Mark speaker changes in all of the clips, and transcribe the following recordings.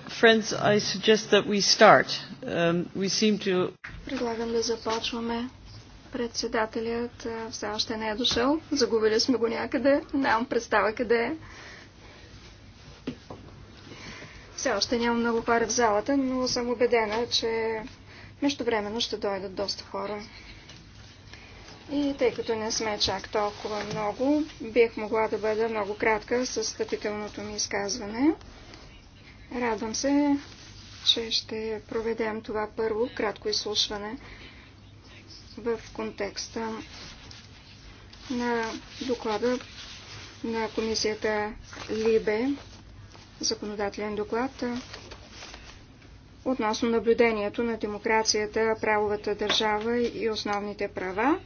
Speaker 1: Um,
Speaker 2: Предлагам да започваме. Председателят все още не е дошъл. Загубили сме го някъде. Нямам представа къде е. Все още няма много хора в залата, но съм убедена, че междувременно ще дойдат доста хора. И тъй като не сме чак толкова много, бих могла да бъда много кратка с встъпителното ми изказване. Радвам се, че ще проведем това първо кратко изслушване в контекста на доклада на комисията ЛИБЕ, законодателен доклад, относно наблюдението на демокрацията, правовата държава и основните права.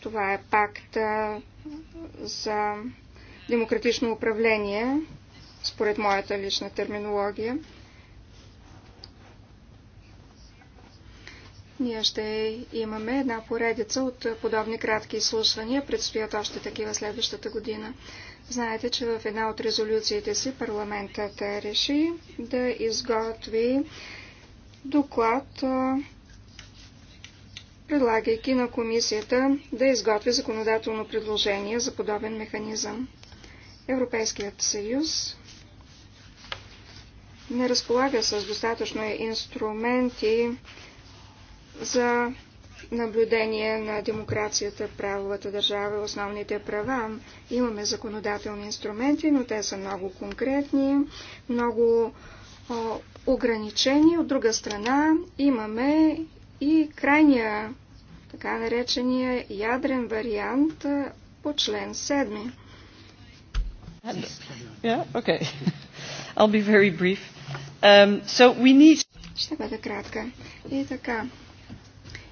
Speaker 2: Това е пакт за демократично управление, според моята лична терминология. Ние ще имаме една поредица от подобни кратки изслушвания. Предстоят още такива следващата година. Знаете, че в една от резолюциите си парламентът реши да изготви доклад, предлагайки на комисията да изготви законодателно предложение за подобен механизъм. Европейският съюз не разполага с достатъчно инструменти за наблюдение на демокрацията, правовата държава и основните права. Имаме законодателни инструменти, но те са много конкретни, много о, ограничени. От друга страна имаме и крайния, така наречения ядрен вариант по член
Speaker 3: Yeah? Okay. I'll be very brief. Um, so we need...
Speaker 2: Ще бъда кратка. И така.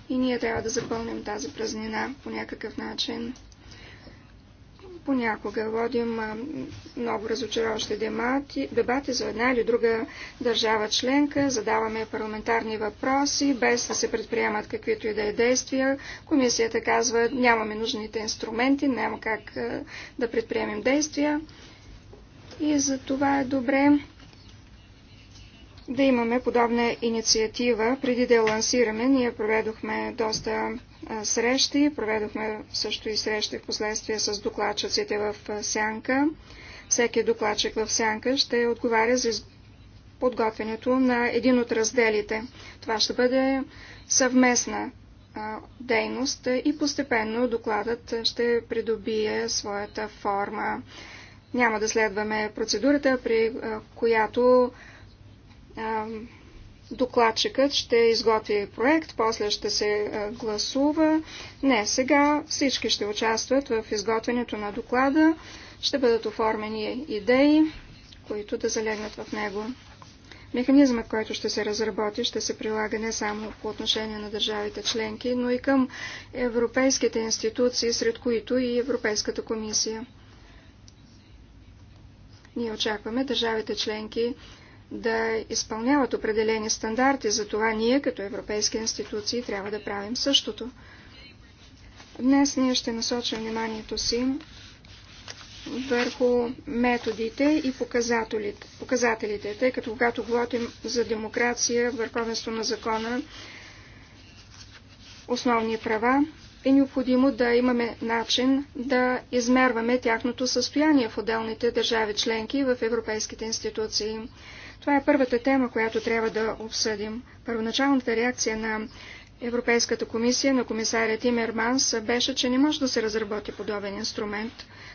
Speaker 2: И ние трябва да запълним тази празнина по някакъв начин. Понякога водим много разочароващи дебати за една или друга държава членка, задаваме парламентарни въпроси, без да се предприемат каквито и да е действия. Комисията казва, нямаме нужните инструменти, няма как да предприемем действия. И за това е добре да имаме подобна инициатива. Преди да я лансираме, ние проведохме доста срещи, проведохме също и срещи в последствие с докладчиците в Сянка. Всеки докладчик в Сянка ще отговаря за подготвянето на един от разделите. Това ще бъде съвместна дейност и постепенно докладът ще придобие своята форма. Няма да следваме процедурата, при която докладчикът ще изготви проект, после ще се гласува. Не, сега всички ще участват в изготвянето на доклада, ще бъдат оформени идеи, които да залегнат в него. Механизмът, който ще се разработи, ще се прилага не само по отношение на държавите членки, но и към европейските институции, сред които и Европейската комисия. Ние очакваме държавите членки да изпълняват определени стандарти. Затова ние, като европейски институции, трябва да правим същото. Днес ние ще насочим вниманието си върху методите и показателите, показателите тъй като когато говорим за демокрация, върховенство на закона, основни права, е необходимо да имаме начин да измерваме тяхното състояние в отделните държави членки и в европейските институции. Това е първата тема, която трябва да обсъдим. Първоначалната реакция на Европейската комисия на комисаря Тимерманс беше, че не може да се разработи подобен инструмент,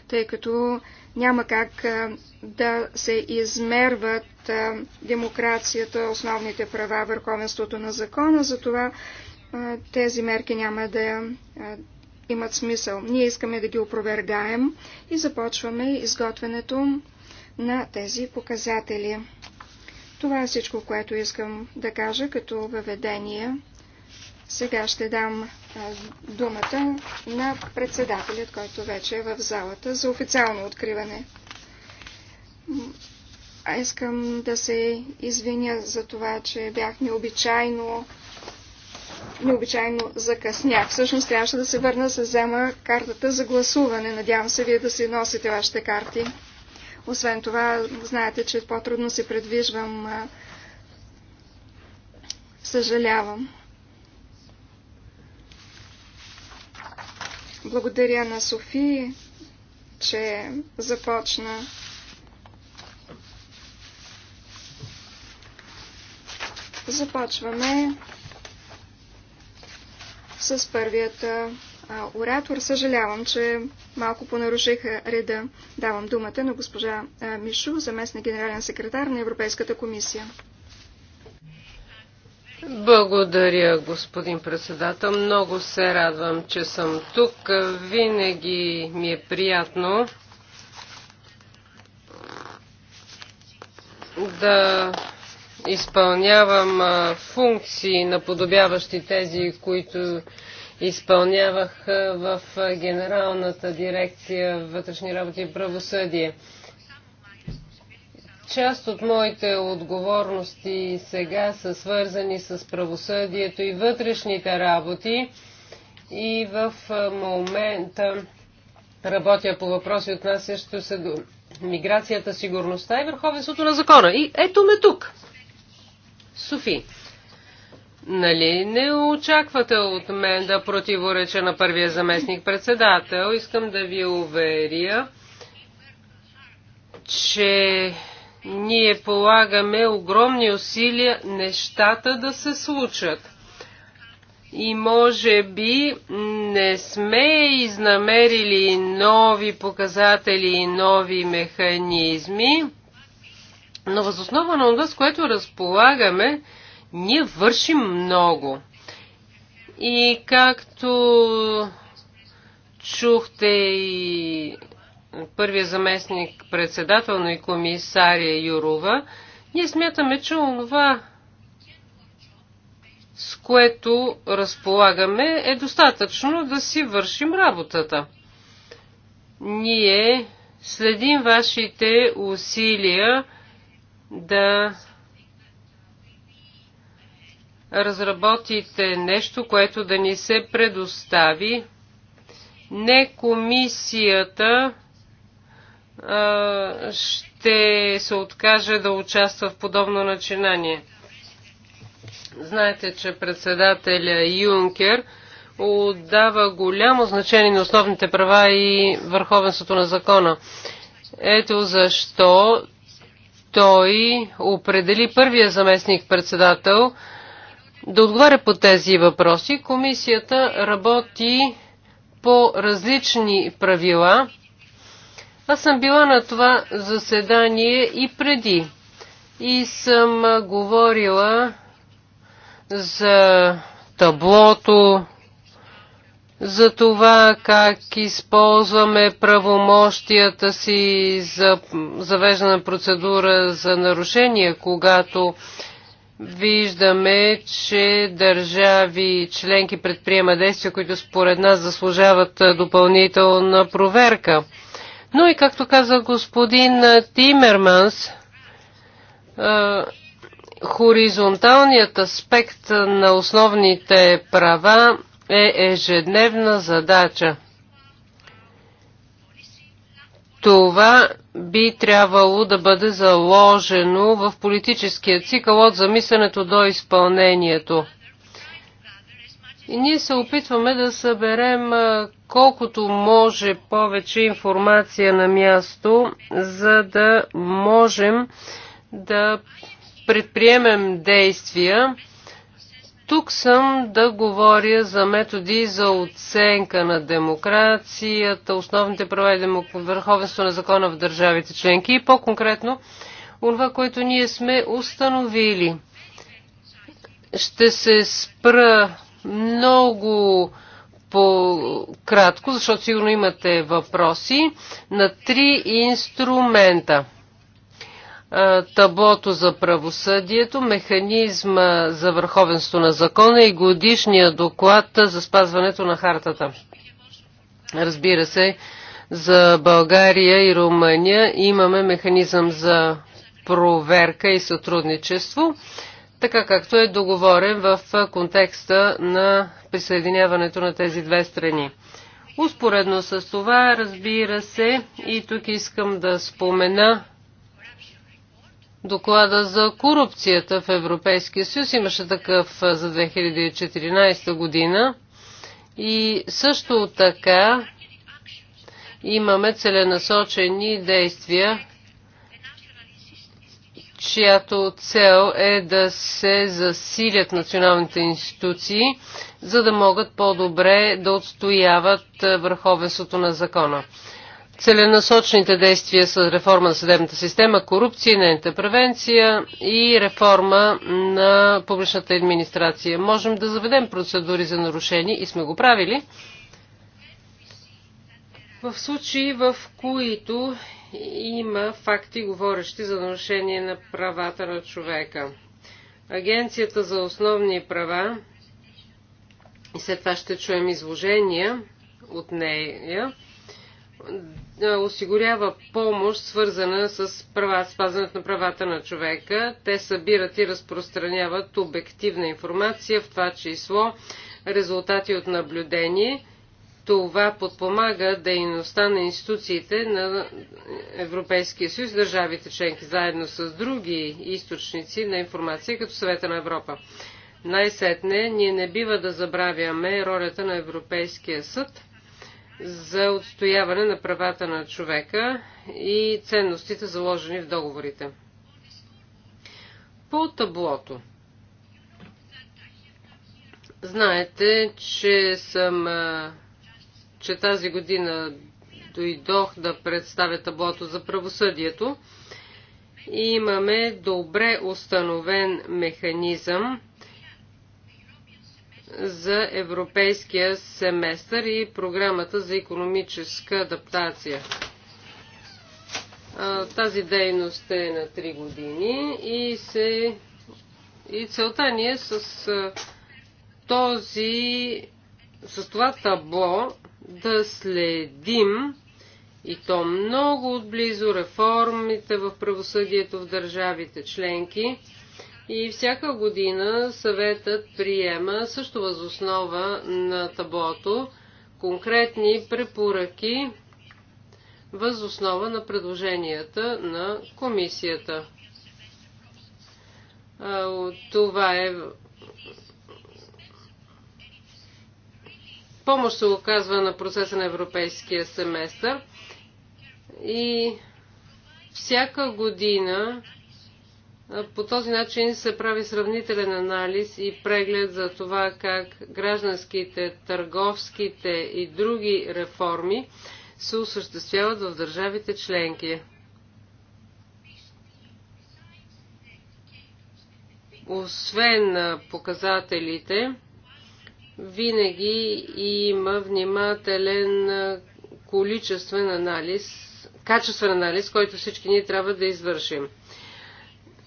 Speaker 2: тъй като няма как да се измерват демокрацията, основните права, върховенството на закона, затова тези мерки няма да имат смисъл. Ние искаме да ги опровергаем и започваме изготвянето на тези показатели. Това е всичко, което искам да кажа като въведение. Сега ще дам думата на председателят, който вече е в залата за официално откриване. А искам да се извиня за това, че бях необичайно необичайно закъснях. Всъщност трябваше да се върна с се взема картата за гласуване. Надявам се вие да си носите вашите карти. Освен това, знаете, че по-трудно се предвижвам. Съжалявам. Благодаря на Софи, че започна Започваме с първията оратор. Съжалявам, че малко понаруших реда. Давам думата на госпожа Мишу, заместник генерален секретар на Европейската комисия.
Speaker 4: Благодаря, господин председател. Много се радвам, че съм тук. Винаги ми е приятно да изпълнявам функции, наподобяващи тези, които изпълнявах в Генералната дирекция вътрешни работи и правосъдие. Част от моите отговорности сега са свързани с правосъдието и вътрешните работи и в момента работя по въпроси, отнасящо се до миграцията, сигурността и върховенството на закона. И ето ме тук. Софи. Нали, не очаквате от мен да противореча на първия заместник председател. Искам да ви уверя, че ние полагаме огромни усилия нещата да се случат. И може би не сме изнамерили нови показатели и нови механизми, но възоснова на това, с което разполагаме, ние вършим много. И както чухте и първия заместник председател на и комисария Юрова, ние смятаме, че онова, с което разполагаме, е достатъчно да си вършим работата. Ние следим вашите усилия да разработите нещо, което да ни се предостави. Не комисията а, ще се откаже да участва в подобно начинание. Знаете, че председателя Юнкер отдава голямо значение на основните права и върховенството на закона. Ето защо той определи първия заместник председател да отговаря по тези въпроси. Комисията работи по различни правила. Аз съм била на това заседание и преди. И съм говорила за таблото, за това как използваме правомощията си за завеждана процедура за нарушение, когато Виждаме, че държави и членки предприема действия, които според нас заслужават допълнителна проверка. Но и както каза господин Тимерманс, хоризонталният аспект на основните права е ежедневна задача. Това би трябвало да бъде заложено в политическия цикъл от замисленето до изпълнението. И ние се опитваме да съберем колкото може повече информация на място, за да можем да предприемем действия тук съм да говоря за методи за оценка на демокрацията, основните права и върховенство на закона в държавите членки и по-конкретно това, което ние сме установили. Ще се спра много по-кратко, защото сигурно имате въпроси, на три инструмента – е, таблото за правосъдието, механизма за върховенство на закона и годишния доклад за спазването на хартата. Разбира се, за България и Румъния имаме механизъм за проверка и сътрудничество, така както е договорен в контекста на присъединяването на тези две страни. Успоредно с това, разбира се, и тук искам да спомена доклада за корупцията в Европейския съюз. Имаше такъв за 2014 година. И също така имаме целенасочени действия, чиято цел е да се засилят националните институции, за да могат по-добре да отстояват върховенството на закона целенасочените действия с реформа на съдебната система, корупция, нейната превенция и реформа на публичната администрация. Можем да заведем процедури за нарушение и сме го правили. В случаи, в които има факти, говорещи за нарушение на правата на човека. Агенцията за основни права и след това ще чуем изложения от нея е, осигурява помощ, свързана с права, спазването на правата на човека. Те събират и разпространяват обективна информация, в това число резултати от наблюдение. Това подпомага дейността на институциите на Европейския съюз, държавите членки, заедно с други източници на информация, като Съвета на Европа. Най-сетне, ние не бива да забравяме ролята на Европейския съд – за отстояване на правата на човека и ценностите заложени в договорите. По таблото. Знаете, че съм че тази година дойдох да представя таблото за правосъдието. и Имаме добре установен механизъм за европейския семестър и програмата за економическа адаптация. Тази дейност е на 3 години и, се, и целта ни е с този с това табло да следим и то много отблизо реформите в правосъдието в държавите членки и всяка година съветът приема също възоснова на табото конкретни препоръки възоснова на предложенията на комисията. Това е помощ се оказва на процеса на европейския семестър и всяка година по този начин се прави сравнителен анализ и преглед за това как гражданските, търговските и други реформи се осъществяват в държавите членки. Освен показателите, винаги има внимателен количествен анализ, качествен анализ, който всички ние трябва да извършим.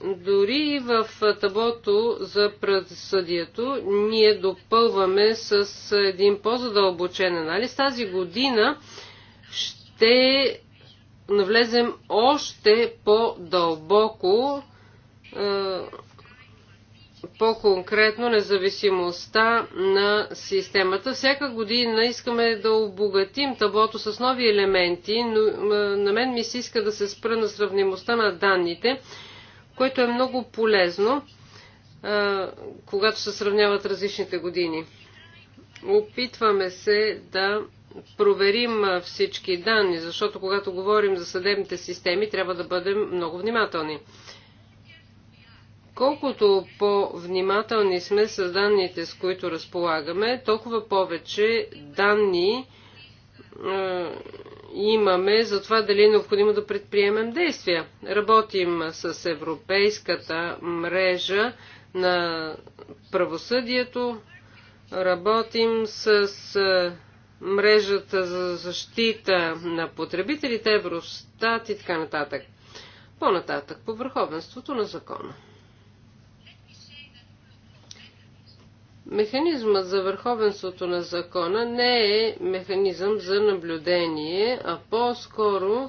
Speaker 4: Дори и в таблото за предсъдието ние допълваме с един по-задълбочен анализ. Тази година ще навлезем още по-дълбоко, по-конкретно независимостта на системата. Всяка година искаме да обогатим таблото с нови елементи, но на мен ми се иска да се спра на сравнимостта на данните – което е много полезно, когато се сравняват различните години. Опитваме се да проверим всички данни, защото когато говорим за съдебните системи, трябва да бъдем много внимателни. Колкото по-внимателни сме с данните, с които разполагаме, толкова повече данни имаме за това дали е необходимо да предприемем действия. Работим с Европейската мрежа на правосъдието, работим с мрежата за защита на потребителите, Евростат и така нататък. По-нататък, по върховенството на закона. Механизмът за върховенството на закона не е механизъм за наблюдение, а по-скоро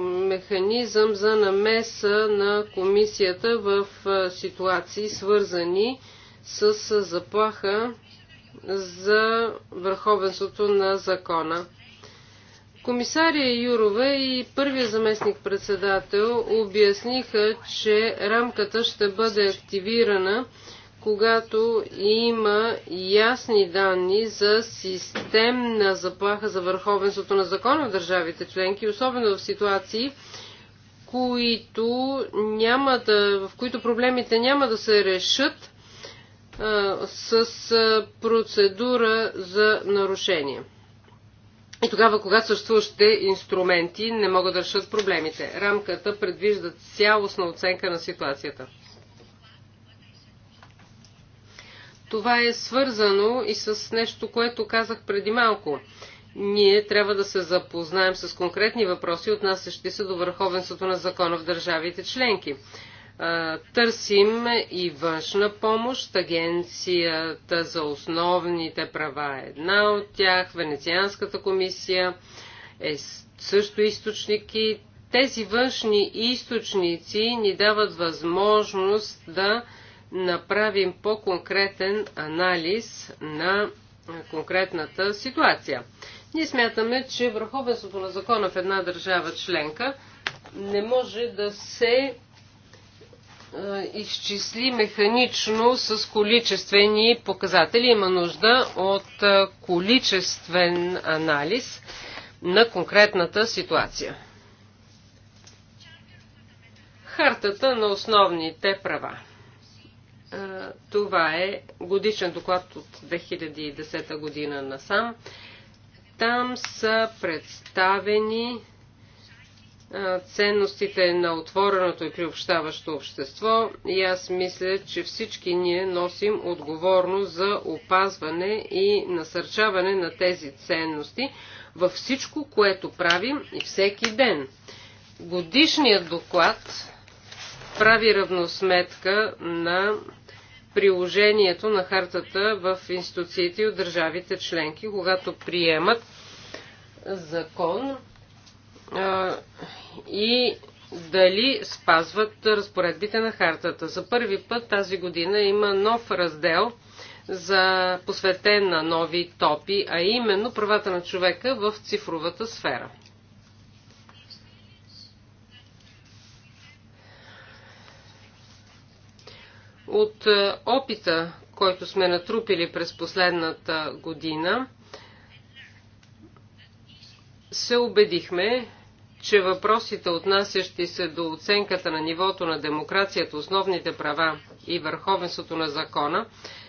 Speaker 4: механизъм за намеса на комисията в ситуации свързани с заплаха за върховенството на закона. Комисария Юрова и първият заместник председател обясниха, че рамката ще бъде активирана когато има ясни данни за системна заплаха за върховенството на закона в държавите членки, особено в ситуации, които няма да, в които проблемите няма да се решат а, с процедура за нарушение. И тогава, когато съществуващите инструменти не могат да решат проблемите, рамката предвижда цялостна оценка на ситуацията. Това е свързано и с нещо, което казах преди малко. Ние трябва да се запознаем с конкретни въпроси, отнасящи се до върховенството на закона в държавите членки. Търсим и външна помощ. Агенцията за основните права е една от тях. Венецианската комисия е също източник и тези външни източници ни дават възможност да направим по-конкретен анализ на конкретната ситуация. Ние смятаме, че върховенството на закона в една държава членка не може да се е, изчисли механично с количествени показатели. Има нужда от е, количествен анализ на конкретната ситуация. Хартата на основните права. Това е годишен доклад от 2010 година насам. Там са представени ценностите на отвореното и приобщаващо общество и аз мисля, че всички ние носим отговорност за опазване и насърчаване на тези ценности във всичко, което правим и всеки ден. Годишният доклад прави равносметка на приложението на хартата в институциите и от държавите членки, когато приемат закон а, и дали спазват разпоредбите на хартата. За първи път тази година има нов раздел за посветен на нови топи, а именно правата на човека в цифровата сфера. От е, опита, който сме натрупили през последната година, се убедихме, че въпросите, отнасящи се до оценката на нивото на демокрацията, основните права и върховенството на закона,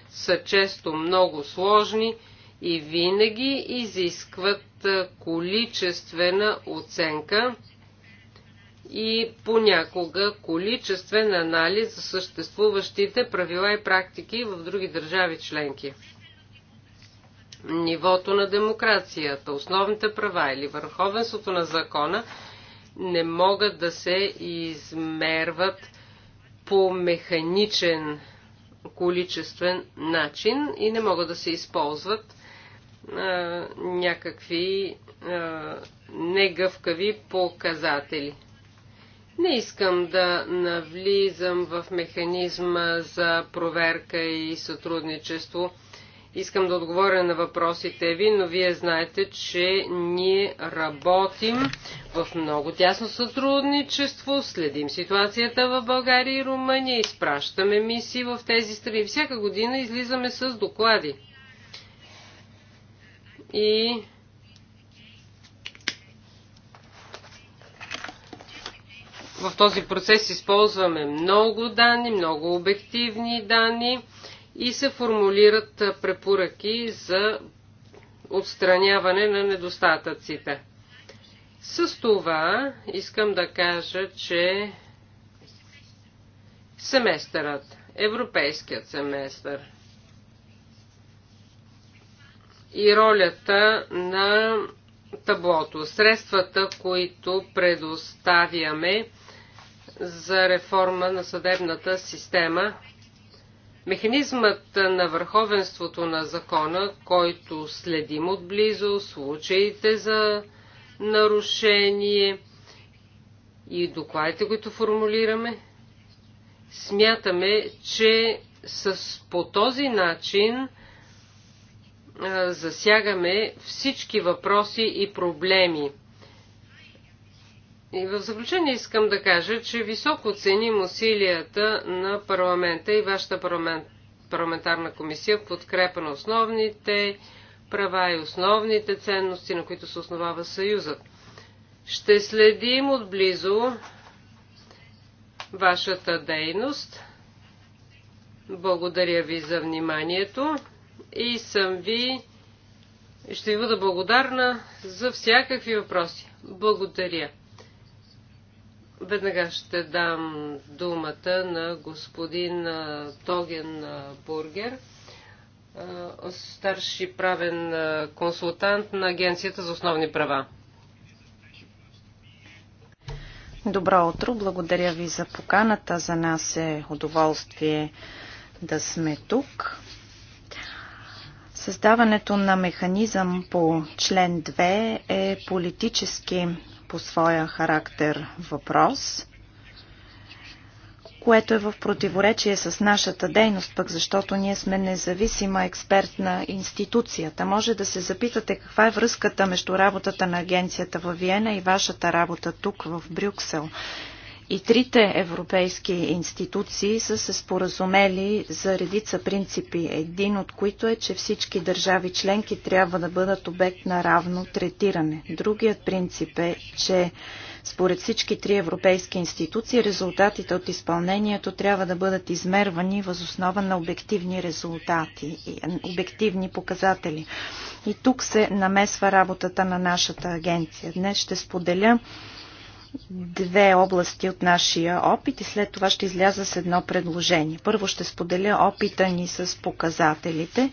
Speaker 4: са често много сложни и винаги изискват е, количествена оценка и понякога количествен анализ за съществуващите правила и практики в други държави членки. Нивото на демокрацията, основните права или върховенството на закона не могат да се измерват по механичен количествен начин и не могат да се използват а, някакви а, негъвкави показатели. Не искам да навлизам в механизма за проверка и сътрудничество. Искам да отговоря на въпросите ви, но вие знаете, че ние работим в много тясно сътрудничество, следим ситуацията в България и Румъния, изпращаме мисии в тези страни. Всяка година излизаме с доклади. И В този процес използваме много данни, много обективни данни и се формулират препоръки за отстраняване на недостатъците. С това искам да кажа, че семестърът, европейският семестър и ролята на таблото, средствата, които предоставяме за реформа на съдебната система. Механизмът на върховенството на закона, който следим отблизо, случаите за нарушение и докладите, които формулираме, смятаме, че с, по този начин засягаме всички въпроси и проблеми и в заключение искам да кажа, че високо ценим усилията на парламента и вашата парламент, парламентарна комисия в подкрепа на основните права и основните ценности, на които се основава Съюзът. Ще следим отблизо вашата дейност. Благодаря ви за вниманието и съм ви ще ви бъда благодарна за всякакви въпроси. Благодаря. Веднага ще дам думата на господин Тоген Бургер, старши правен консултант на Агенцията за основни права.
Speaker 3: Добро утро! Благодаря ви за поканата. За нас е удоволствие да сме тук. Създаването на механизъм по член 2 е политически по своя характер въпрос, което е в противоречие с нашата дейност, пък защото ние сме независима експертна институцията. Може да се запитате каква е връзката между работата на агенцията във Виена и вашата работа тук в Брюксел. И трите европейски институции са се споразумели за редица принципи, един от които е, че всички държави членки трябва да бъдат обект на равно третиране. Другият принцип е, че според всички три европейски институции резултатите от изпълнението трябва да бъдат измервани възоснова на обективни резултати и е, обективни показатели. И тук се намесва работата на нашата агенция. Днес ще споделя две области от нашия опит и след това ще изляза с едно предложение. Първо ще споделя опита ни с показателите.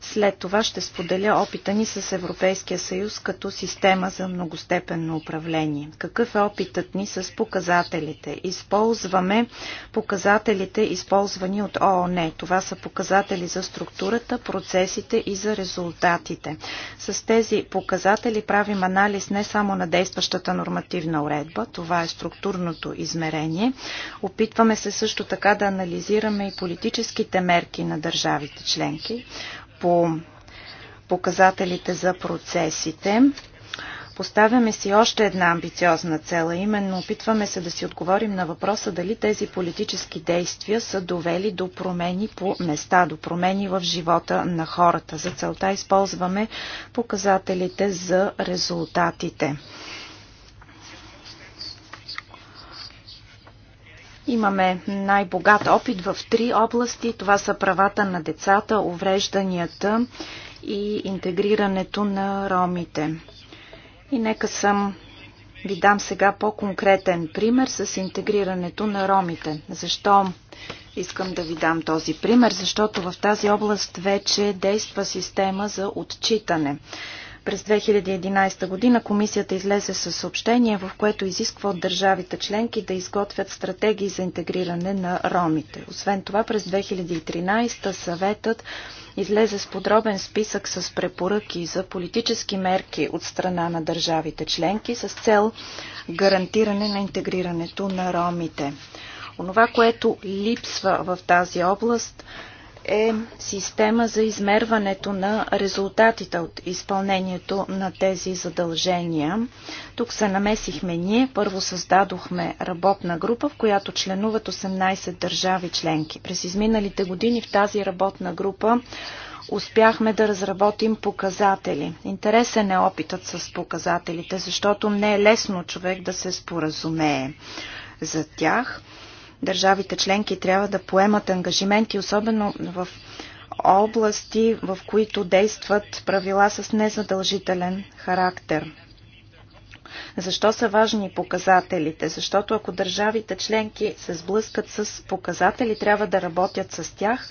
Speaker 3: След това ще споделя опита ни с Европейския съюз като система за многостепенно управление. Какъв е опитът ни с показателите? Използваме показателите, използвани от ООН. Това са показатели за структурата, процесите и за резултатите. С тези показатели правим анализ не само на действащата нормативна уредба, това е структурното измерение. Опитваме се също така да анализираме и политическите мерки на държавите членки по показателите за процесите. Поставяме си още една амбициозна цела, именно опитваме се да си отговорим на въпроса дали тези политически действия са довели до промени по места, до промени в живота на хората. За целта използваме показателите за резултатите. Имаме най-богат опит в три области. Това са правата на децата, уврежданията и интегрирането на ромите. И нека съм ви дам сега по-конкретен пример с интегрирането на ромите. Защо искам да ви дам този пример? Защото в тази област вече действа система за отчитане. През 2011 година комисията излезе със съобщение, в което изисква от държавите членки да изготвят стратегии за интегриране на ромите. Освен това, през 2013 съветът излезе с подробен списък с препоръки за политически мерки от страна на държавите членки с цел гарантиране на интегрирането на ромите. Онова, което липсва в тази област е система за измерването на резултатите от изпълнението на тези задължения. Тук се намесихме ние. Първо създадохме работна група, в която членуват 18 държави членки. През изминалите години в тази работна група успяхме да разработим показатели. Интересен е опитът с показателите, защото не е лесно човек да се споразумее за тях държавите членки трябва да поемат ангажименти, особено в области, в които действат правила с незадължителен характер. Защо са важни показателите? Защото ако държавите членки се сблъскат с показатели, трябва да работят с тях,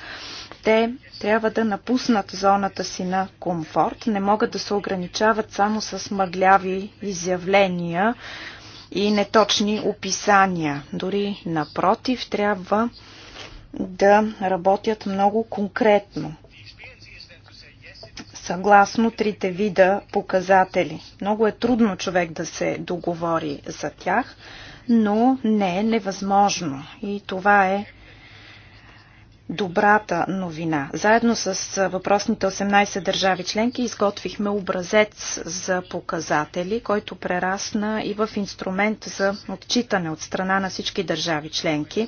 Speaker 3: те трябва да напуснат зоната си на комфорт, не могат да се ограничават само с мъгляви изявления, и неточни описания. Дори напротив, трябва да работят много конкретно. Съгласно трите вида показатели. Много е трудно човек да се договори за тях, но не е невъзможно. И това е добрата новина. Заедно с въпросните 18 държави членки изготвихме образец за показатели, който прерасна и в инструмент за отчитане от страна на всички държави членки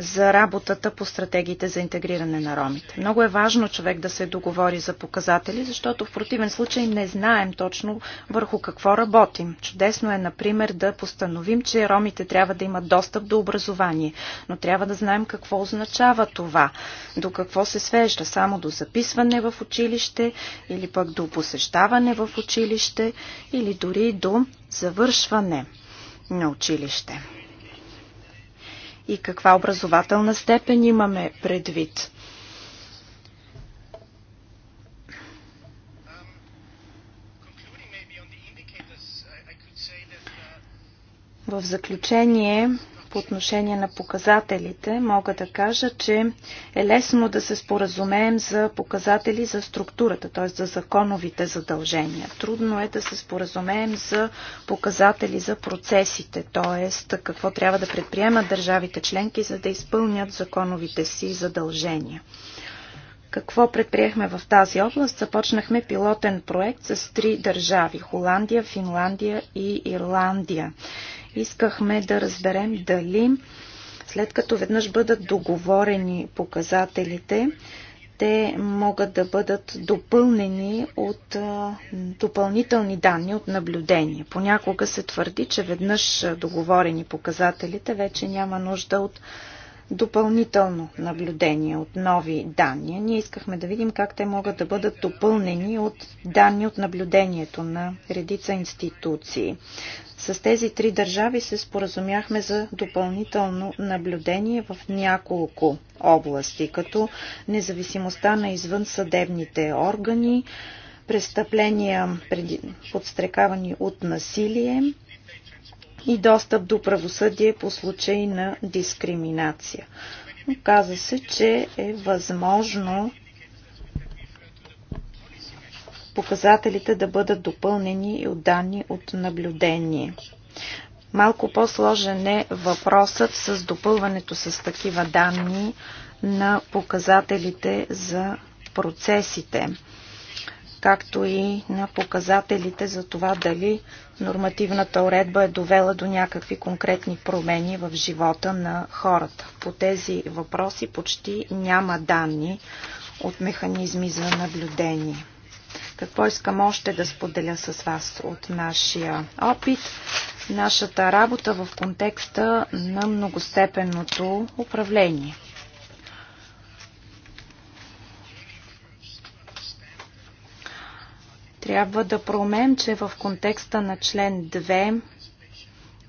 Speaker 3: за работата по стратегиите за интегриране на ромите. Много е важно човек да се договори за показатели, защото в противен случай не знаем точно върху какво работим. Чудесно е, например, да постановим, че ромите трябва да имат достъп до образование, но трябва да знаем какво означава това, до какво се свежда, само до записване в училище или пък до посещаване в училище или дори до завършване на училище и каква образователна степен имаме предвид. Um, uh, В заключение по отношение на показателите, мога да кажа, че е лесно да се споразумеем за показатели за структурата, т.е. за законовите задължения. Трудно е да се споразумеем за показатели за процесите, т.е. какво трябва да предприемат държавите членки, за да изпълнят законовите си задължения. Какво предприехме в тази област? Започнахме пилотен проект с три държави – Холандия, Финландия и Ирландия. Искахме да разберем дали след като веднъж бъдат договорени показателите, те могат да бъдат допълнени от допълнителни данни от наблюдение. Понякога се твърди, че веднъж договорени показателите вече няма нужда от допълнително наблюдение от нови данни. Ние искахме да видим как те могат да бъдат допълнени от данни от наблюдението на редица институции. С тези три държави се споразумяхме за допълнително наблюдение в няколко области, като независимостта на извънсъдебните органи, престъпления, подстрекавани от насилие, и достъп до правосъдие по случай на дискриминация. Оказа се, че е възможно показателите да бъдат допълнени и от данни от наблюдение. Малко по-сложен е въпросът с допълването с такива данни на показателите за процесите както и на показателите за това дали нормативната уредба е довела до някакви конкретни промени в живота на хората. По тези въпроси почти няма данни от механизми за наблюдение. Какво искам още да споделя с вас от нашия опит? Нашата работа в контекста на многостепенното управление – Трябва да промем, че в контекста на член 2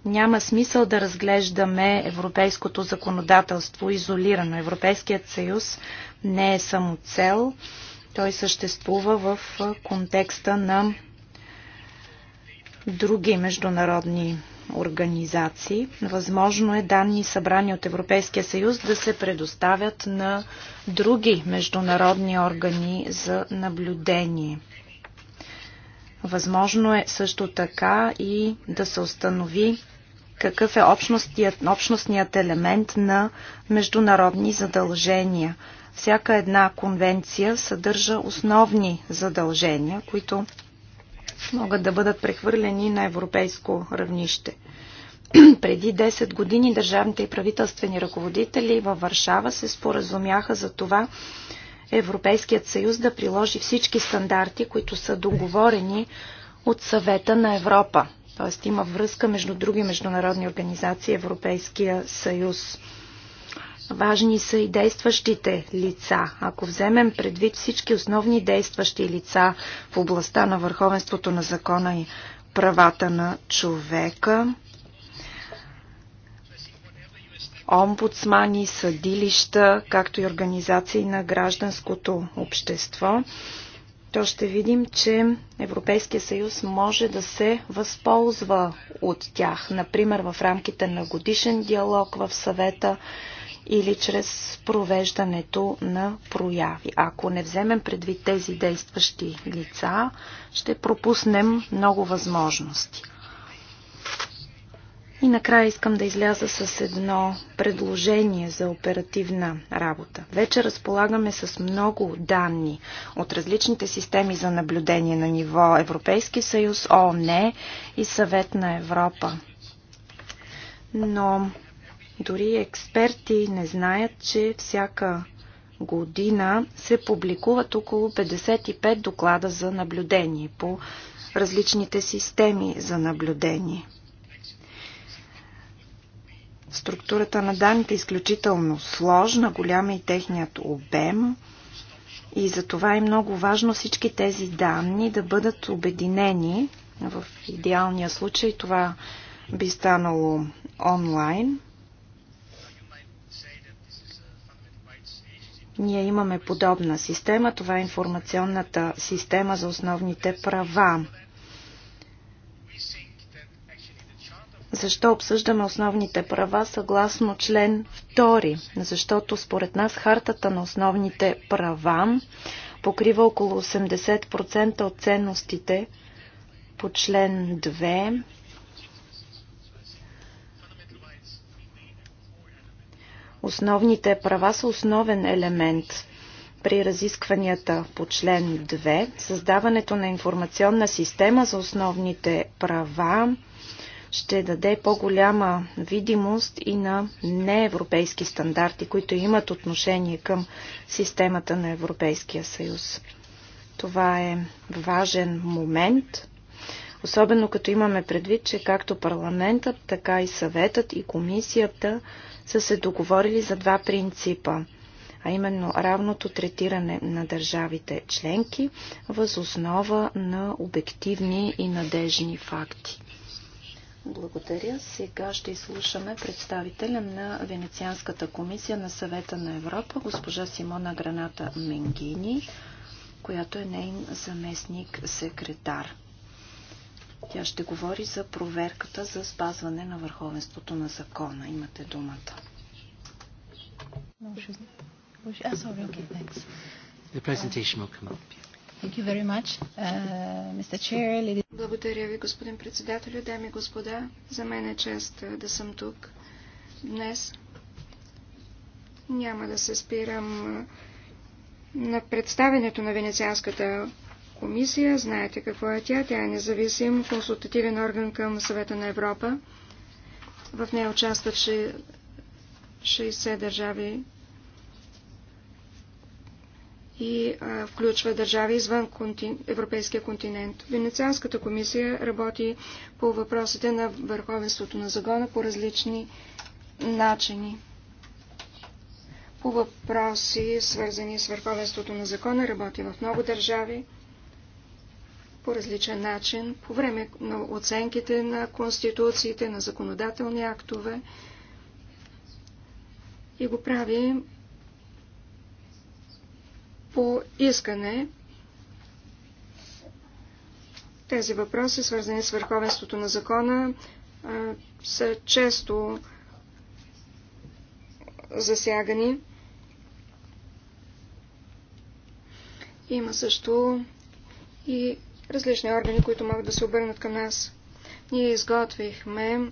Speaker 3: няма смисъл да разглеждаме европейското законодателство изолирано. Европейският съюз не е само цел. Той съществува в контекста на други международни организации. Възможно е данни събрани от Европейския съюз да се предоставят на други международни органи за наблюдение. Възможно е също така и да се установи какъв е общностният, общностният елемент на международни задължения. Всяка една конвенция съдържа основни задължения, които могат да бъдат прехвърлени на европейско равнище. Преди 10 години държавните и правителствени ръководители във Варшава се споразумяха за това Европейският съюз да приложи всички стандарти, които са договорени от съвета на Европа. Тоест има връзка между други международни организации Европейския съюз. Важни са и действащите лица. Ако вземем предвид всички основни действащи лица в областта на върховенството на закона и правата на човека, омбудсмани, съдилища, както и организации на гражданското общество, то ще видим, че Европейския съюз може да се възползва от тях, например в рамките на годишен диалог в съвета или чрез провеждането на прояви. Ако не вземем предвид тези действащи лица, ще пропуснем много възможности. И накрая искам да изляза с едно предложение за оперативна работа. Вече разполагаме с много данни от различните системи за наблюдение на ниво Европейски съюз, ООН и Съвет на Европа. Но дори експерти не знаят, че всяка година се публикуват около 55 доклада за наблюдение по различните системи за наблюдение – Структурата на данните е изключително сложна, голяма е и техният обем. И за това е много важно всички тези данни да бъдат обединени. В идеалния случай това би станало онлайн. Ние имаме подобна система. Това е информационната система за основните права. защо обсъждаме основните права съгласно член 2, защото според нас хартата на основните права покрива около 80% от ценностите по член 2. Основните права са основен елемент при разискванията по член 2. Създаването на информационна система за основните права ще даде по-голяма видимост и на неевропейски стандарти, които имат отношение към системата на Европейския съюз. Това е важен момент, особено като имаме предвид, че както парламентът, така и съветът и комисията са се договорили за два принципа а именно равното третиране на държавите членки въз основа на обективни и надежни факти. Благодаря. Сега ще изслушаме представителя на Венецианската комисия на съвета на Европа, госпожа Симона Граната Менгини, която е нейн заместник секретар. Тя ще говори за проверката за спазване на върховенството на закона. Имате думата.
Speaker 5: The presentation will come up.
Speaker 3: Thank you very much, uh, Mr. Chair, ladies
Speaker 2: благодаря ви, господин председател, дами и господа. За мен е чест е, да съм тук днес. Няма да се спирам е, на представенето на Венецианската комисия. Знаете какво е тя. Тя е независим консултативен орган към Съвета на Европа. В нея участват 60 държави и а, включва държави извън контин... европейския континент. Венецианската комисия работи по въпросите на върховенството на загона по различни начини. По въпроси, свързани с върховенството на закона, работи в много държави по различен начин, по време на оценките на конституциите, на законодателни актове и го прави по искане. Тези въпроси, свързани с върховенството на закона, са често засягани. Има също и различни органи, които могат да се обърнат към нас. Ние изготвихме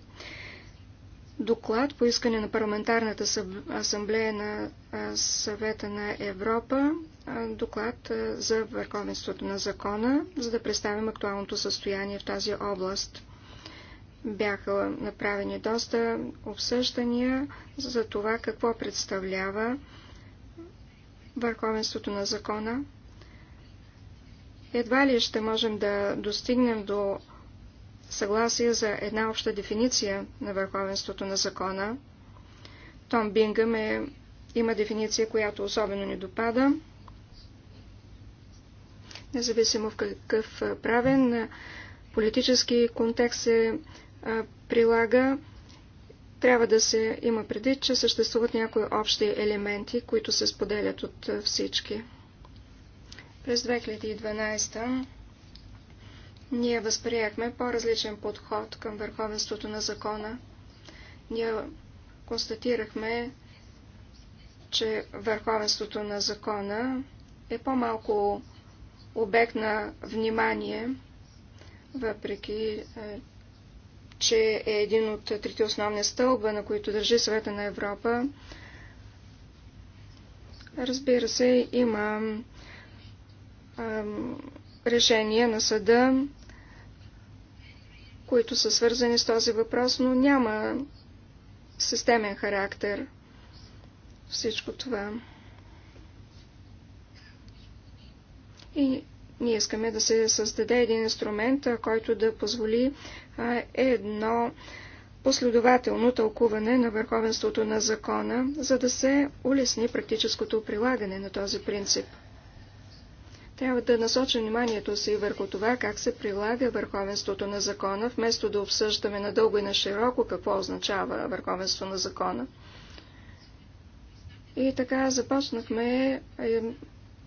Speaker 2: доклад по искане на Парламентарната асамблея на съвета на Европа доклад за върховенството на закона, за да представим актуалното състояние в тази област. Бяха направени доста обсъждания за това какво представлява върховенството на закона. Едва ли ще можем да достигнем до съгласие за една обща дефиниция на върховенството на закона. Том Бингъм е, има дефиниция, която особено ни допада независимо в какъв правен политически контекст се прилага, трябва да се има предвид, че съществуват някои общи елементи, които се споделят от всички. През 2012 ние възприехме по-различен подход към върховенството на закона. Ние констатирахме, че върховенството на закона е по-малко обект на внимание, въпреки е, че е един от трите основни стълба, на които държи Съвета на Европа. Разбира се, има е, решения на съда, които са свързани с този въпрос, но няма системен характер всичко това. И ние искаме да се създаде един инструмент, който да позволи едно последователно тълкуване на върховенството на закона, за да се улесни практическото прилагане на този принцип. Трябва да насоча вниманието си върху това, как се прилага върховенството на закона, вместо да обсъждаме надълго и на широко какво означава върховенство на закона. И така започнахме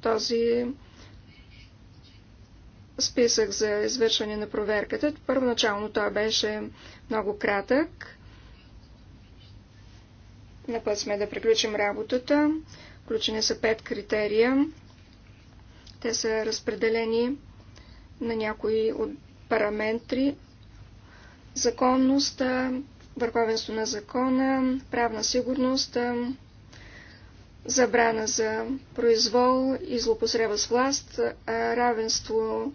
Speaker 2: този списък за извършване на проверката. Първоначално той беше много кратък. На път сме да приключим работата. Включени са пет критерия. Те са разпределени на някои от параметри. законността, върховенство на закона, правна сигурност, забрана за произвол и злопосреба с власт, равенство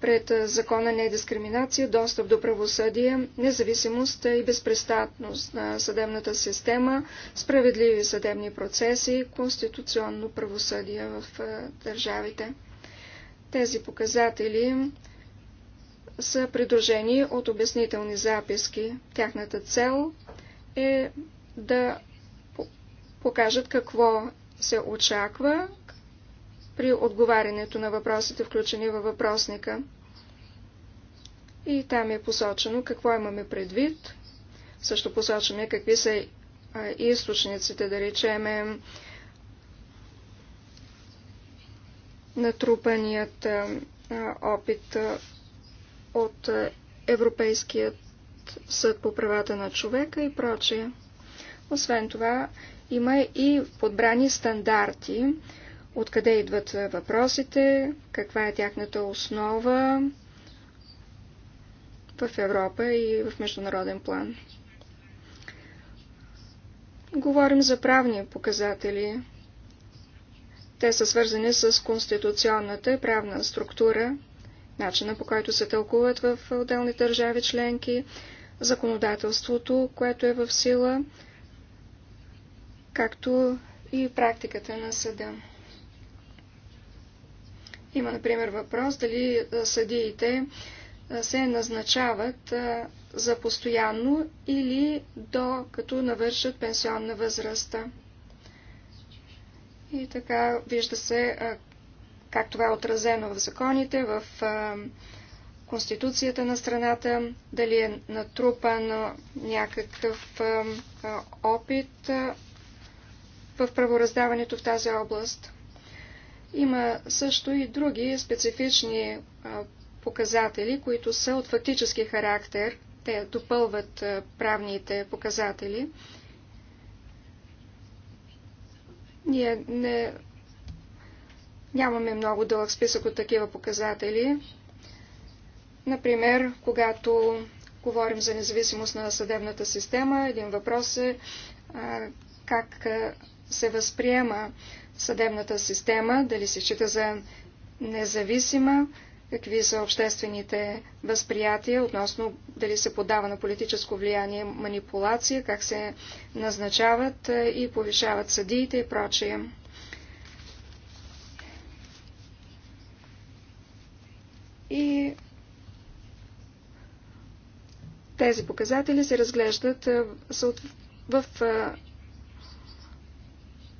Speaker 2: пред закона не е дискриминация, достъп до правосъдие, независимост и безпрестатност на съдебната система, справедливи съдебни процеси, конституционно правосъдие в държавите. Тези показатели са придружени от обяснителни записки. Тяхната цел е да покажат какво се очаква при отговарянето на въпросите, включени във въпросника. И там е посочено какво имаме предвид. Също посочваме какви са източниците, да речеме, натрупаният опит от Европейският съд по правата на човека и прочее. Освен това, има и подбрани стандарти, откъде идват въпросите, каква е тяхната основа в Европа и в международен план. Говорим за правни показатели. Те са свързани с конституционната и правна структура, начина по който се тълкуват в отделни държави членки, законодателството, което е в сила, както и практиката на съда. Има, например, въпрос дали съдиите се назначават за постоянно или до като навършат пенсионна възраст. И така вижда се как това е отразено в законите, в Конституцията на страната, дали е натрупан някакъв опит в правораздаването в тази област. Има също и други специфични показатели, които са от фактически характер. Те допълват правните показатели. Ние не, нямаме много дълъг списък от такива показатели. Например, когато говорим за независимост на съдебната система, един въпрос е а, как се възприема съдебната система, дали се счита за независима, какви са обществените възприятия относно дали се подава на политическо влияние манипулация, как се назначават и повишават съдиите и прочие. И тези показатели се разглеждат в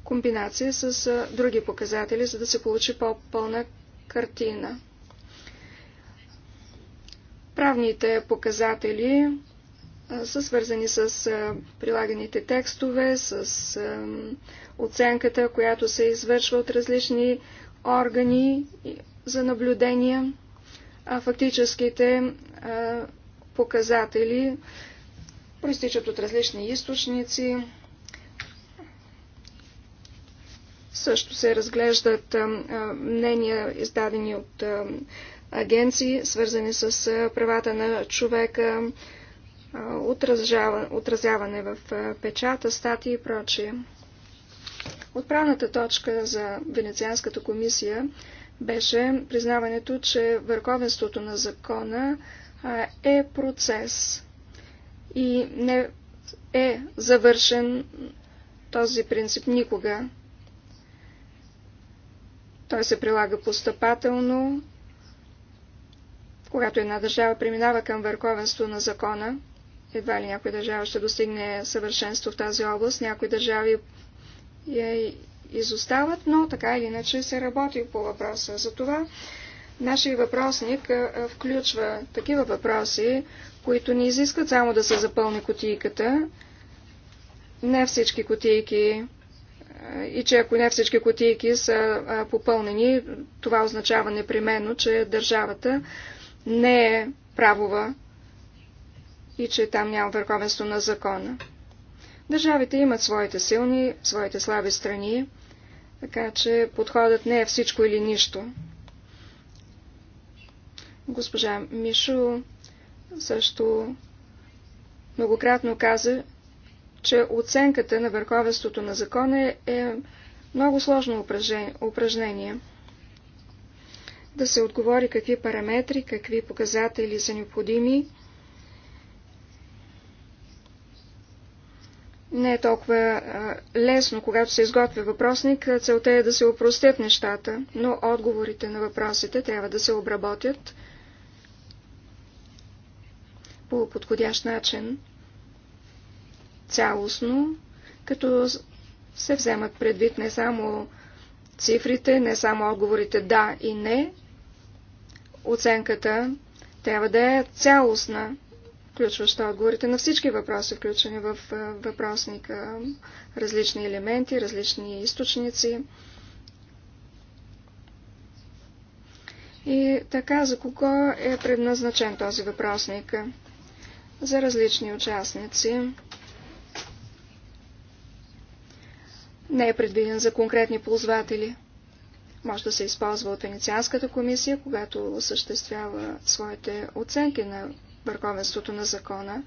Speaker 2: комбинация с други показатели, за да се получи по-пълна картина. Правните показатели са свързани с прилаганите текстове, с оценката, която се извършва от различни органи за наблюдение, а фактическите показатели проистичат от различни източници, Също се разглеждат мнения, издадени от агенции, свързани с правата на човека, отразяване в печата, статии и прочие. Отправната точка за Венецианската комисия беше признаването, че върховенството на закона е процес и не е завършен този принцип никога. Той се прилага постъпателно, когато една държава преминава към върховенство на закона. Едва ли някой държава ще достигне съвършенство в тази област. Някои държави я изостават, но така или иначе се работи по въпроса. Затова нашия въпросник включва такива въпроси, които не изискват само да се запълни котийката. Не всички котийки и че ако не всички кутийки са попълнени, това означава непременно, че държавата не е правова и че там няма върховенство на закона. Държавите имат своите силни, своите слаби страни, така че подходът не е всичко или нищо. Госпожа Мишо също многократно каза, че оценката на върховенството на закона е, е много сложно упражнение. Да се отговори какви параметри, какви показатели са необходими. Не е толкова лесно, когато се изготвя въпросник. Целта е да се опростят нещата, но отговорите на въпросите трябва да се обработят по подходящ начин цялостно, като се вземат предвид не само цифрите, не само отговорите да и не. Оценката трябва да е цялостна, включваща отговорите на всички въпроси, включени в въпросника, различни елементи, различни източници. И така, за кого е предназначен този въпросник? За различни участници. не е предвиден за конкретни ползватели. Може да се използва от Венецианската комисия, когато осъществява своите оценки на върховенството на закона.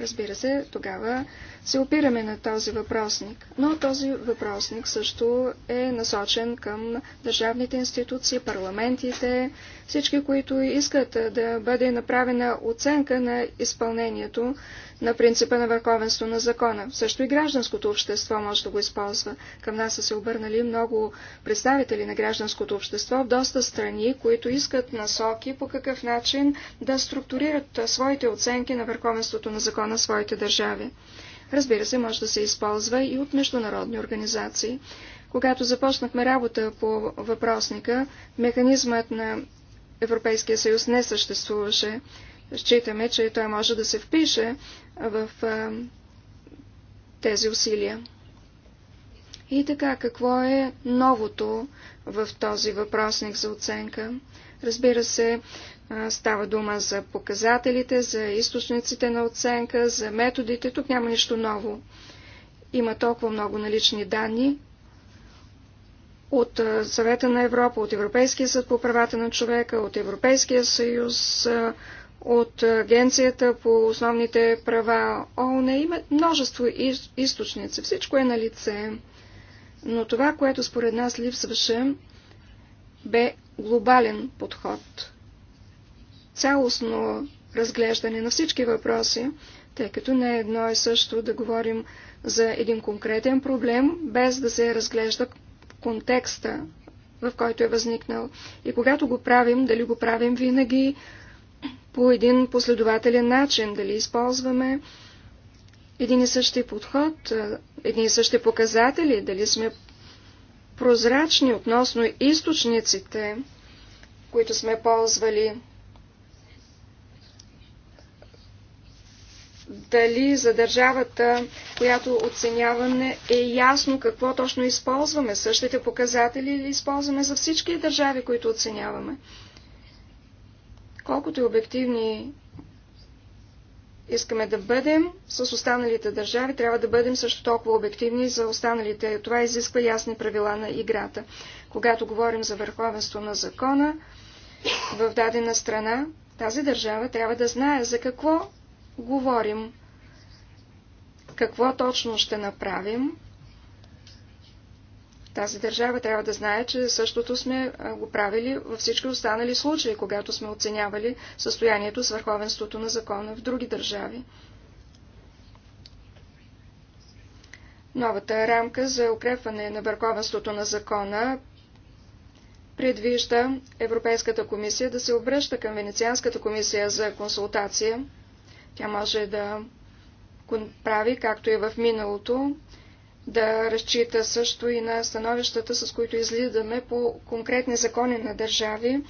Speaker 2: Разбира се, тогава се опираме на този въпросник. Но този въпросник също е насочен към държавните институции, парламентите, всички, които искат да бъде направена оценка на изпълнението на принципа на върховенство на закона. Също и гражданското общество може да го използва. Към нас са се обърнали много представители на гражданското общество в доста страни, които искат насоки по какъв начин да структурират своите оценки на върховенството на закона в своите държави. Разбира се, може да се използва и от международни организации. Когато започнахме работа по въпросника, механизмът на Европейския съюз не съществуваше. Считаме, че той може да се впише в а, тези усилия. И така, какво е новото в този въпросник за оценка? Разбира се, става дума за показателите, за източниците на оценка, за методите. Тук няма нищо ново. Има толкова много налични данни, от Съвета на Европа, от Европейския съд по правата на човека, от Европейския съюз, от Агенцията по основните права, ООН, има множество източници, всичко е на лице. Но това, което според нас липсваше, бе глобален подход. Цялостно разглеждане на всички въпроси, тъй като не е едно и също да говорим за един конкретен проблем, без да се разглежда контекста, в който е възникнал. И когато го правим, дали го правим винаги по един последователен начин, дали използваме един и същи подход, едни и същи показатели, дали сме прозрачни относно източниците, които сме ползвали, дали за държавата, която оценяваме, е ясно какво точно използваме, същите показатели ли използваме за всички държави, които оценяваме. Колкото и обективни искаме да бъдем с останалите държави, трябва да бъдем също толкова обективни за останалите. Това изисква ясни правила на играта. Когато говорим за върховенство на закона в дадена страна, тази държава трябва да знае за какво говорим. Какво точно ще направим? Тази държава трябва да знае, че същото сме го правили във всички останали случаи, когато сме оценявали състоянието с върховенството на закона в други държави. Новата рамка за укрепване на върховенството на закона предвижда Европейската комисия да се обръща към Венецианската комисия за консултация тя може да прави, както и в миналото, да разчита също и на становищата, с които излидаме по конкретни закони на държави,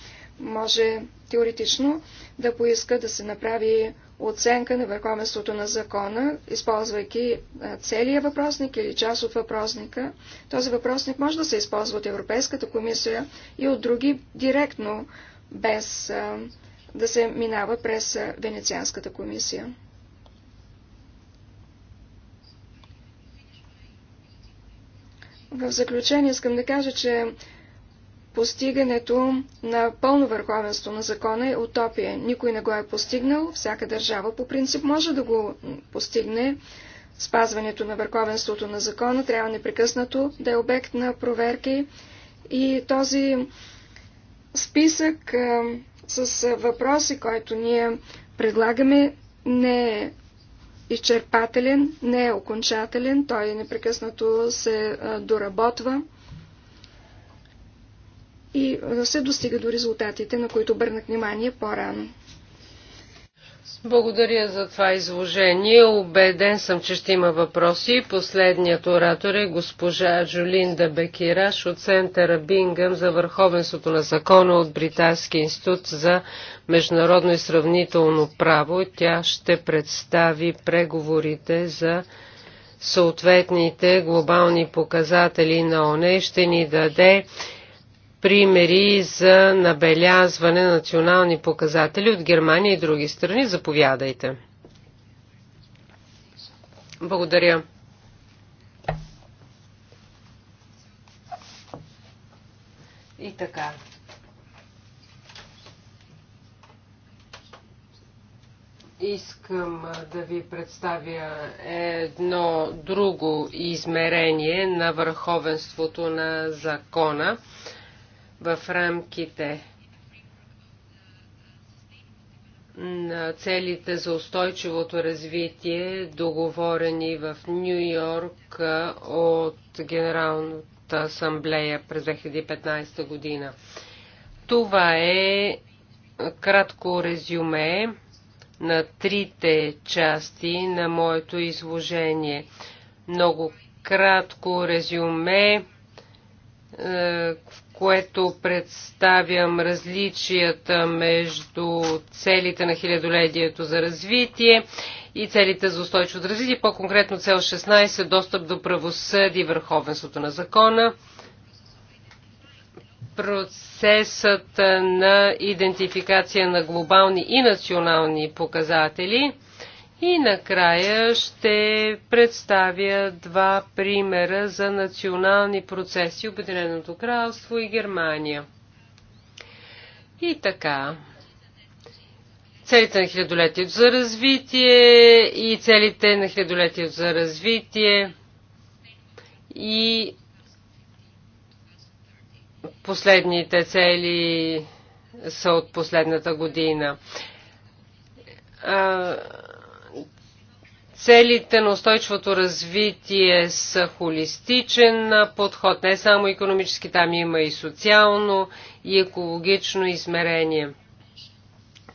Speaker 2: може теоретично да поиска да се направи оценка на върховенството на закона, използвайки е, целият въпросник или част от въпросника. Този въпросник може да се използва от Европейската комисия и от други директно, без е, да се минава през Венецианската комисия. В заключение искам да кажа, че постигането на пълно върховенство на закона е утопия. Никой не го е постигнал, всяка държава по принцип може да го постигне. Спазването на върховенството на закона трябва непрекъснато да е обект на проверки и този списък с въпроси, който ние предлагаме, не е изчерпателен, не е окончателен, той непрекъснато се доработва и се достига до резултатите, на които обърнах внимание по-рано.
Speaker 4: Благодаря за това изложение. Обеден съм, че ще има въпроси. Последният оратор е госпожа Джолинда Бекираш от Центъра Бингъм за върховенството на закона от Британски институт за международно и сравнително право. Тя ще представи преговорите за съответните глобални показатели на ОНЕ. Ще ни даде примери за набелязване на национални показатели от Германия и други страни. Заповядайте. Благодаря. И така. Искам да ви представя едно друго измерение на върховенството на закона в рамките на целите за устойчивото развитие, договорени в Нью Йорк от Генералната асамблея през 2015 година. Това е кратко резюме на трите части на моето изложение. Много кратко резюме, в което представям различията между целите на хилядолетието за развитие и целите за устойчиво развитие, по-конкретно цел 16 достъп до правосъди и върховенството на закона. Процесът на идентификация на глобални и национални показатели – и накрая ще представя два примера за национални процеси Обединеното кралство и Германия. И така. Целите на хилядолетието за развитие и целите на хилядолетието за развитие и последните цели са от последната година Целите на устойчивото развитие са холистичен подход, не само економически, там има и социално и екологично измерение.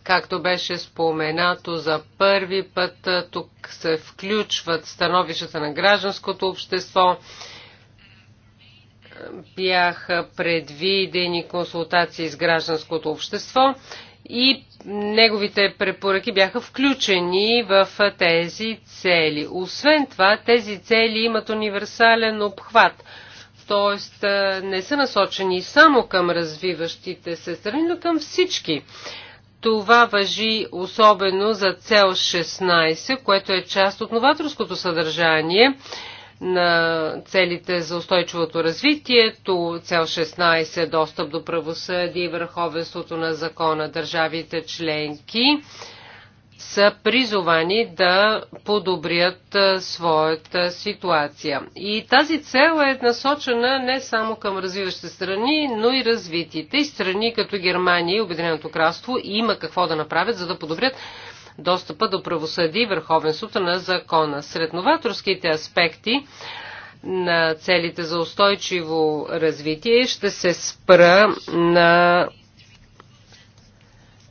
Speaker 4: Както беше споменато за първи път, тук се включват становищата на гражданското общество. Бяха предвидени консултации с гражданското общество и неговите препоръки бяха включени в тези цели. Освен това, тези цели имат универсален обхват, т.е. не са насочени само към развиващите се страни, но към всички. Това въжи особено за цел 16, което е част от новаторското съдържание – на целите за устойчивото развитие, цел 16 достъп до правосъдие и върховенството на закона държавите членки са призовани да подобрят своята ситуация. И тази цел е насочена не само към развиващите страни, но и развитите. И страни като Германия и Обединеното кралство има какво да направят, за да подобрят достъпа до правосъди и върховенството на закона. Сред новаторските аспекти на целите за устойчиво развитие ще се спра на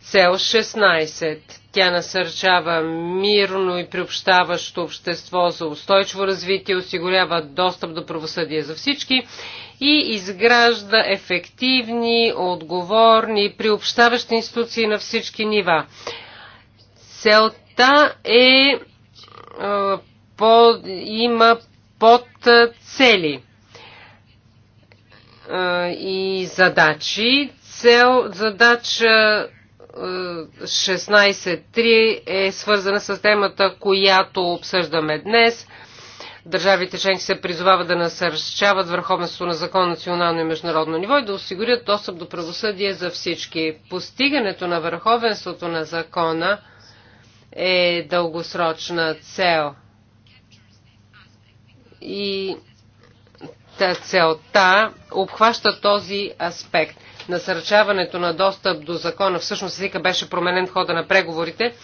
Speaker 4: цел 16. Тя насърчава мирно и приобщаващо общество за устойчиво развитие, осигурява достъп до правосъдие за всички и изгражда ефективни, отговорни, приобщаващи институции на всички нива. Целта е по, има под цели и задачи. Цел, задача 16.3 е свързана с темата, която обсъждаме днес. Държавите членки се призовават да насърчават върховенството на закон национално и международно ниво и да осигурят достъп до правосъдие за всички. Постигането на върховенството на закона – е дългосрочна цел. И целта обхваща този аспект. Насърчаването на достъп до закона, всъщност езика беше променен в хода на преговорите,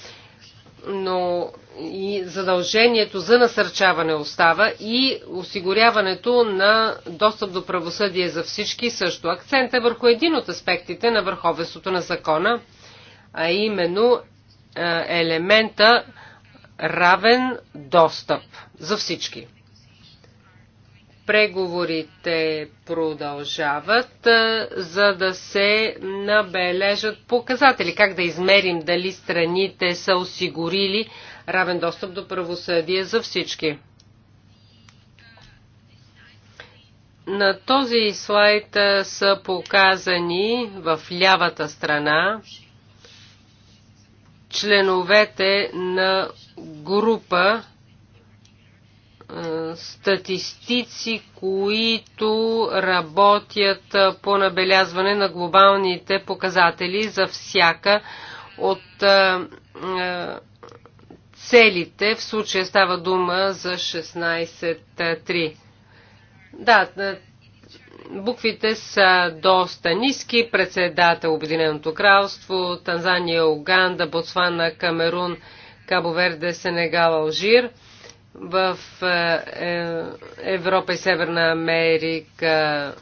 Speaker 4: но и задължението за насърчаване остава и осигуряването на достъп до правосъдие за всички също. Акцент е върху един от аспектите на върховенството на закона, а именно е, елемента равен достъп за всички. Преговорите продължават, е, за да се набележат показатели. Как да измерим дали страните са осигурили равен достъп до правосъдие за всички. На този слайд е, са показани в лявата страна членовете на група статистици, които работят по набелязване на глобалните показатели за всяка от целите. В случая става дума за 16.3. Да, буквите са доста ниски. Председател Обединеното кралство, Танзания, Уганда, Ботсвана, Камерун, Кабоверде, Сенегал, Алжир. В е, е, Европа и Северна Америка е,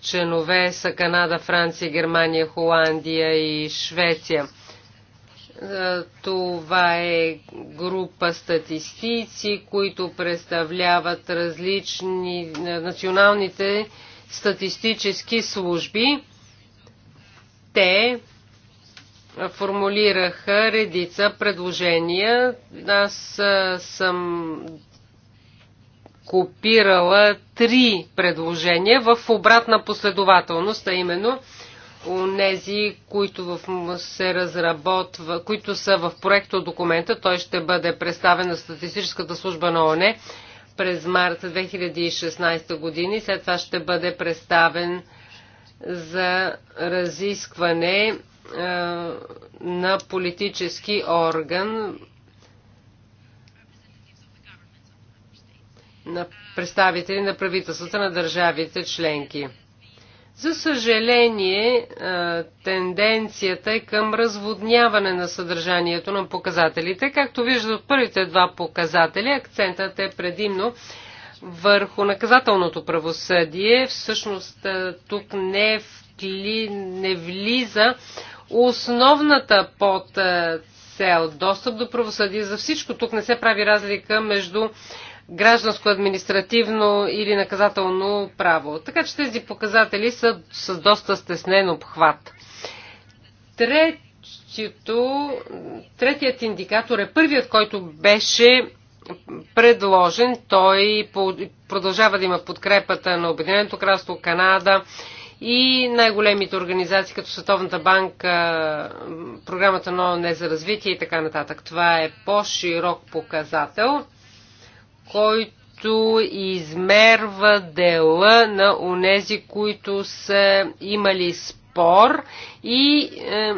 Speaker 4: чинове са Канада, Франция, Германия, Холандия и Швеция. Е, това е група статистици, които представляват различни е, националните статистически служби. Те формулираха редица предложения. Аз е, съм копирала три предложения в обратна последователност, а именно – онези, които в, се разработва, които са в проекто документа. Той ще бъде представен на Статистическата служба на ОНЕ през март 2016 година и след това ще бъде представен за разискване а, е, на политически орган на представители на правителствата на държавите членки. За съжаление, е, тенденцията е към разводняване на съдържанието на показателите. Както виждате от първите два показатели, акцентът е предимно върху наказателното правосъдие. Всъщност е, тук не, вли, не влиза основната под цел достъп до правосъдие. За всичко тук не се прави разлика между гражданско, административно или наказателно право. Така че тези показатели са с доста стеснен обхват. Третито, третият индикатор е първият, който беше предложен. Той продължава да има подкрепата на Обединеното кралство, Канада и най-големите организации, като Световната банка, програмата на ООН за развитие и така нататък. Това е по-широк показател който измерва дела на онези, които са имали спор и е,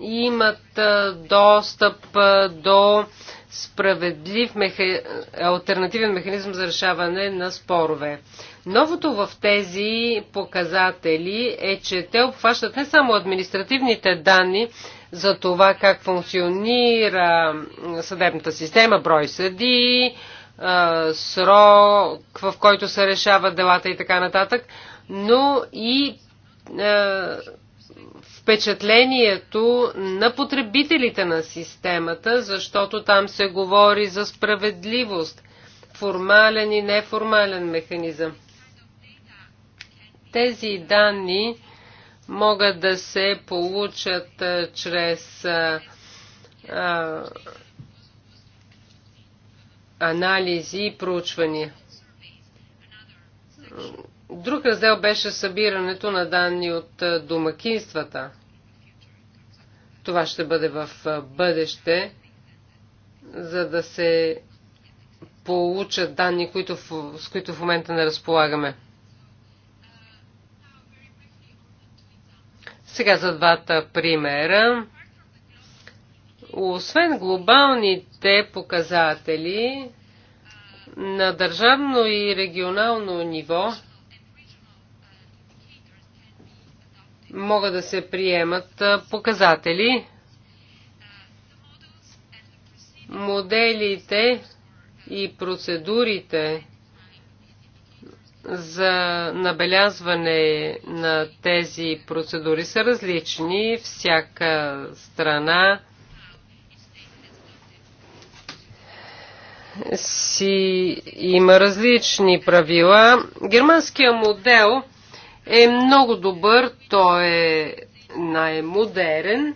Speaker 4: имат е, достъп е, до справедлив меха... альтернативен механизъм за решаване на спорове. Новото в тези показатели е, че те обхващат не само административните данни за това как функционира съдебната система, брой съди, срок, в който се решават делата и така нататък, но и впечатлението на потребителите на системата, защото там се говори за справедливост, формален и неформален механизъм. Тези данни могат да се получат чрез анализи и проучвания. Друг раздел беше събирането на данни от домакинствата. Това ще бъде в бъдеще, за да се получат данни, които, с които в момента не разполагаме. Сега за двата примера. Освен глобалните показатели на държавно и регионално ниво, могат да се приемат показатели, моделите и процедурите за набелязване на тези процедури са различни. Всяка страна си има различни правила. Германския модел е много добър, той е най-модерен,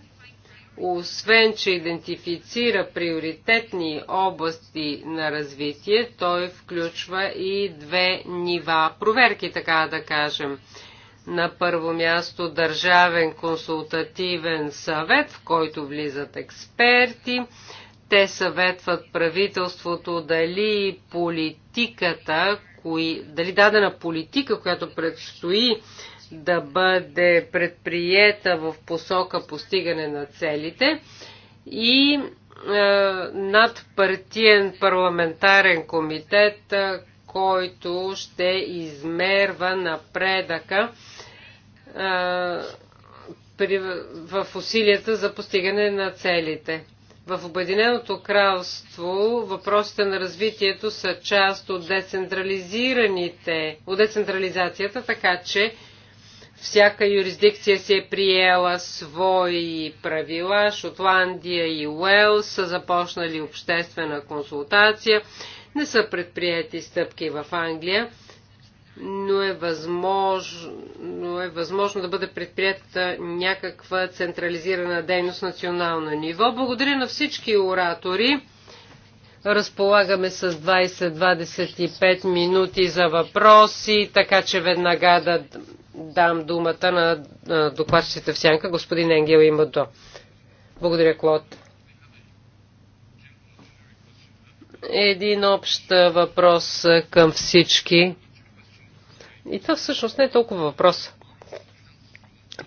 Speaker 4: освен че идентифицира приоритетни области на развитие, той включва и две нива проверки, така да кажем. На първо място Държавен консултативен съвет, в който влизат експерти, те съветват правителството дали политиката, кои, дали дадена политика, която предстои да бъде предприета в посока постигане на целите и е, надпартиен парламентарен комитет, е, който ще измерва напредъка е, при, в усилията за постигане на целите. В Обединеното кралство въпросите на развитието са част от децентрализираните, от децентрализацията, така че всяка юрисдикция си е приела свои правила. Шотландия и Уелс са започнали обществена консултация. Не са предприяти стъпки в Англия но е възможно, но е възможно да бъде предприята някаква централизирана дейност национално ниво. Благодаря на всички оратори. Разполагаме с 20-25 минути за въпроси, така че веднага да дам думата на докладчиците в сянка. Господин Енгел има до. Благодаря, Клод. Един общ въпрос към всички. И това всъщност не е толкова въпрос.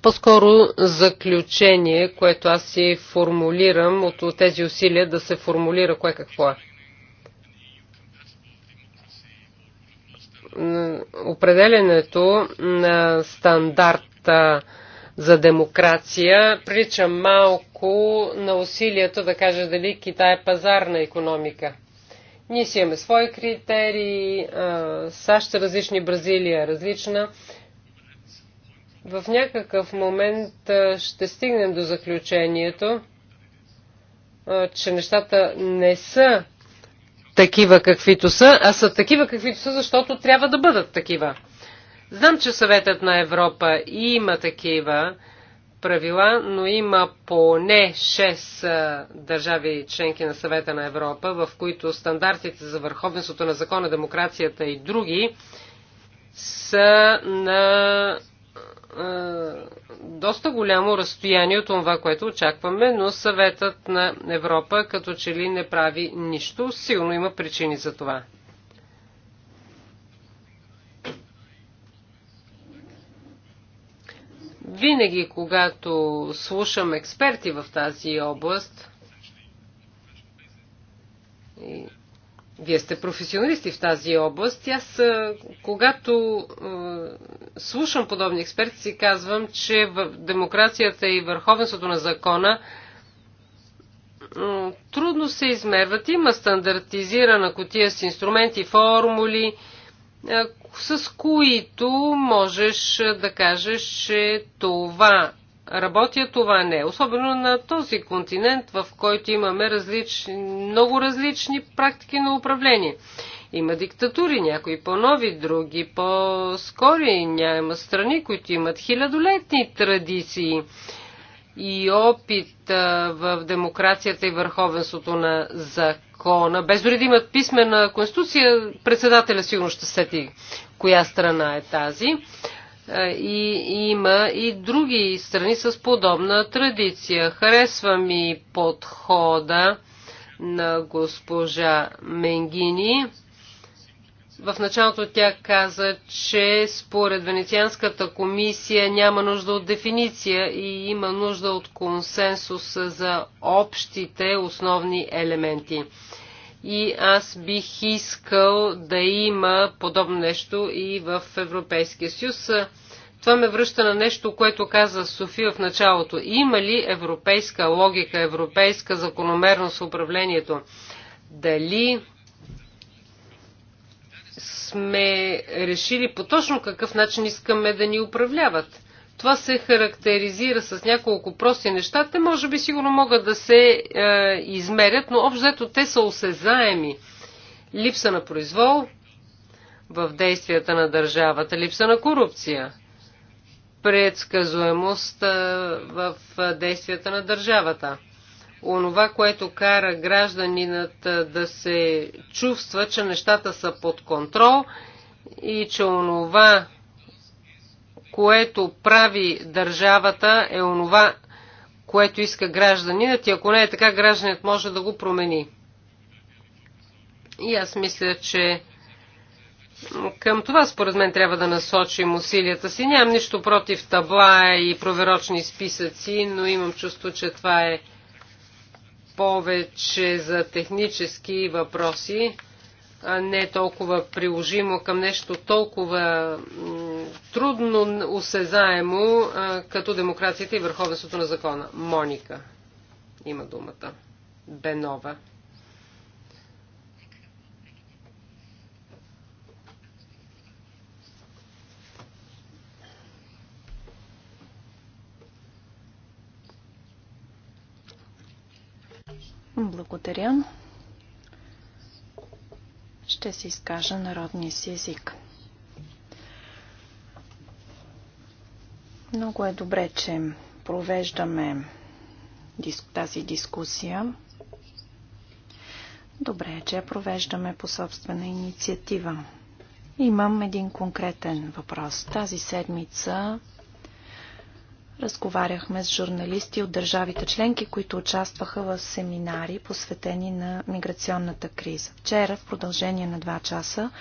Speaker 4: По-скоро заключение, което аз си формулирам от тези усилия да се формулира кое какво е. Определенето на стандарта за демокрация прилича малко на усилието да каже дали Китай е пазарна економика – ние си имаме свои критерии, САЩ различни, Бразилия различна. В някакъв момент ще стигнем до заключението, че нещата не са такива каквито са, а са такива каквито са, защото трябва да бъдат такива. Знам, че съветът на Европа има такива правила, но има поне 6 държави членки на съвета на Европа, в които стандартите за върховенството на закона, демокрацията и други са на доста голямо разстояние от това, което очакваме, но съветът на Европа като че ли не прави нищо. Силно има причини за това. Винаги, когато слушам експерти в тази област, и вие сте професионалисти в тази област. Аз, когато е, слушам подобни експерти, си казвам, че в демокрацията и върховенството на закона е, трудно се измерват. Има стандартизирана котия с инструменти, формули, е, с които можеш да кажеш, че това работя, това не. Особено на този континент, в който имаме различни, много различни практики на управление. Има диктатури, някои по-нови, други по-скори. Няма страни, които имат хилядолетни традиции и опит в демокрацията и върховенството на закона. Без дори да имат писмена конституция, председателя сигурно ще сети коя страна е тази. Е, и има и други страни с подобна традиция. Харесва ми подхода на госпожа Менгини. В началото тя каза, че според Венецианската комисия няма нужда от дефиниция и има нужда от консенсус за общите основни елементи. И аз бих искал да има подобно нещо и в Европейския съюз. Това ме връща на нещо, което каза София в началото. Има ли европейска логика, европейска закономерност в управлението? Дали сме решили по точно какъв начин искаме да ни управляват? това се характеризира с няколко прости неща. Те може би сигурно могат да се е, измерят, но общо те са осезаеми. Липса на произвол в действията на държавата, липса на корупция, предсказуемост е, в е, действията на държавата. Онова, което кара гражданинът е, да се чувства, че нещата са под контрол и че онова, което прави държавата, е онова, което иска гражданинът и ако не е така, гражданинът може да го промени. И аз мисля, че към това според мен трябва да насочим усилията си. Нямам нищо против табла и проверочни списъци, но имам чувство, че това е повече за технически въпроси не е толкова приложимо към нещо толкова трудно осезаемо, като демокрацията и върховенството на закона. Моника има думата. Бенова.
Speaker 3: Благодаря. Ще се изкажа народния си език. Много е добре, че провеждаме тази дискусия. Добре е, че я провеждаме по собствена инициатива. Имам един конкретен въпрос. Тази седмица Разговаряхме с журналисти от държавите членки, които участваха в семинари, посветени на миграционната криза. Вчера, в продължение на два часа,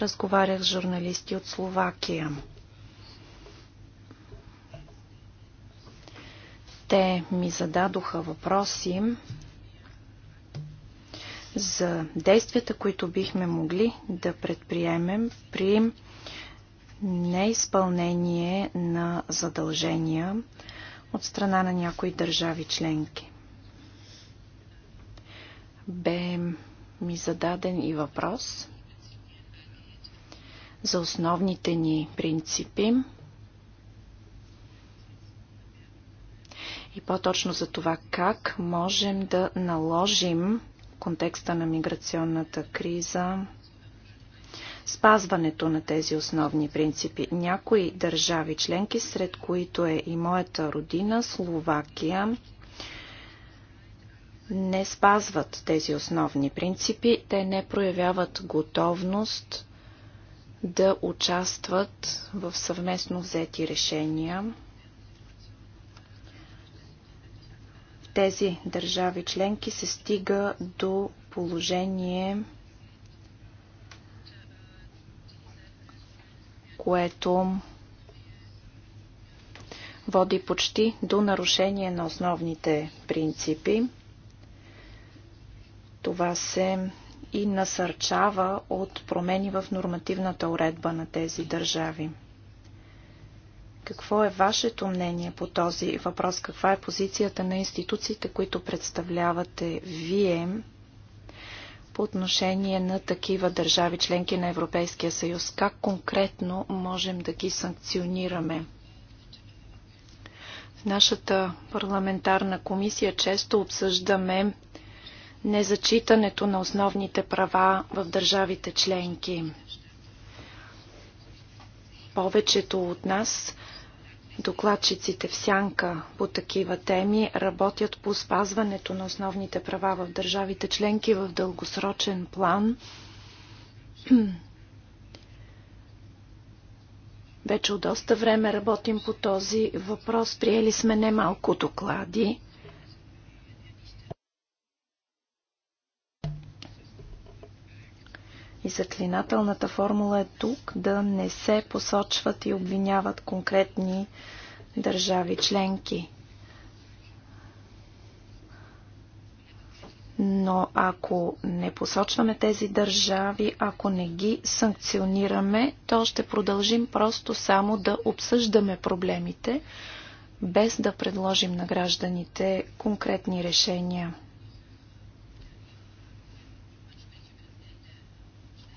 Speaker 3: разговарях с журналисти от Словакия. Те ми зададоха въпроси за действията, които бихме могли да предприемем при неизпълнение на задължения от страна на някои държави членки. Бе ми зададен и въпрос за основните ни принципи и по-точно за това как можем да наложим контекста на миграционната криза спазването на тези основни принципи. Някои държави членки, сред които е и моята родина, Словакия, не спазват тези основни принципи. Те не проявяват готовност да участват в съвместно взети решения тези държави членки се стига до положение, което води почти до нарушение на основните принципи. Това се и насърчава от промени в нормативната уредба на тези държави. Какво е вашето мнение по този въпрос? Каква е позицията на институциите, които представлявате вие? по отношение на такива държави, членки на Европейския съюз? Как конкретно можем да ги санкционираме? В нашата парламентарна комисия често обсъждаме незачитането на основните права в държавите членки. Повечето от нас – докладчиците в сянка по такива теми работят по спазването на основните права в държавите членки в дългосрочен план. Вече от доста време работим по този въпрос. Приели сме немалко доклади. И заклинателната формула е тук да не се посочват и обвиняват конкретни държави членки. Но ако не посочваме тези държави, ако не ги санкционираме, то ще продължим просто само да обсъждаме проблемите, без да предложим на гражданите конкретни решения.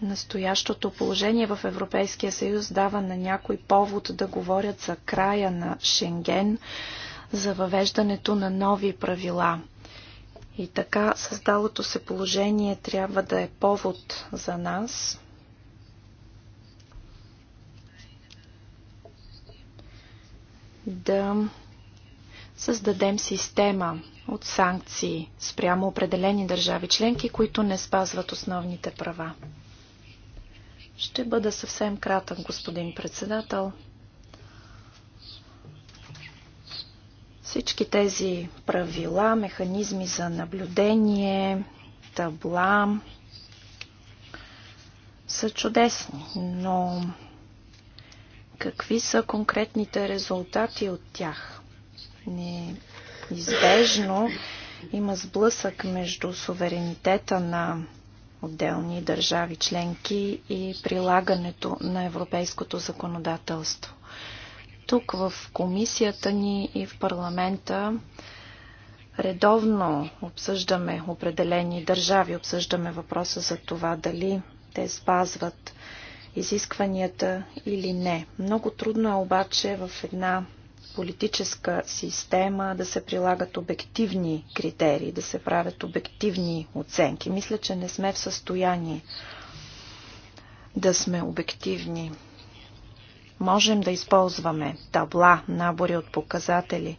Speaker 3: Настоящото положение в Европейския съюз дава на някой повод да говорят за края на Шенген, за въвеждането на нови правила. И така създалото се положение трябва да е повод за нас да създадем система от санкции спрямо определени държави членки, които не спазват основните права. Ще бъда съвсем кратък, господин председател. Всички тези правила, механизми за наблюдение, табла са чудесни, но какви са конкретните резултати от тях? Неизбежно има сблъсък между суверенитета на отделни държави членки и прилагането на европейското законодателство. Тук в комисията ни и в парламента редовно обсъждаме определени държави, обсъждаме въпроса за това дали те спазват изискванията или не. Много трудно е обаче в една политическа система да се прилагат обективни критерии, да се правят обективни оценки. Мисля, че не сме в състояние да сме обективни. Можем да използваме табла, набори от показатели,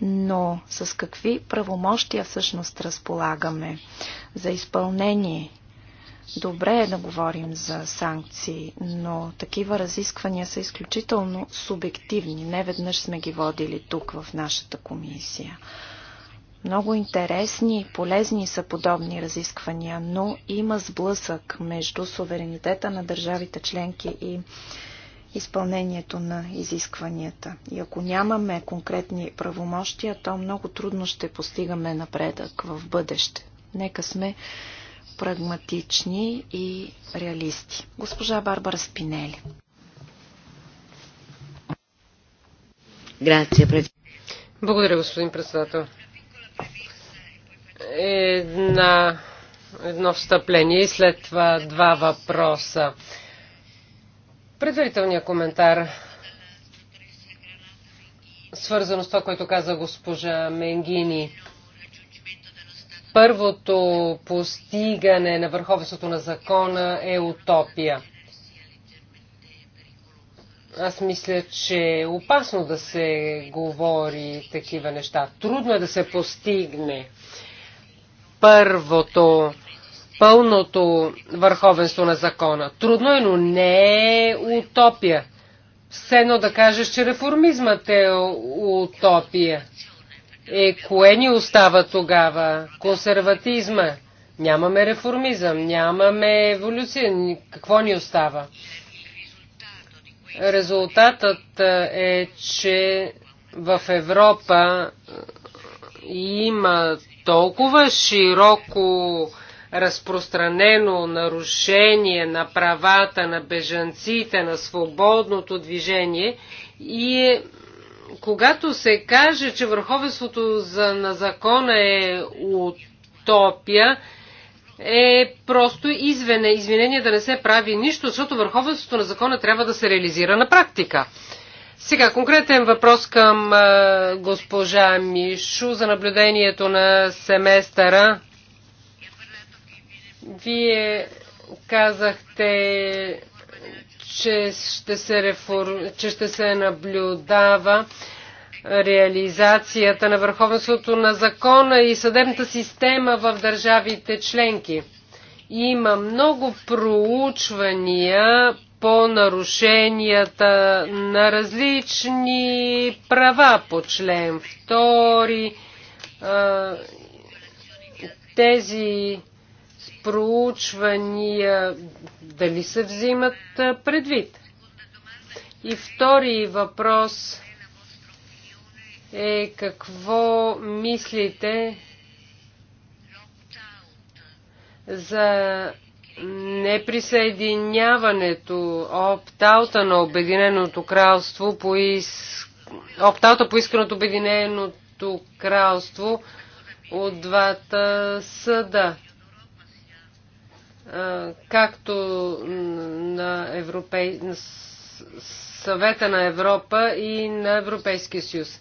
Speaker 3: но с какви правомощия всъщност разполагаме за изпълнение Добре е да говорим за санкции, но такива разисквания са изключително субективни. Не веднъж сме ги водили тук в нашата комисия. Много интересни и полезни са подобни разисквания, но има сблъсък между суверенитета на държавите членки и изпълнението на изискванията. И ако нямаме конкретни правомощия, то много трудно ще постигаме напредък в бъдеще. Нека сме прагматични и реалисти. Госпожа Барбара Спинели.
Speaker 4: Благодаря, господин председател. Една, едно встъпление и след това два въпроса. Предварителният коментар, свързано с това, което каза госпожа Менгини първото постигане на върховенството на закона е утопия. Аз мисля, че е опасно да се говори такива неща. Трудно е да се постигне първото, пълното върховенство на закона. Трудно е, но не е утопия. Все едно да кажеш, че реформизмът е утопия. Е, кое ни остава тогава? Консерватизма. Нямаме реформизъм, нямаме еволюция. Какво ни остава? Резултатът е, че в Европа има толкова широко разпространено нарушение на правата на бежанците, на свободното движение и е когато се каже, че върховенството за, на закона е утопия, е просто извене, извинение да не се прави нищо, защото върховенството на закона трябва да се реализира на практика. Сега конкретен въпрос към а, е, госпожа Мишу за наблюдението на семестъра. Вие казахте, че ще се, рефор... че ще се наблюдава реализацията на върховенството на закона и съдебната система в държавите членки. Има много проучвания по нарушенията на различни права по член Втори Тези проучвания дали се взимат предвид? И втори въпрос е какво мислите за неприсъединяването, оптаута на Обединеното кралство по иск... оптаута поискан от Обединеното кралство от двата съда както на, Европей... на съвета на Европа и на Европейския съюз.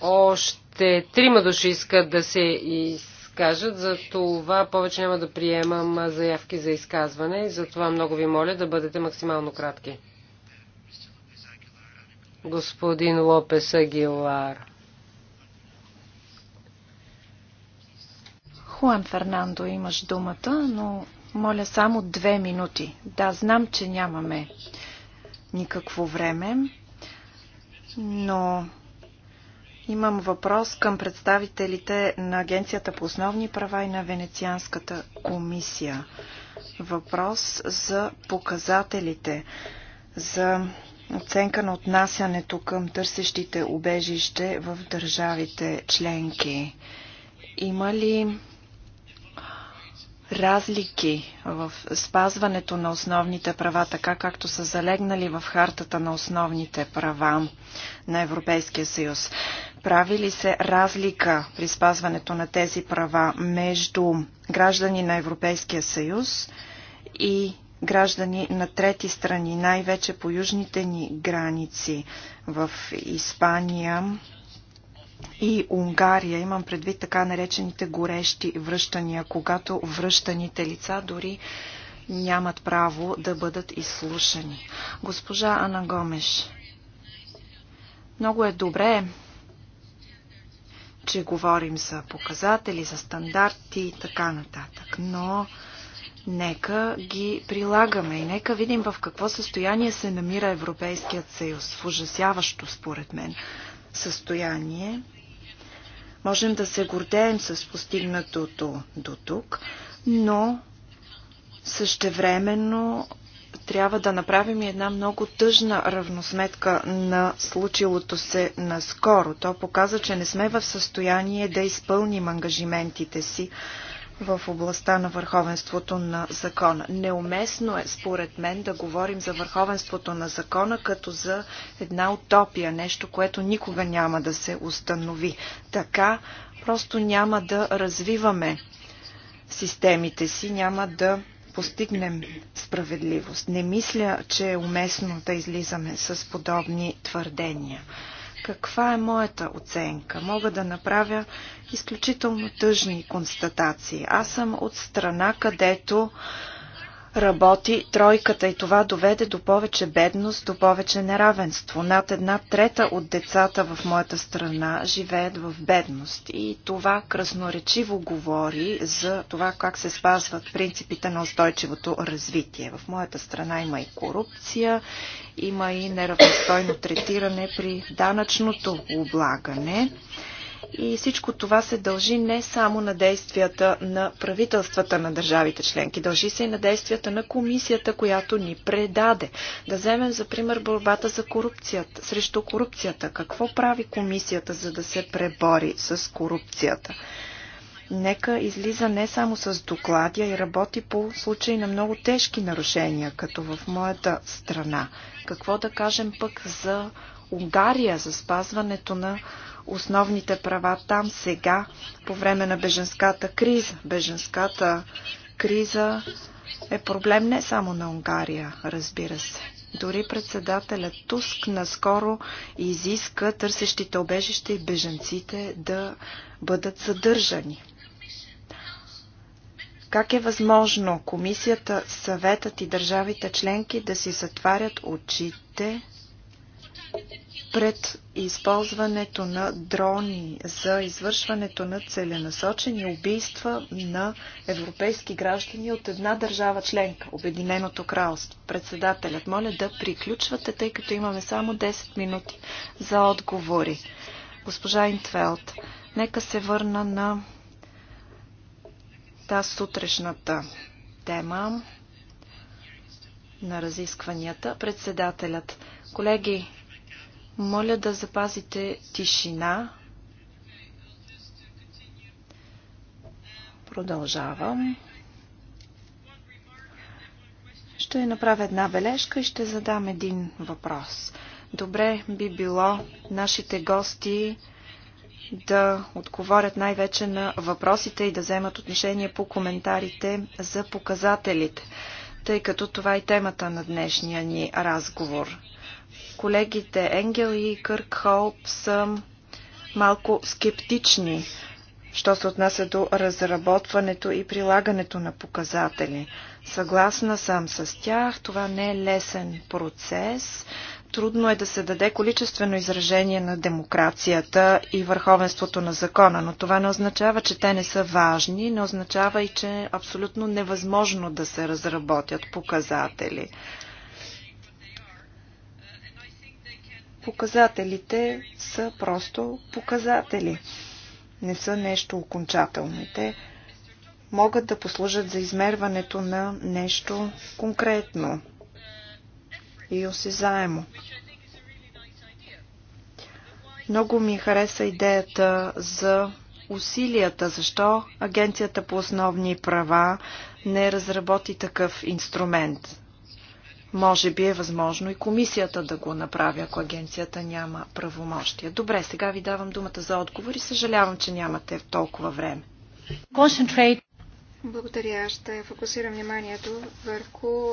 Speaker 4: Още трима души искат да се изкажат, за това повече няма да приемам заявки за изказване и за това много ви моля да бъдете максимално кратки. Господин Лопес Агилар.
Speaker 3: Хуан Фернандо, имаш думата, но моля само две минути. Да, знам, че нямаме никакво време, но имам въпрос към представителите на Агенцията по основни права и на Венецианската комисия. Въпрос за показателите, за оценка на отнасянето към търсещите убежище в държавите членки. Има ли разлики в спазването на основните права, така както са залегнали в хартата на основните права на Европейския съюз. Прави ли се разлика при спазването на тези права между граждани на Европейския съюз и граждани на трети страни, най-вече по южните ни граници в Испания, и Унгария. Имам предвид така наречените горещи връщания, когато връщаните лица дори нямат право да бъдат изслушани. Госпожа Ана Гомеш, много е добре, че говорим за показатели, за стандарти и така нататък, но нека ги прилагаме и нека видим в какво състояние се намира Европейският съюз. В ужасяващо, според мен състояние. Можем да се гордеем с постигнатото до тук, но същевременно трябва да направим една много тъжна равносметка на случилото се наскоро. То показа, че не сме в състояние да изпълним ангажиментите си в областта на върховенството на закона. Неуместно е, според мен, да говорим за върховенството на закона като за една утопия, нещо, което никога няма да се установи. Така просто няма да развиваме системите си, няма да постигнем справедливост. Не мисля, че е уместно да излизаме с подобни твърдения каква е моята оценка. Мога да направя изключително тъжни констатации. Аз съм от страна, където работи тройката и това доведе до повече бедност, до повече неравенство. Над една трета от децата в моята страна живеят в бедност и това красноречиво говори за това как се спазват принципите на устойчивото развитие. В моята страна има и корупция, има и неравностойно третиране при данъчното облагане. И всичко това се дължи не само на действията на правителствата на държавите членки, дължи се и на действията на комисията, която ни предаде. Да вземем за пример борбата за корупцията, срещу корупцията. Какво прави комисията, за да се пребори с корупцията? нека излиза не само с доклади, а и работи по случаи на много тежки нарушения, като в моята страна. Какво да кажем пък за Унгария, за спазването на основните права там сега, по време на беженската криза. Беженската криза е проблем не само на Унгария, разбира се. Дори председателят Туск наскоро изиска търсещите обежище и беженците да бъдат задържани. Как е възможно комисията, съветът и държавите членки да си затварят очите пред използването на дрони за извършването на целенасочени убийства на европейски граждани от една държава членка, Обединеното кралство. Председателят, моля да приключвате, тъй като имаме само 10 минути за отговори. Госпожа Интвелт, нека се върна на тази сутрешната тема на разискванията. Председателят, колеги, моля да запазите тишина. Продължавам. Ще направя една бележка и ще задам един въпрос. Добре би било нашите гости да отговорят най-вече на въпросите и да вземат отношение по коментарите за показателите, тъй като това е темата на днешния ни разговор колегите Енгел и Кърк Холп са малко скептични, що се отнася до разработването и прилагането на показатели. Съгласна съм с тях, това не е лесен процес. Трудно е да се даде количествено изражение на демокрацията и върховенството на закона, но това не означава, че те не са важни, не означава и, че е абсолютно невъзможно да се разработят показатели. показателите са просто показатели. Не са нещо окончателно. Те могат да послужат за измерването на нещо конкретно и осезаемо. Много ми хареса идеята за усилията. Защо Агенцията по основни права не разработи такъв инструмент? Може би е възможно и комисията да го направи, ако агенцията няма правомощия. Добре, сега ви давам думата за отговор и съжалявам, че нямате толкова време.
Speaker 2: Благодаря. Ще фокусирам вниманието върху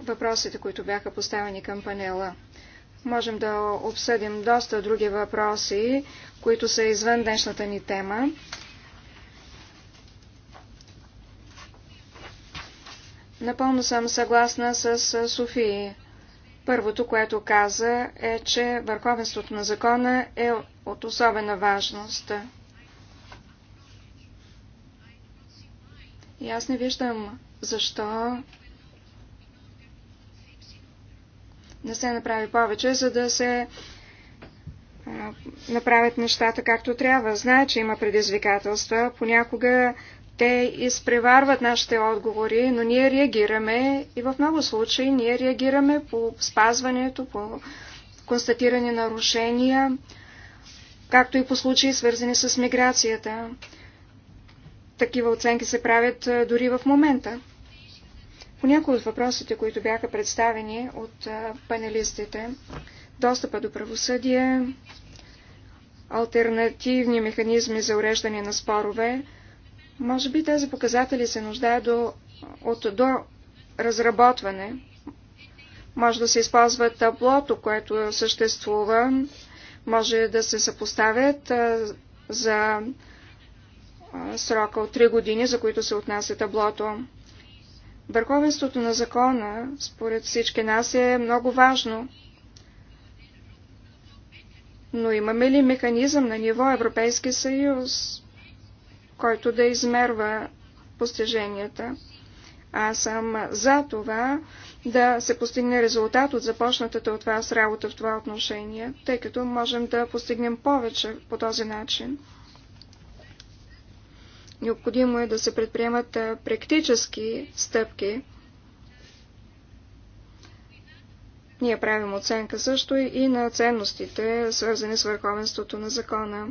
Speaker 2: въпросите, които бяха поставени към панела. Можем да обсъдим доста други въпроси, които са извън днешната ни тема. Напълно съм съгласна с Софии. Първото, което каза, е, че върховенството на закона е от особена важност. И аз не виждам защо не се направи повече, за да се направят нещата както трябва. Знае, че има предизвикателства. Понякога те изпреварват нашите отговори, но ние реагираме и в много случаи ние реагираме по спазването, по констатирани нарушения, както и по случаи свързани с миграцията. Такива оценки се правят дори в момента. По някои от въпросите, които бяха представени от панелистите, достъпа до правосъдие, альтернативни механизми за уреждане на спорове, може би тези показатели се нуждаят до, от до разработване. Може да се използва таблото, което съществува. Може да се съпоставят а, за а, срока от 3 години, за които се отнася таблото. Върховенството на закона, според всички нас, е много важно. Но имаме ли механизъм на ниво Европейски съюз? който да измерва постиженията. Аз съм за това да се постигне резултат от започнатата от вас работа в това отношение, тъй като можем да постигнем повече по този начин. Необходимо е да се предприемат практически стъпки. Ние правим оценка също и на ценностите, свързани с върховенството на закона.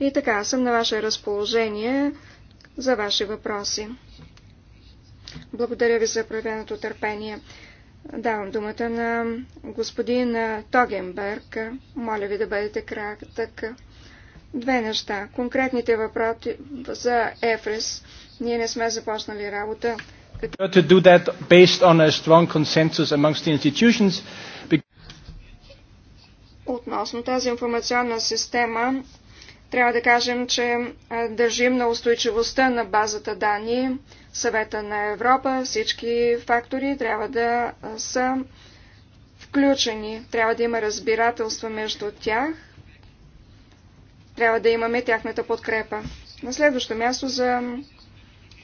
Speaker 2: И така, съм на ваше разположение за ваши въпроси. Благодаря ви за проявеното търпение. Давам думата на господин Тогенберг. Моля ви да бъдете кратък. Две неща. Конкретните въпроси за ЕФРЕС. Ние не сме започнали работа. Относно тази информационна система, трябва да кажем, че държим на устойчивостта на базата данни, съвета на Европа, всички фактори трябва да са включени. Трябва да има разбирателство между тях. Трябва да имаме тяхната подкрепа. На следващо място за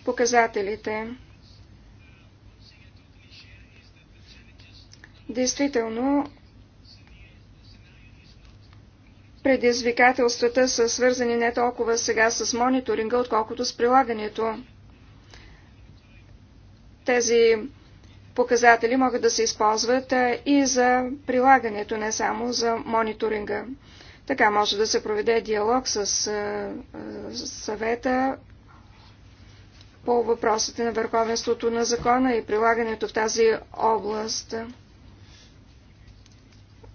Speaker 2: показателите. Действително, Предизвикателствата са свързани не толкова сега с мониторинга, отколкото с прилагането. Тези показатели могат да се използват и за прилагането, не само за мониторинга. Така може да се проведе диалог с съвета по въпросите на върховенството на закона и прилагането в тази област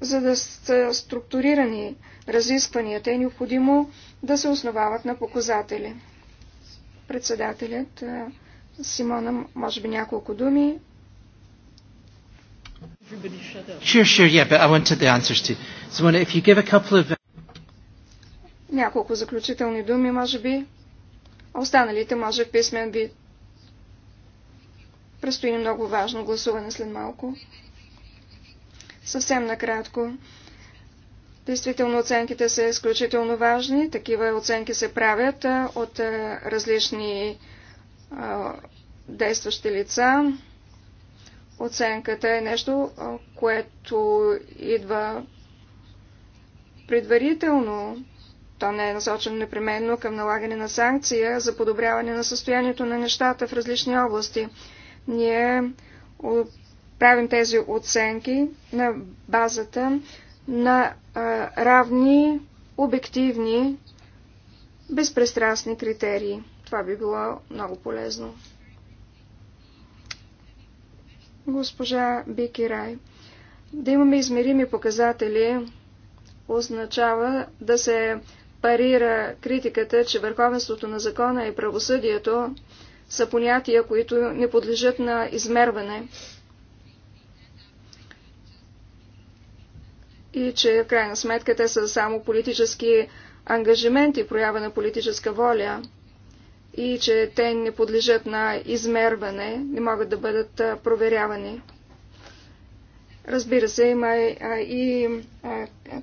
Speaker 2: за да са структурирани разискванията, е необходимо да се основават на показатели. Председателят е, Симона, може би няколко думи. Няколко заключителни думи, може би. останалите може в писмен вид. Престои много важно гласуване след малко. Съвсем накратко. Действително оценките са изключително важни. Такива оценки се правят от различни действащи лица. Оценката е нещо, което идва предварително. То не е насочено непременно към налагане на санкция за подобряване на състоянието на нещата в различни области. Ние правим тези оценки на базата на равни, обективни, безпристрастни критерии. Това би било много полезно. Госпожа Бики Рай. Да имаме измерими показатели означава да се парира критиката, че върховенството на закона и правосъдието са понятия, които не подлежат на измерване. и че в крайна сметка те са само политически ангажименти, проява на политическа воля и че те не подлежат на измерване, не могат да бъдат проверявани. Разбира се, има и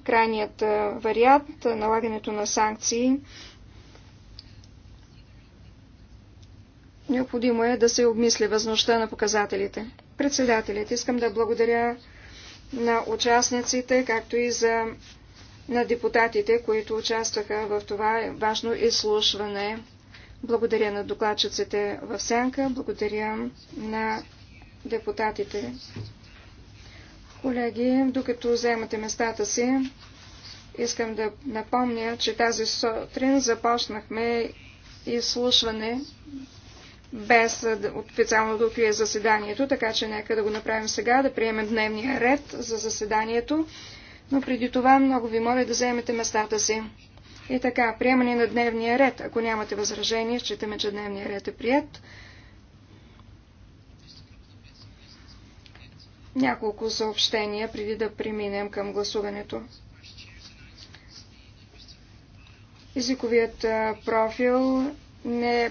Speaker 2: крайният вариант, налагането на санкции. Необходимо е да се обмисли възможността на показателите. Председателят, искам да благодаря на участниците, както и за, на депутатите, които участваха в това важно изслушване. Благодаря на докладчиците в Сянка, благодаря на депутатите. Колеги, докато вземате местата си, искам да напомня, че тази сутрин започнахме изслушване без официално да открие заседанието, така че нека да го направим сега, да приемем дневния ред за заседанието. Но преди това много ви моля да вземете местата си. И така, приемане на дневния ред. Ако нямате възражение, считаме, че дневния ред е прият. Няколко съобщения преди да преминем към гласуването. Езиковият профил не е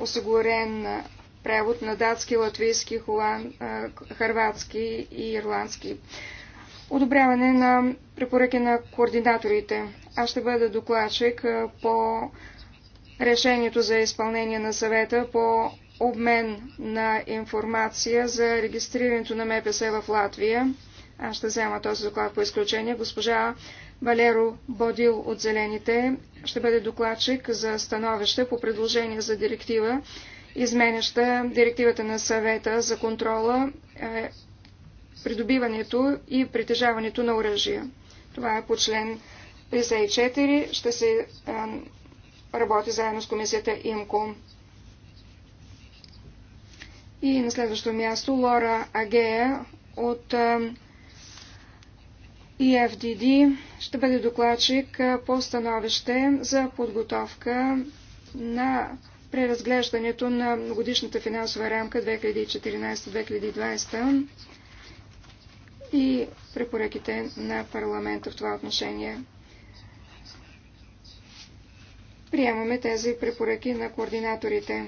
Speaker 2: осигурен превод на датски, латвийски, холан, харватски и ирландски. Одобряване на препоръки на координаторите. Аз ще бъда докладчик по решението за изпълнение на съвета по обмен на информация за регистрирането на МПС в Латвия. Аз ще взема този доклад по изключение. Госпожа Валеро Бодил от Зелените ще бъде докладчик за становище по предложение за директива, изменяща директивата на съвета за контрола, е, придобиването и притежаването на оръжия. Това е по член 54. Ще се е, работи заедно с комисията ИМКО. И на следващо място Лора Агея от е, и FDD ще бъде докладчик по становище за подготовка на преразглеждането на годишната финансова рамка 2014-2020 и препоръките на парламента в това отношение. Приемаме тези препоръки на координаторите.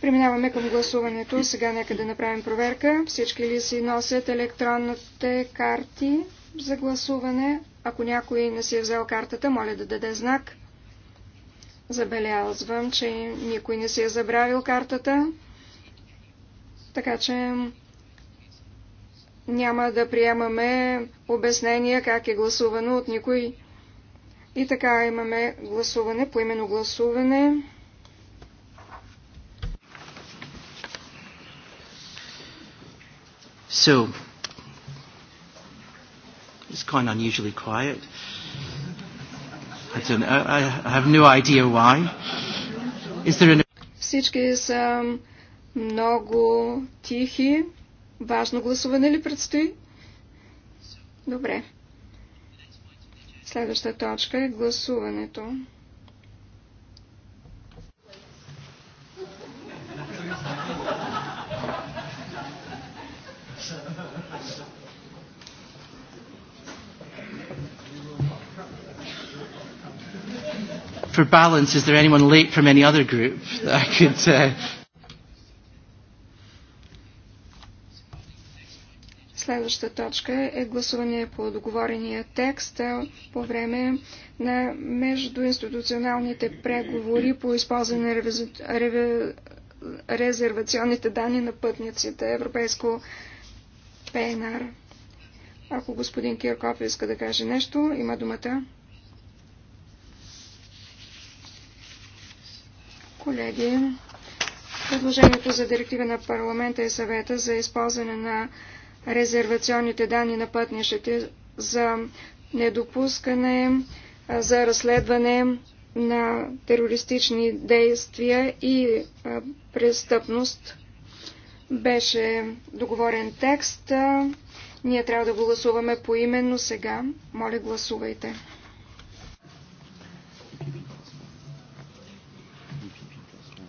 Speaker 2: Преминаваме към гласуването. Сега нека да направим проверка. Всички ли си носят електронните карти? за гласуване. Ако някой не си е взел картата, моля да даде знак. Забелязвам, че никой не си е забравил картата. Така че няма да приемаме обяснения как е гласувано от никой. И така имаме гласуване, именно гласуване.
Speaker 5: So, It's quite unusually quiet. I don't know. I, I have no idea why. Is there an...
Speaker 2: Всички са много тихи. Важно гласуване ли предстои? Добре. Следваща точка е гласуването.
Speaker 5: for balance, is there anyone late from any other group that I could... Uh...
Speaker 2: Следваща точка е гласуване по договорения текст по време на междуинституционалните преговори по използване на резервационните данни на пътниците, европейско ПНР. Ако господин Кирков иска да каже нещо, има думата. Колеги, предложението за директива на парламента и съвета за използване на резервационните данни на пътнищите за недопускане, за разследване на терористични действия и престъпност беше договорен текст. Ние трябва да гласуваме поименно сега. Моля, гласувайте.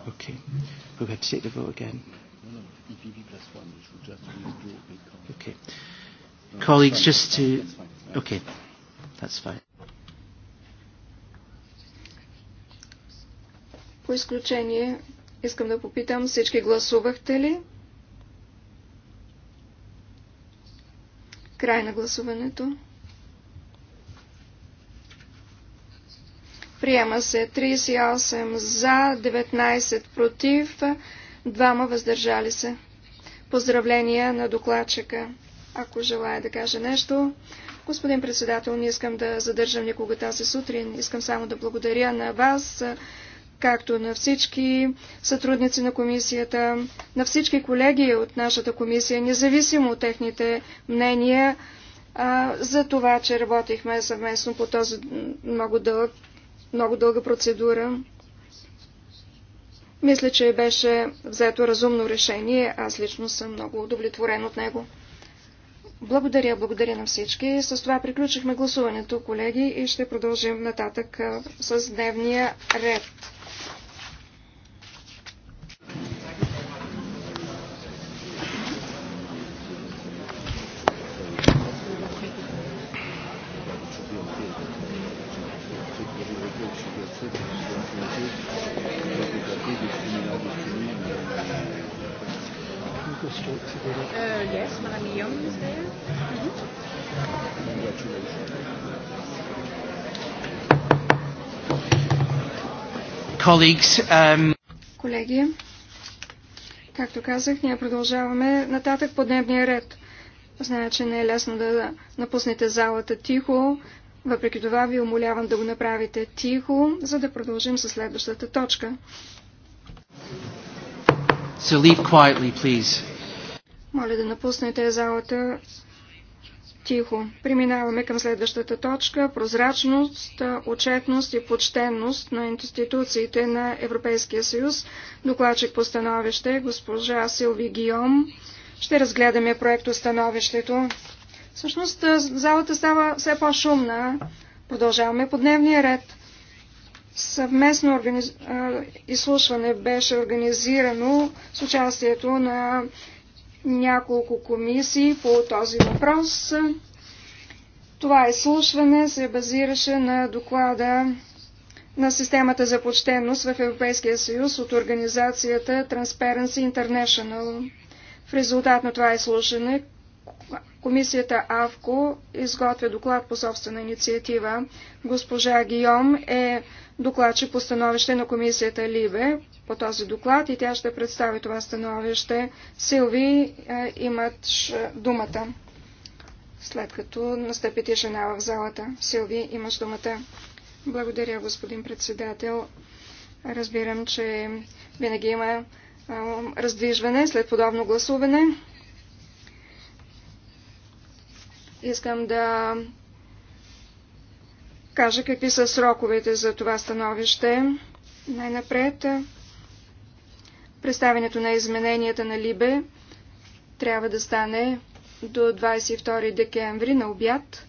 Speaker 5: Okay. We're going to take the vote again. Okay. Colleagues, just to... Okay. That's fine.
Speaker 2: По изключение, искам да попитам, всички гласувахте ли? Край на гласуването. Приема се 38 за, 19 против, 2 въздържали се. Поздравления на докладчика. Ако желая да каже нещо. Господин председател, не искам да задържам никога тази сутрин. Искам само да благодаря на вас, както на всички сътрудници на комисията, на всички колеги от нашата комисия, независимо от техните мнения, за това, че работихме съвместно по този много дълъг много дълга процедура. Мисля, че беше взето разумно решение. Аз лично съм много удовлетворен от него. Благодаря, благодаря на всички. С това приключихме гласуването, колеги, и ще продължим нататък с дневния ред.
Speaker 1: Euh, yes, Young is there. Congratulations. Mm-hmm.
Speaker 5: Colleagues, um...
Speaker 2: Колеги, както казах, ние продължаваме нататък по дневния ред. Зная, че не е лесно да напуснете залата тихо, въпреки това ви умолявам да го направите тихо, за да продължим с следващата точка.
Speaker 5: So leave quietly, please.
Speaker 2: Моля да напуснете залата тихо. Преминаваме към следващата точка – прозрачност, отчетност и почтенност на институциите на Европейския съюз. Докладчик по становище госпожа Силви Гиом. Ще разгледаме проекто становището. Всъщност залата става все по-шумна. Продължаваме по дневния ред. Съвместно организ... изслушване беше организирано с участието на няколко комисии по този въпрос. Това изслушване се базираше на доклада на системата за почтенност в Европейския съюз от организацията Transparency International. В резултат на това изслушане Комисията АВКО изготвя доклад по собствена инициатива. Госпожа Гийом е докладче по становище на комисията Либе по този доклад и тя ще представи това становище. Силви е, имат е, думата. След като настъпи тишина в залата. Силви, имаш думата. Благодаря, господин председател. Разбирам, че винаги има е, раздвижване след подобно гласуване. Искам да кажа какви са сроковете за това становище. Най-напред представянето на измененията на Либе трябва да стане до 22 декември на обяд.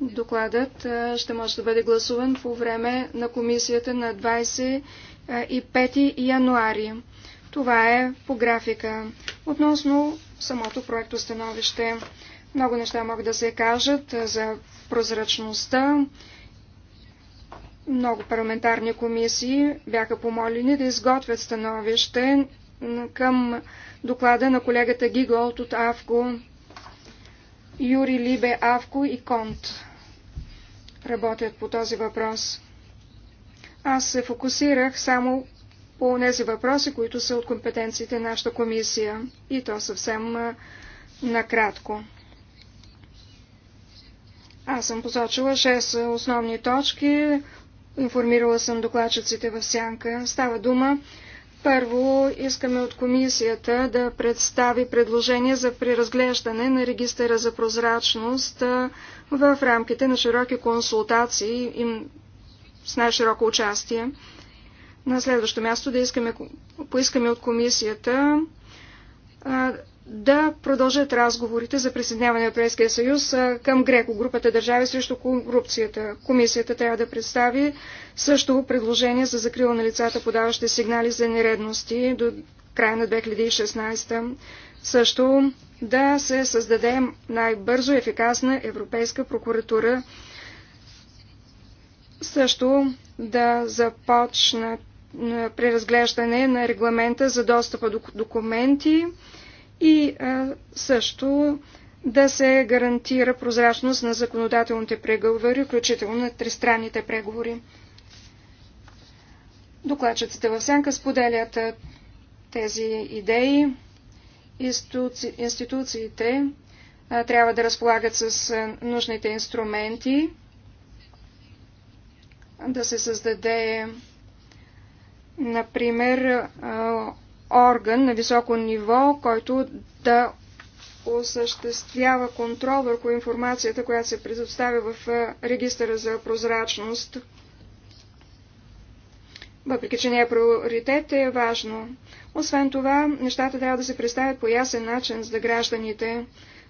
Speaker 2: Докладът ще може да бъде гласуван по време на комисията на 25 януари. Това е по графика. Относно самото проекто становище. Много неща могат да се кажат за прозрачността. Много парламентарни комисии бяха помолени да изготвят становище към доклада на колегата Гиголт от АВКО, Юри Либе Авко и Конт работят по този въпрос. Аз се фокусирах само по тези въпроси, които са от компетенциите на нашата комисия и то съвсем накратко. Аз съм посочила 6 основни точки. Информирала съм докладчиците в сянка. Става дума. Първо, искаме от комисията да представи предложение за преразглеждане на регистъра за прозрачност в рамките на широки консултации и с най-широко участие. На следващо място да искаме, поискаме от комисията да продължат разговорите за присъединяване на Европейския съюз към Греко, групата държави срещу корупцията. Комисията трябва да представи също предложение за закрила на лицата, подаващи сигнали за нередности до края на 2016. Също да се създаде най-бързо ефикасна Европейска прокуратура. Също да започна преразглеждане на регламента за достъпа до документи и също да се гарантира прозрачност на законодателните преговори, включително на тристранните преговори. Докладчиците в Сянка споделят тези идеи. Институци... Институциите а, трябва да разполагат с нужните инструменти, да се създаде, например, а, орган на високо ниво, който да осъществява контрол върху информацията, която се предоставя в е, регистъра за прозрачност. Въпреки, че не е приоритет, е важно. Освен това, нещата трябва да се представят по ясен начин за гражданите,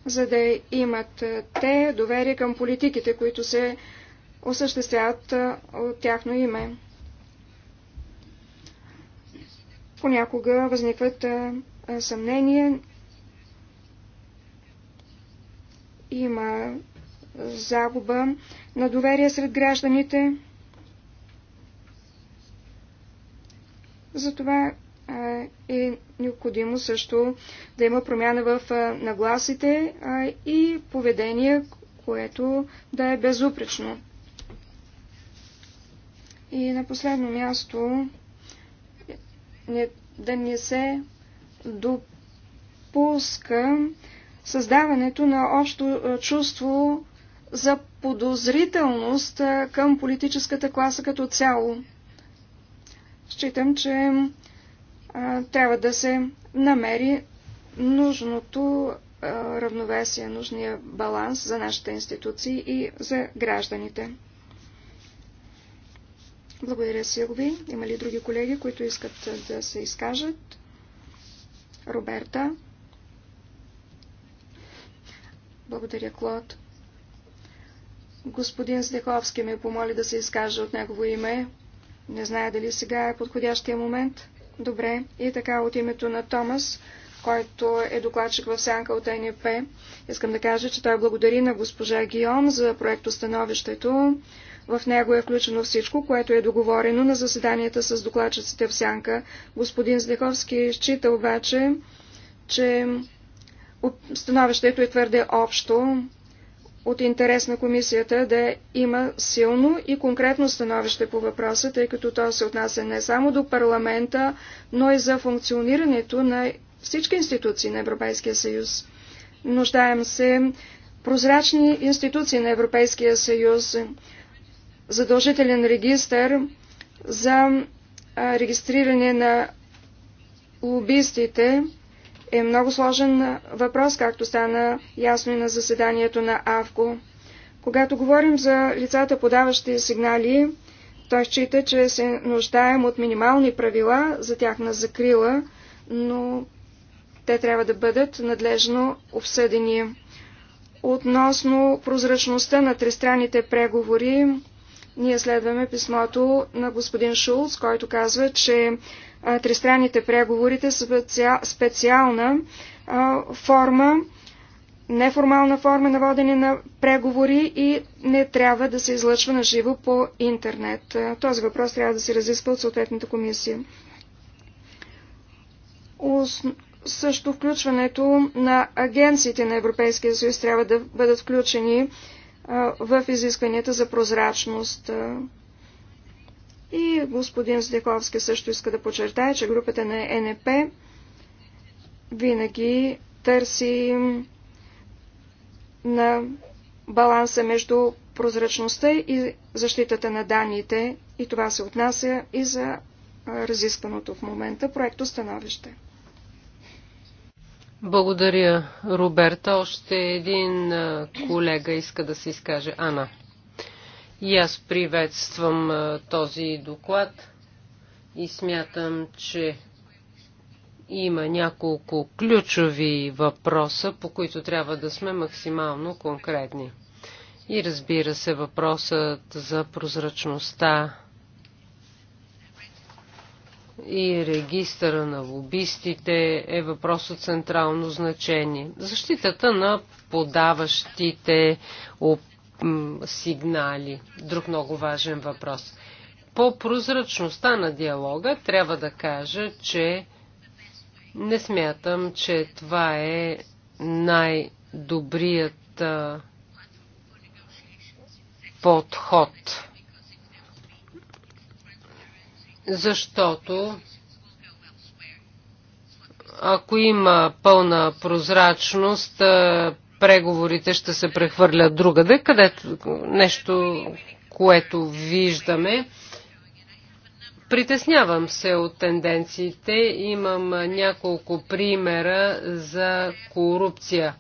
Speaker 2: за да имат е, те доверие към политиките, които се осъществяват е, от тяхно име. понякога възникват съмнения. Има загуба на доверие сред гражданите. Затова е необходимо също да има промяна в нагласите и поведение, което да е безупречно. И на последно място не, да не се допуска създаването на общо е, чувство за подозрителност е, към политическата класа като цяло. Считам, че а, е, трябва да се намери нужното а, равновесие, нужния баланс за нашите институции и за гражданите. Благодаря, Силви. Има ли други колеги, които искат да се изкажат? Роберта. Благодаря, Клод. Господин Стеховски ме помоли да се изкаже от негово име. Не знае дали сега е подходящия момент. Добре. И така от името на Томас, който е докладчик в сянка от НП, искам да кажа, че той благодари на госпожа Гион за проекто становището в него е включено всичко, което е договорено на заседанията с докладчиците в Сянка. Господин Здеховски счита обаче, че становището е твърде общо. От интерес на комисията да има силно и конкретно становище по въпроса, тъй като то се отнася не само до парламента, но и за функционирането на всички институции на Европейския съюз. Нуждаем се прозрачни институции на Европейския съюз, задължителен регистр за регистриране на лобистите е много сложен въпрос, както стана ясно и на заседанието на АВКО. Когато говорим за лицата, подаващи сигнали, той счита, че се нуждаем от минимални правила за тяхна закрила, но те трябва да бъдат надлежно обсъдени. Относно прозрачността на тристранните преговори, ние следваме писмото на господин Шулц, който казва, че тристранните преговорите са специална форма, неформална форма на водене на преговори и не трябва да се излъчва на живо по интернет. Този въпрос трябва да се разисква от съответната комисия. Ос... Също включването на агенциите на Европейския съюз трябва да бъдат включени в изискванията за прозрачност. И господин Здековски също иска да подчертая, че групата на НП винаги търси на баланса между прозрачността и защитата на данните и това се отнася и за разискваното в момента проекто становище.
Speaker 4: Благодаря, Роберта. Още един колега иска да се изкаже. Ана. И аз приветствам този доклад и смятам, че има няколко ключови въпроса, по които трябва да сме максимално конкретни. И разбира се, въпросът за прозрачността и регистъра на лобистите е въпрос от централно значение. Защитата на подаващите сигнали. Друг много важен въпрос. По прозрачността на диалога трябва да кажа, че не смятам, че това е най-добрият подход защото ако има пълна прозрачност, преговорите ще се прехвърлят другаде, където нещо, което виждаме. Притеснявам се от тенденциите. Имам няколко примера за корупция.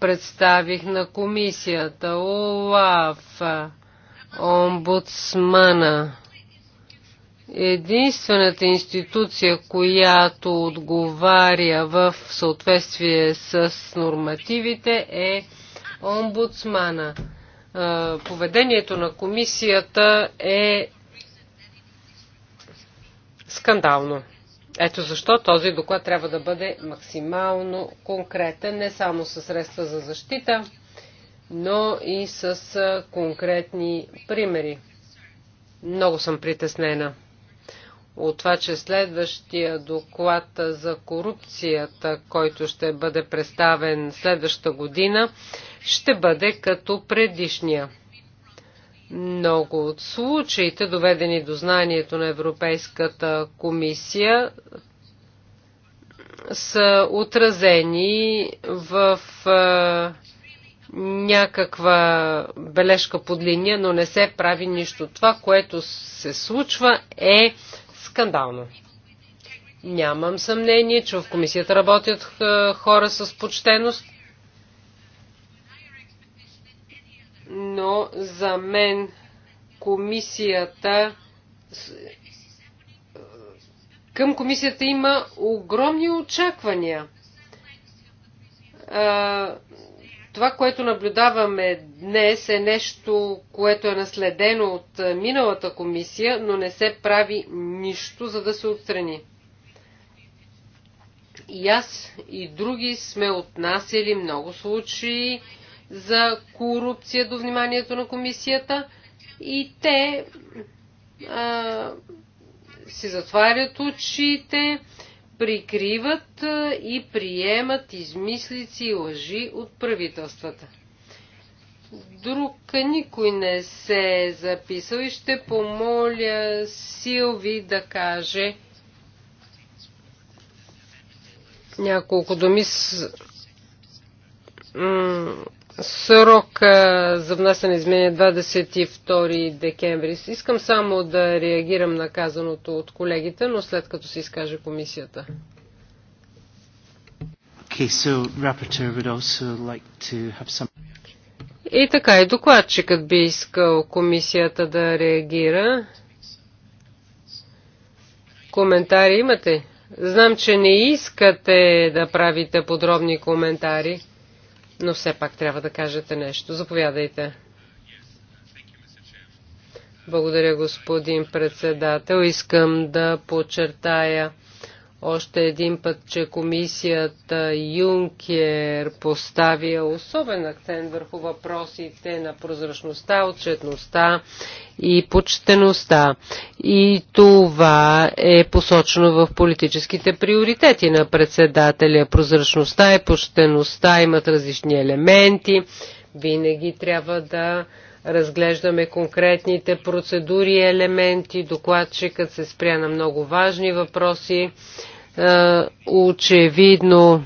Speaker 4: Представих на комисията ОЛАФ, омбудсмана, единствената институция, която отговаря в съответствие с нормативите е омбудсмана. Поведението на комисията е скандално. Ето защо този доклад трябва да бъде максимално конкретен, не само със средства за защита, но и с конкретни примери. Много съм притеснена от това, че следващия доклад за корупцията, който ще бъде представен следващата година, ще бъде като предишния. Много от случаите, доведени до знанието на Европейската комисия, са отразени в е, някаква бележка под линия, но не се прави нищо. Това, което се случва е скандално. Нямам съмнение, че в комисията работят е, хора с почтеност, но за мен комисията е, към комисията има огромни очаквания. Е, това, което наблюдаваме днес е нещо, което е наследено от е, миналата комисия, но не се прави нищо, за да се отстрани. И аз и други сме отнасяли много случаи за корупция до вниманието на комисията и те а, си затварят очите, прикриват и приемат измислици и лъжи от правителствата. Друг никой не се е записал и ще помоля Силви да каже няколко думи с Срок за внасяне изменение 22 декември. Искам само да реагирам на казаното от колегите, но след като се изкаже комисията.
Speaker 5: Okay, so would also like to have some...
Speaker 4: И така, и докладчикът би искал комисията да реагира. Коментари имате? Знам, че не искате да правите подробни коментари но все пак трябва да кажете нещо. Заповядайте. Благодаря, господин председател. Искам да подчертая още един път, че комисията Юнкер поставя особен акцент върху въпросите на прозрачността, отчетността и почтеността. И това е посочено в политическите приоритети на председателя. Прозрачността и почтеността имат различни елементи. Винаги трябва да разглеждаме конкретните процедури и елементи. Докладчикът се спря на много важни въпроси е, очевидно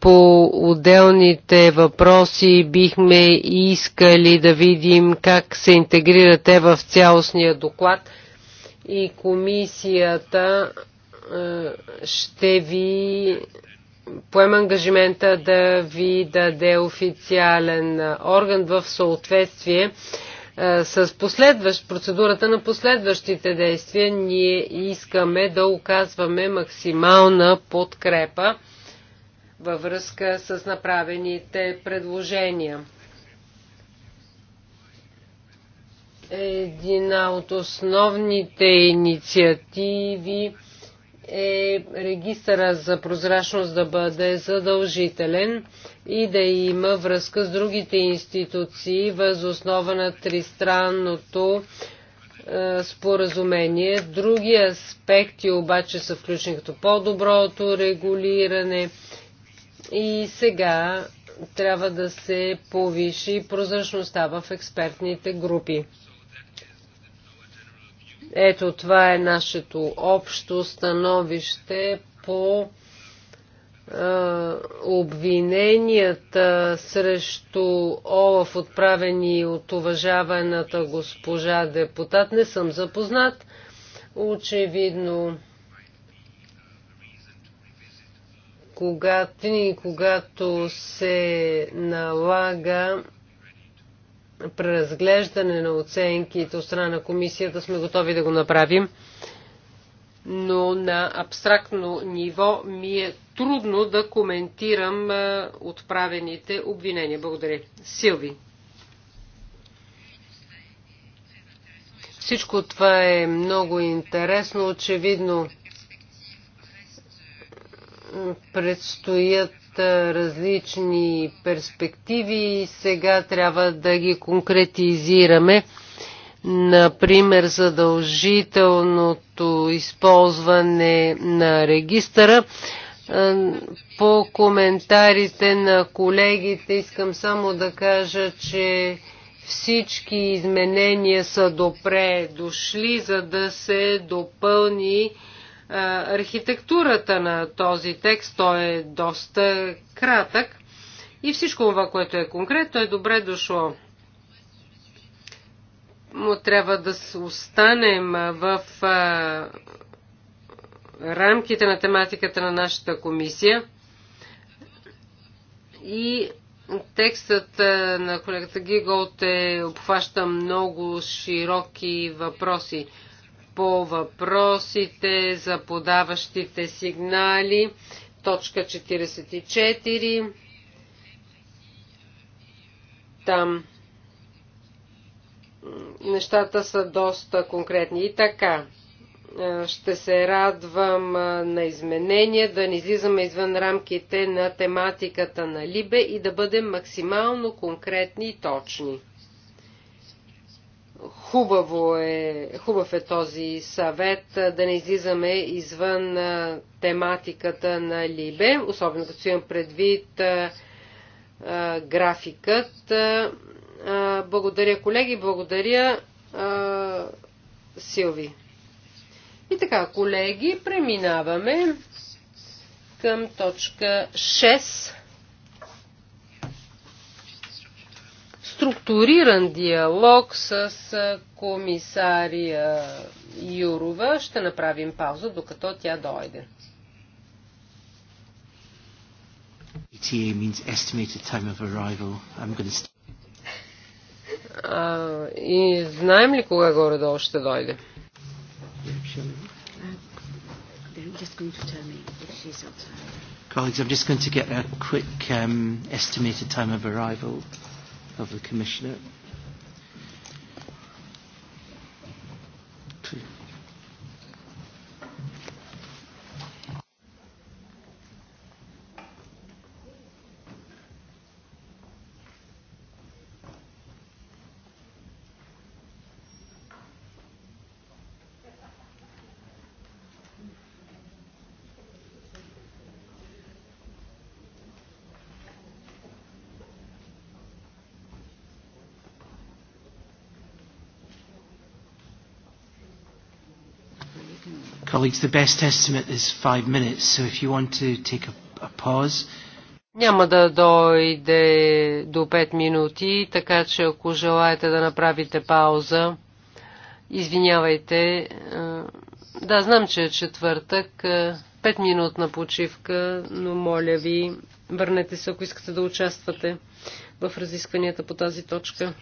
Speaker 4: по отделните въпроси бихме искали да видим как се интегрирате в цялостния доклад и комисията е, ще ви поема ангажимента да ви даде официален орган в съответствие е, с последващ, процедурата на последващите действия ние искаме да оказваме максимална подкрепа във връзка с направените предложения. Една от основните инициативи е регистъра за прозрачност да бъде задължителен и да има връзка с другите институции въз основа на тристранното е, споразумение. Други аспекти обаче са включени като по-доброто регулиране и сега трябва да се повиши прозрачността в експертните групи. Ето това е нашето общо становище по обвиненията срещу Олаф, отправени от уважаваната госпожа депутат, не съм запознат. Очевидно, когато, когато се налага преразглеждане на оценките от страна на комисията сме готови да го направим, но на абстрактно ниво ми е трудно да коментирам е, отправените обвинения. Благодаря. Силви. Всичко това е много интересно. Очевидно предстоят различни перспективи и сега трябва да ги конкретизираме. Например, задължителното използване на регистъра. По коментарите на колегите искам само да кажа, че всички изменения са добре дошли, за да се допълни архитектурата на този текст. Той е доста кратък и всичко това, което е конкретно, е добре дошло. Но трябва да останем в рамките на тематиката на нашата комисия и текстът на колегата Гигол е, обхваща много широки въпроси по въпросите за подаващите сигнали. Точка 44. Там нещата са доста конкретни. И така, ще се радвам на изменения, да не излизаме извън рамките на тематиката на Либе и да бъдем максимално конкретни и точни. Хубаво е, хубав е този съвет да не излизаме извън тематиката на Либе, особено като имам предвид а, а, графикът. А, благодаря, колеги, благодаря, Силви. И така, колеги, преминаваме към точка 6. структуриран диалог с комисария Юрова. Ще направим пауза, докато тя дойде.
Speaker 5: ETA means estimated time of arrival. I'm going to...
Speaker 4: А, и знаем ли кога горе-долу ще дойде?
Speaker 5: Colleagues, I'm just going to get a quick um, estimated time of arrival of the Commissioner. Colleagues, the best estimate is five minutes, so if you want to take a, a pause.
Speaker 4: Няма да дойде до 5 минути, така че ако желаете да направите пауза, извинявайте. Е, да, знам, че е четвъртък. 5 е, минутна почивка, но моля ви, върнете се, ако искате да участвате в разискванията по тази точка.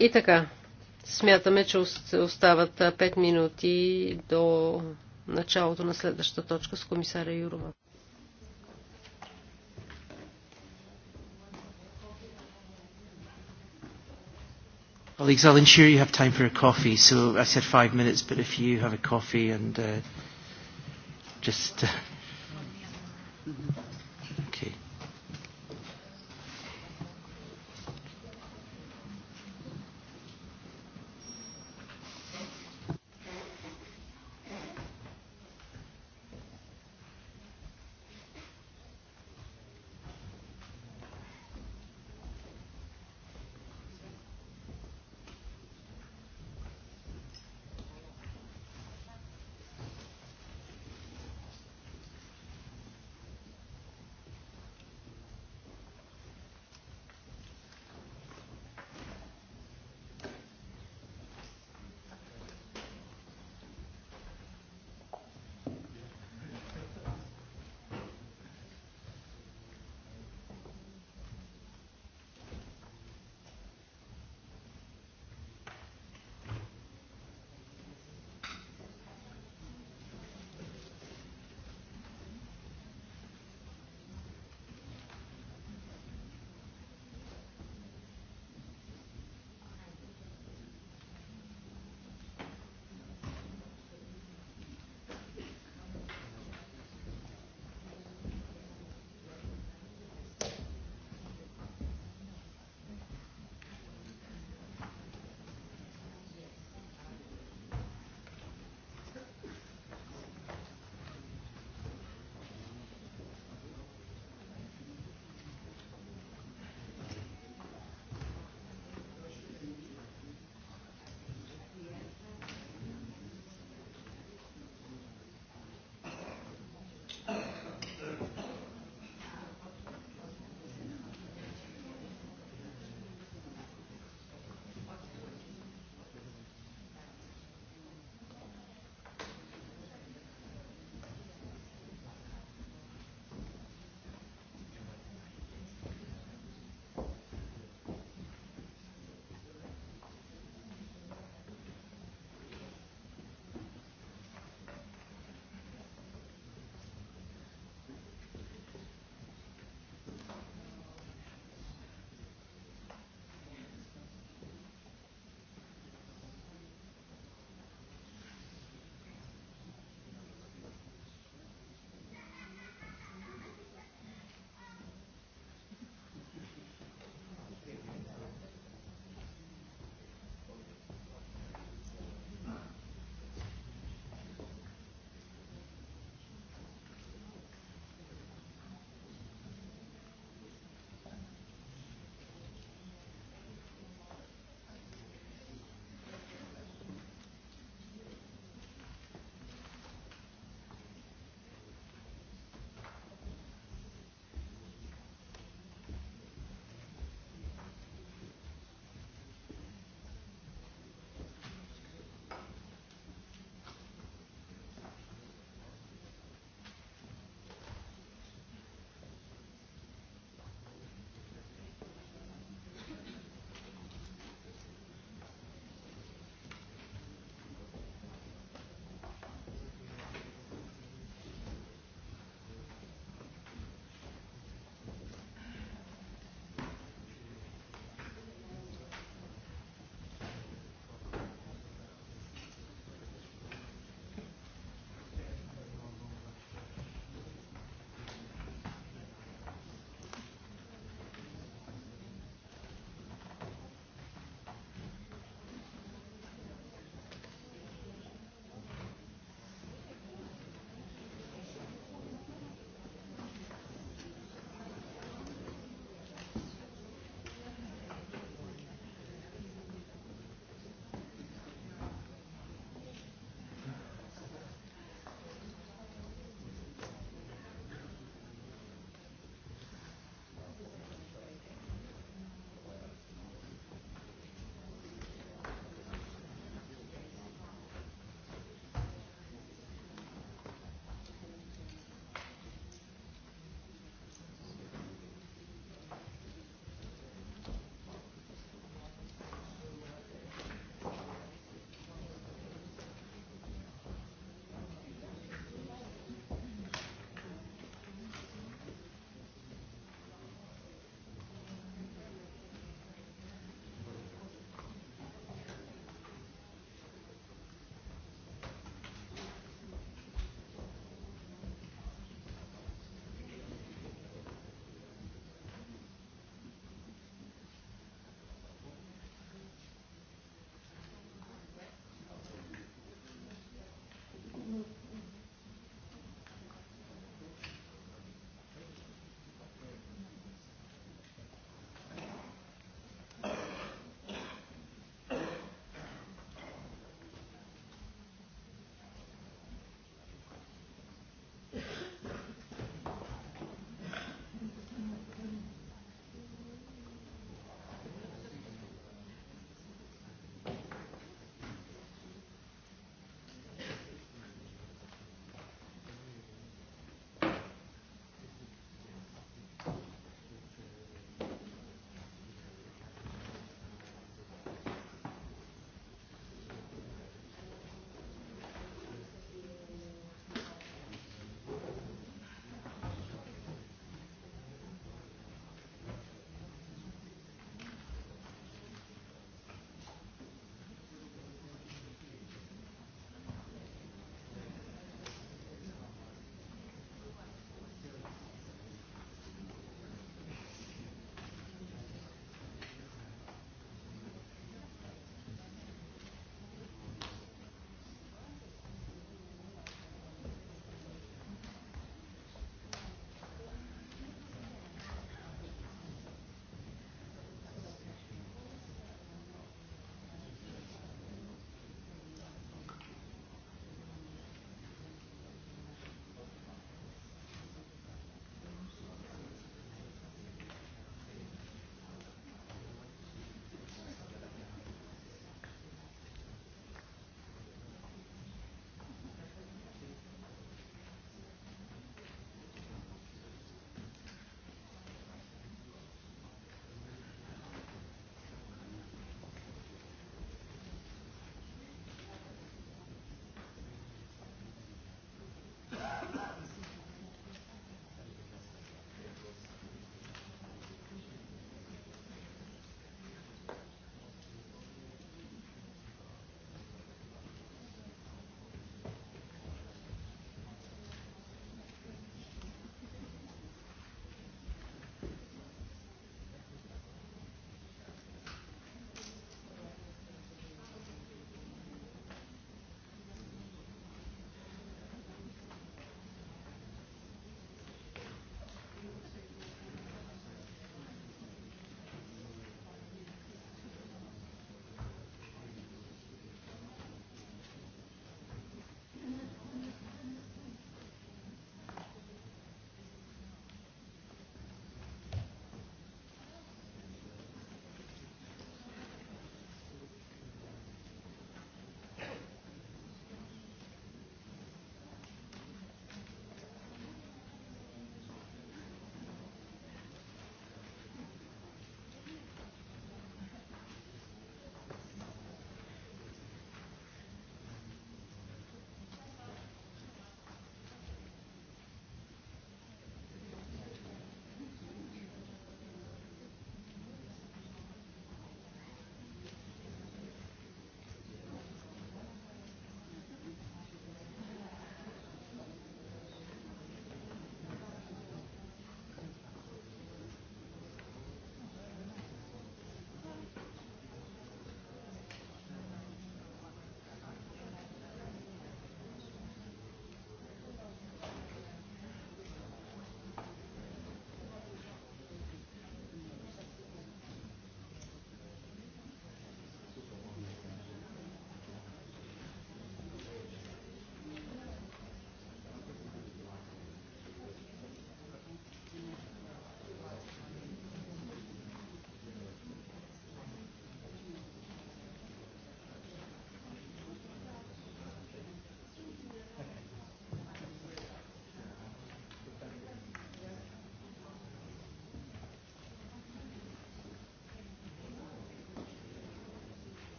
Speaker 4: И така, Смятаме, че остават 5 минути до началото на следващата точка с комисаря Юрова.
Speaker 5: Colleagues, I'll ensure you have time for a coffee. So I said five minutes, but if you have a coffee and uh, just. Uh, Mm -hmm.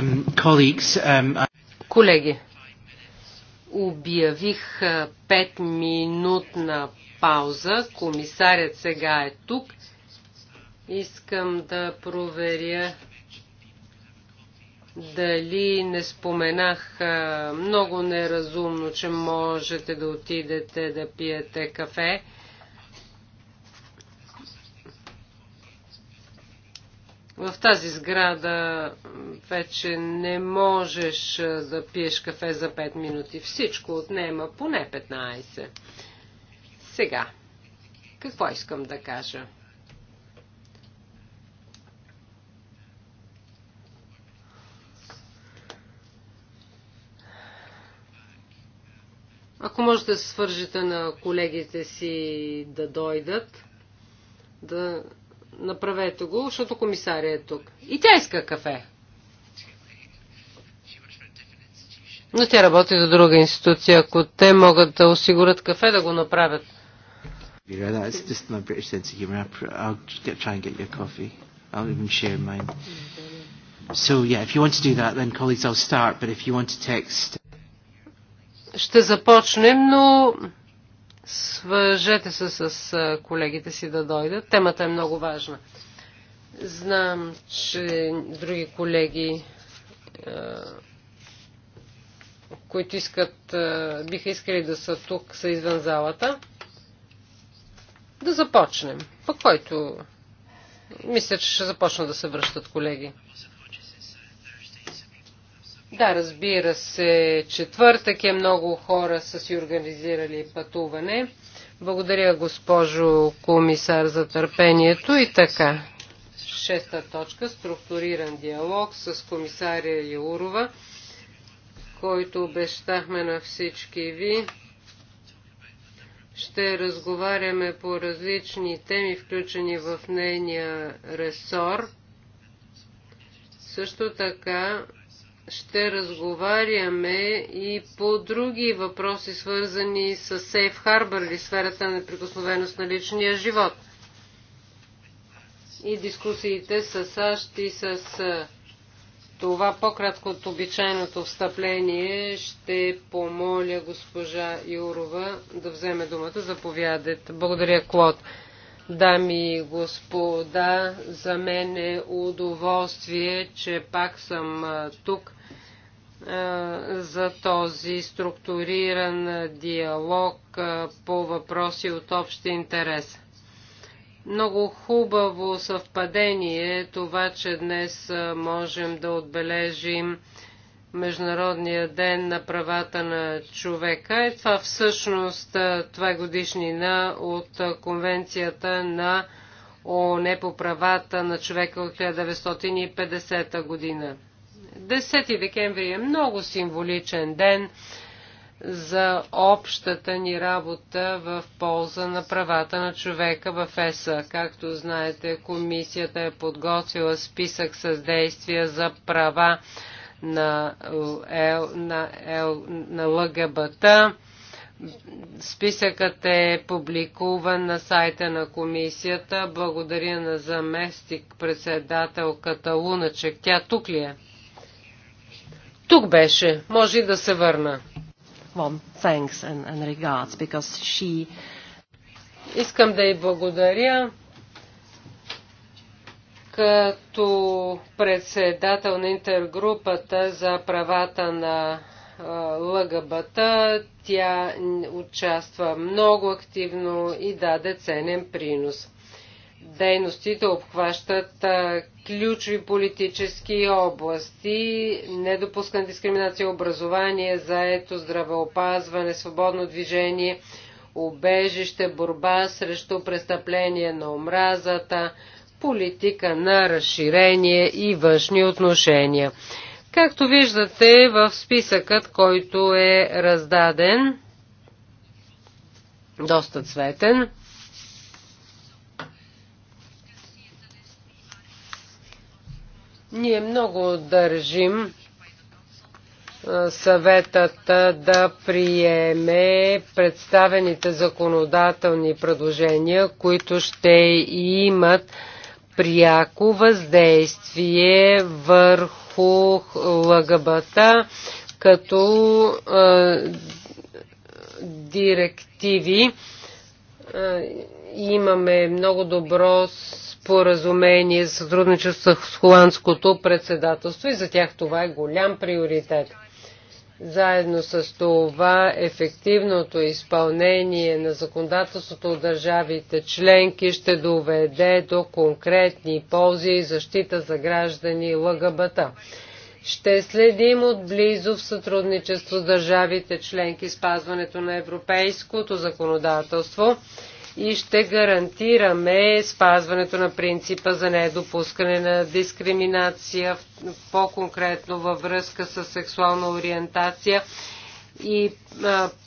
Speaker 5: Um, um,
Speaker 4: Колеги, обявих пет минутна пауза. Комисарят сега е тук. Искам да проверя дали не споменах много неразумно, че можете да отидете да пиете кафе. В тази сграда вече не можеш да пиеш кафе за 5 минути. Всичко отнема поне 15. Сега, какво искам да кажа? Ако можете да се свържете на колегите си да дойдат, да направете го, защото комисария е тук. И тя иска кафе. Но тя работи за друга институция. Ако те могат да осигурят кафе, да го направят. Ще започнем, но свържете се с колегите си да дойдат. Темата е много важна. Знам, че други колеги uh, които искат, е, биха искали да са тук, са извън залата. Да започнем. По който мисля, че ще започна да се връщат колеги. Да, разбира се, четвъртък е много хора са си организирали пътуване. Благодаря, госпожо комисар, за търпението и така. Шеста точка – структуриран диалог с комисаря Яурова който обещахме на всички ви. Ще разговаряме по различни теми, включени в нейния ресор. Също така ще разговаряме и по други въпроси, свързани с Safe Harbor или сферата на прикосновеност на личния живот. И дискусиите с САЩ и с това по-кратко от обичайното встъпление ще помоля госпожа Юрова да вземе думата. повядет. Благодаря, Клод. Дами и господа, за мен е удоволствие, че пак съм тук за този структуриран диалог по въпроси от общ интерес. Много хубаво съвпадение е това, че днес можем да отбележим Международния ден на правата на човека. И е, това всъщност това е годишнина от Конвенцията на ООН по правата на човека от 1950 година. 10 декември е много символичен ден за общата ни работа в полза на правата на човека в ЕСА. Както знаете, комисията е подготвила списък с действия за права на, Л, на, Л, на ЛГБТ. Списъкът е публикуван на сайта на комисията. Благодаря на заместник председателката Луначек. Тя тук ли е? Тук беше. Може и да се върна warm thanks and, and regards because she Искам да й благодаря като председател на интергрупата за правата на ЛГБТ. Тя участва много активно и даде ценен принос дейностите обхващат ключови политически области, недопускане дискриминация, образование, заето, здравеопазване, свободно движение, убежище, борба срещу престъпление на омразата, политика на разширение и външни отношения. Както виждате в списъкът, който е раздаден, доста цветен, Ние много държим съветът да приеме представените законодателни предложения, които ще имат пряко въздействие върху лъгъбата, като директиви имаме много добро споразумение с сътрудничество с холандското председателство и за тях това е голям приоритет. Заедно с това ефективното изпълнение на законодателството от държавите членки ще доведе до конкретни ползи и защита за граждани ЛГБТ. Ще следим отблизо в сътрудничество с държавите членки спазването на европейското законодателство и ще гарантираме спазването на принципа за недопускане на дискриминация, по-конкретно във връзка с сексуална ориентация и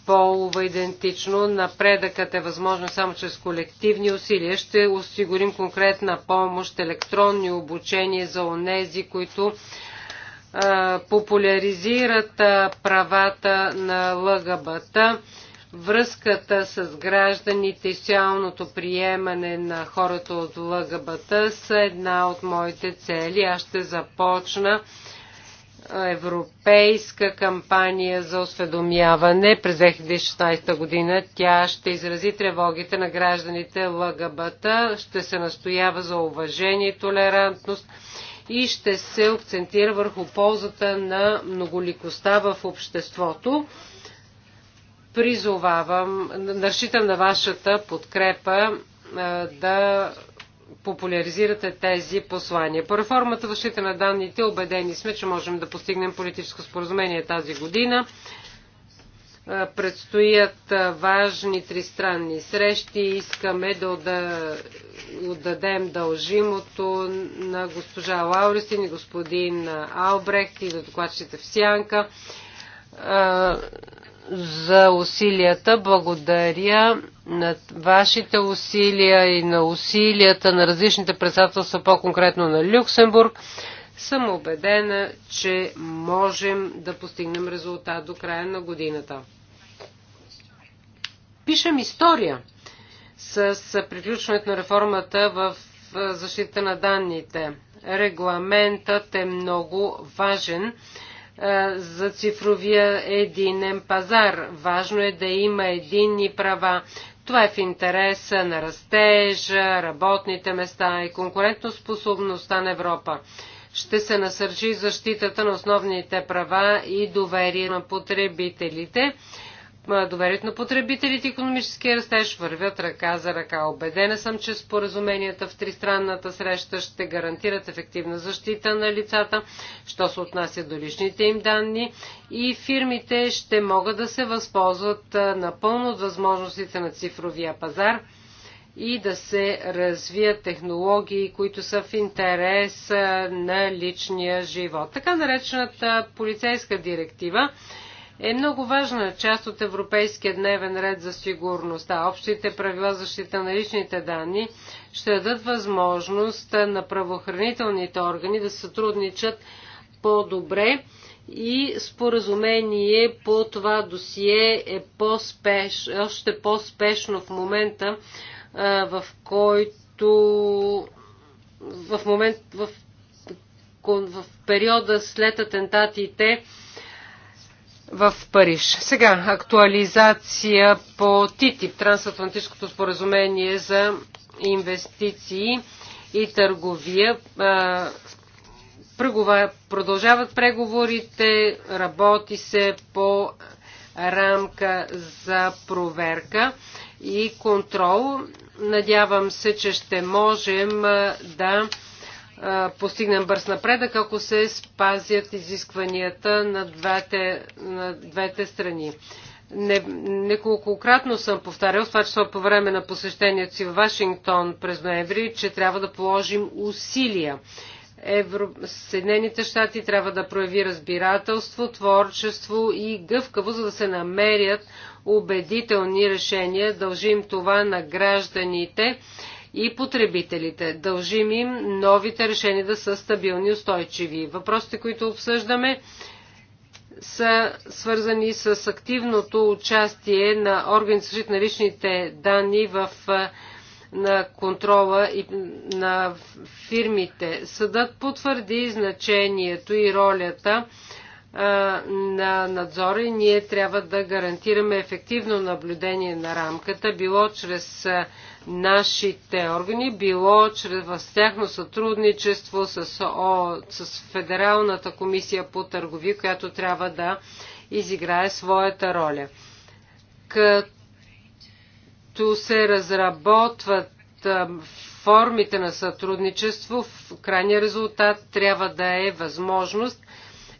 Speaker 4: полова идентично. Напредъкът е възможен само чрез колективни усилия. Ще осигурим конкретна помощ, електронни обучения за онези, които популяризират правата на ЛГБТ връзката с гражданите и социалното приемане на хората от ЛГБТ са една от моите цели. Аз ще започна европейска кампания за осведомяване през 2016 година. Тя ще изрази тревогите на гражданите ЛГБТ, ще се настоява за уважение и толерантност и ще се акцентира върху ползата на многоликостта в обществото призовавам, разчитам на вашата подкрепа е, да популяризирате тези послания. По реформата защита на данните убедени сме, че можем да постигнем политическо споразумение тази година. Е, предстоят е, важни тристранни срещи. Искаме да, отдадем дължимото на госпожа Лаурисин и господин Албрехт и да докладчите в Сянка за усилията. Благодаря на вашите усилия и на усилията на различните председателства, по-конкретно на Люксембург. Съм убедена, че можем да постигнем резултат до края на годината. Пишем история с приключването на реформата в защита на данните. Регламентът е много важен е, за цифровия единен пазар. Важно е да има единни права. Това е в интереса на растежа, работните места и конкурентоспособността на Европа. Ще се насърчи защитата на основните права и доверие на потребителите. Е, доверието на потребителите и економическия растеж вървят ръка за ръка. Обедена съм, че споразуменията в тристранната среща ще гарантират ефективна защита на лицата, що се отнася до личните им данни и фирмите ще могат да се възползват е, напълно от възможностите на цифровия пазар и да се развият технологии, които са в интерес е, на личния живот. Така наречената полицейска директива е много важна част от европейския дневен ред за а Общите правила за защита на личните данни ще дадат възможност на правоохранителните органи да сътрудничат по-добре и споразумение по това досие е по-спеш, още по-спешно в момента, в който в момент в, в периода след атентатите в Париж. Сега актуализация по ТИТИП, Трансатлантическото споразумение за инвестиции и търговия. Продължават преговорите, работи се по рамка за проверка и контрол. Надявам се, че ще можем да постигнем бърз напредък, ако се спазят изискванията на двете, на двете страни. Не, неколкократно съм повтарял, това число по време на посещението си в Вашингтон през ноември, че трябва да положим усилия. Евро... Съединените щати трябва да прояви разбирателство, творчество и гъвкаво, за да се намерят убедителни решения. Дължим това на гражданите и потребителите. Дължим им новите решения да са стабилни и устойчиви. Въпросите, които обсъждаме, са свързани с активното участие на органи за защита на личните данни в на контрола и на фирмите. Съдът потвърди значението и ролята на надзора и ние трябва да гарантираме ефективно наблюдение на рамката, било чрез нашите органи, било чрез в тяхно сътрудничество с, О, с Федералната комисия по търгови, която трябва да изиграе своята роля. Като се разработват формите на сътрудничество, в крайния резултат трябва да е възможност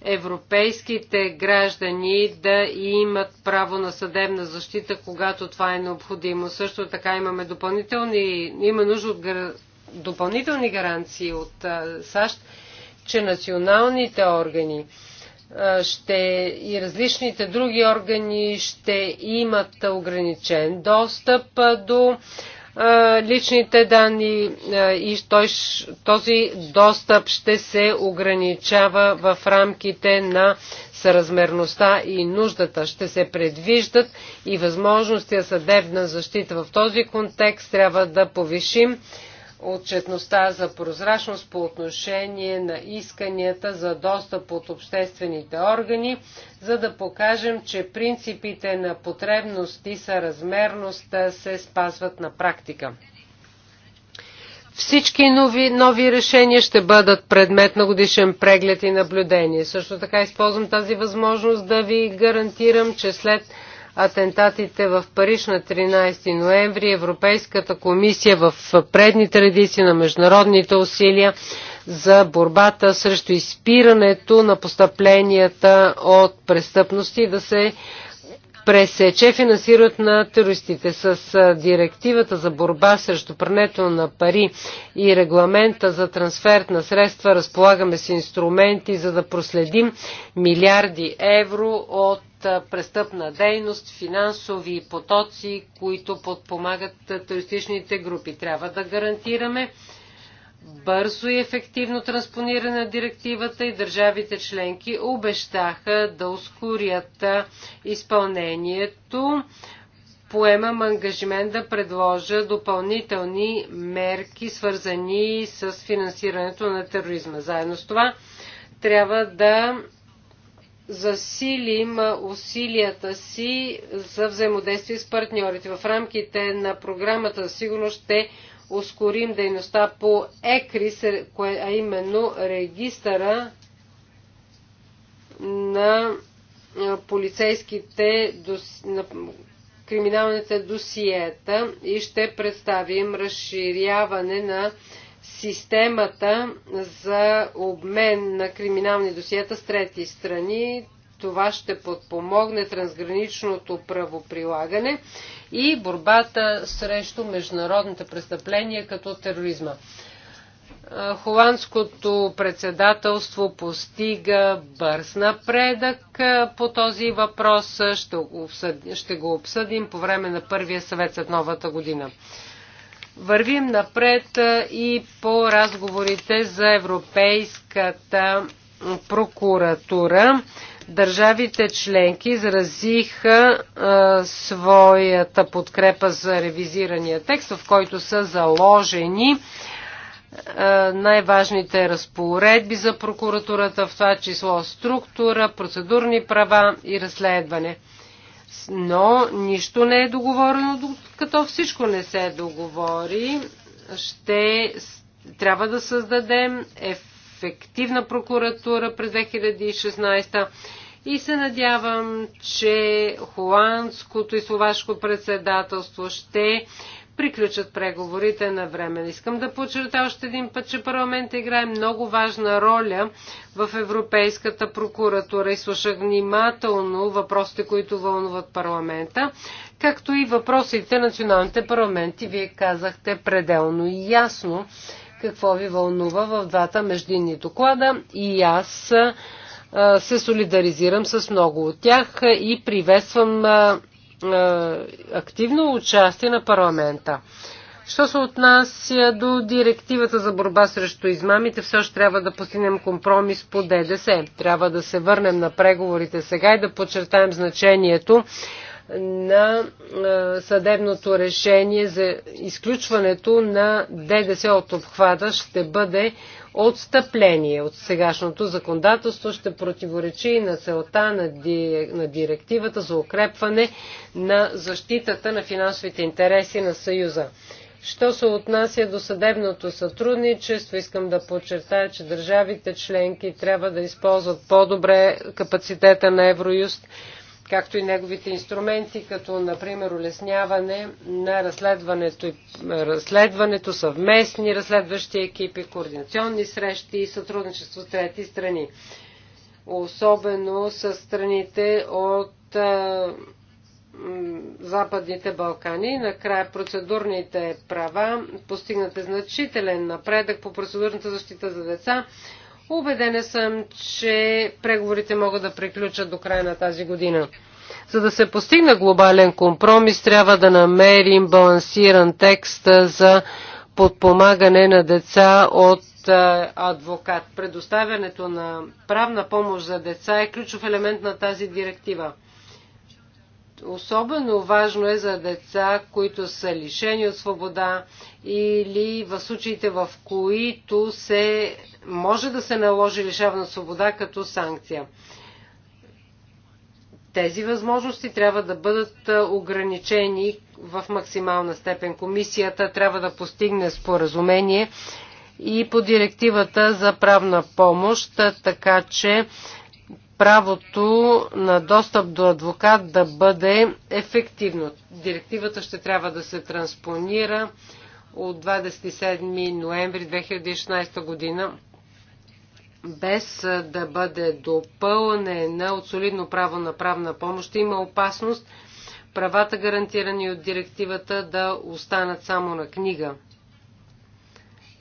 Speaker 4: европейските граждани да имат право на съдебна защита, когато това е необходимо. Също така имаме допълнителни, има нужда от гар... допълнителни гаранции от САЩ, че националните органи ще и различните други органи ще имат ограничен достъп до личните данни и този достъп ще се ограничава в рамките на съразмерността и нуждата. Ще се предвиждат и възможности за съдебна защита. В този контекст трябва да повишим отчетността за прозрачност по отношение на исканията за достъп от обществените органи, за да покажем, че принципите на потребност и съразмерност се спазват на практика. Всички нови, нови решения ще бъдат предмет на годишен преглед и наблюдение. Също така използвам тази възможност да ви гарантирам, че след атентатите в Париж на 13 ноември, Европейската комисия в предни традиции на международните усилия за борбата срещу изпирането на постъпленията от престъпности да се пресече финансират на терористите. С директивата за борба срещу прането на пари и регламента за трансфер на средства разполагаме с инструменти, за да проследим милиарди евро от престъпна дейност, финансови потоци, които подпомагат туристичните групи. Трябва да гарантираме бързо и ефективно транспониране на директивата и държавите членки обещаха да ускорят изпълнението. Поемам ангажимент да предложа допълнителни мерки, свързани с финансирането на тероризма. Заедно с това трябва да засилим усилията си за взаимодействие с партньорите. В рамките на програмата за сигурност ще ускорим дейността по ЕКРИС, а именно регистъра на полицейските на криминалните досиета и ще представим разширяване на системата за обмен на криминални досиета с трети страни. Това ще подпомогне трансграничното правоприлагане и борбата срещу международните престъпления като тероризма. Холандското председателство постига бърз напредък по този въпрос. Ще го обсъдим по време на първия съвет след новата година. Вървим напред и по разговорите за Европейската прокуратура. Държавите членки изразиха своята подкрепа за ревизирания текст, в който са заложени най-важните разпоредби за прокуратурата, в това число структура, процедурни права и разследване. Но нищо не е договорено, като всичко не се договори. Ще трябва да създадем ефективна прокуратура през 2016 и се надявам, че холандското и словашко председателство ще приключат преговорите на време. Искам да подчертая още един път, че парламент играе много важна роля в Европейската прокуратура. и слушах внимателно въпросите, които вълнуват парламента, както и въпросите националните парламенти. Вие казахте пределно и ясно какво ви вълнува в двата междинни доклада и аз се солидаризирам с много от тях и приветствам активно участие на парламента. Що се отнася до директивата за борба срещу измамите, все още трябва да постигнем компромис по ДДС. Трябва да се върнем на преговорите сега и да подчертаем значението на съдебното решение за изключването на ДДС от обхвата ще бъде отстъпление от сегашното законодателство ще противоречи на целта на, на директивата за укрепване на защитата на финансовите интереси на Съюза. Що се отнася до съдебното сътрудничество, искам да подчертая, че държавите членки трябва да използват по-добре капацитета на Евроюст както и неговите инструменти, като например улесняване на разследването, разследването съвместни разследващи екипи, координационни срещи и сътрудничество с трети страни. Особено с страните от а, Западните Балкани. Накрая процедурните права. Постигнат е значителен напредък по процедурната защита за деца Убедена съм, че преговорите могат да приключат до края на тази година. За да се постигне глобален компромис, трябва да намерим балансиран текст за подпомагане на деца от адвокат. Предоставянето на правна помощ за деца е ключов елемент на тази директива. Особено важно е за деца, които са лишени от свобода или в случаите, в които се може да се наложи лишаване от свобода като санкция. Тези възможности трябва да бъдат ограничени в максимална степен. Комисията трябва да постигне споразумение и по директивата за правна помощ, така че правото на достъп до адвокат да бъде ефективно. Директивата ще трябва да се транспонира от 27 ноември 2016 година без да бъде допълнена от солидно право на правна помощ. Има опасност правата, гарантирани от директивата, да останат само на книга.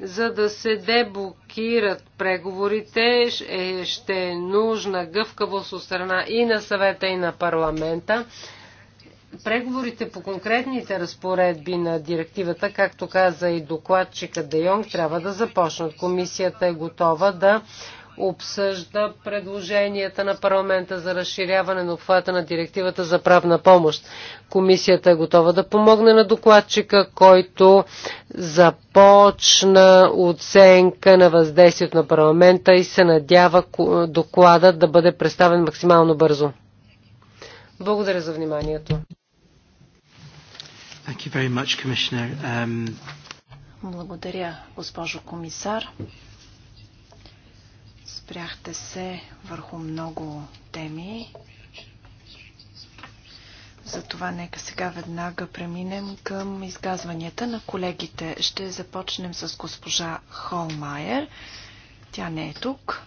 Speaker 4: За да се деблокират преговорите, е, ще е нужна гъвкавост от страна и на съвета, и на парламента. Преговорите по конкретните разпоредби на директивата, както каза и докладчика Де Йонг, трябва да започнат. Комисията е готова да обсъжда предложенията на парламента за разширяване на обхвата на директивата за правна помощ. Комисията е готова да помогне на докладчика, който започна оценка на въздействието на парламента и се надява докладът да бъде представен максимално бързо. Благодаря за вниманието.
Speaker 5: Much, um...
Speaker 3: Благодаря, госпожо комисар. Спряхте се върху много теми. Затова нека сега веднага преминем към изказванията на колегите. Ще започнем с госпожа Холмайер. Тя не е тук,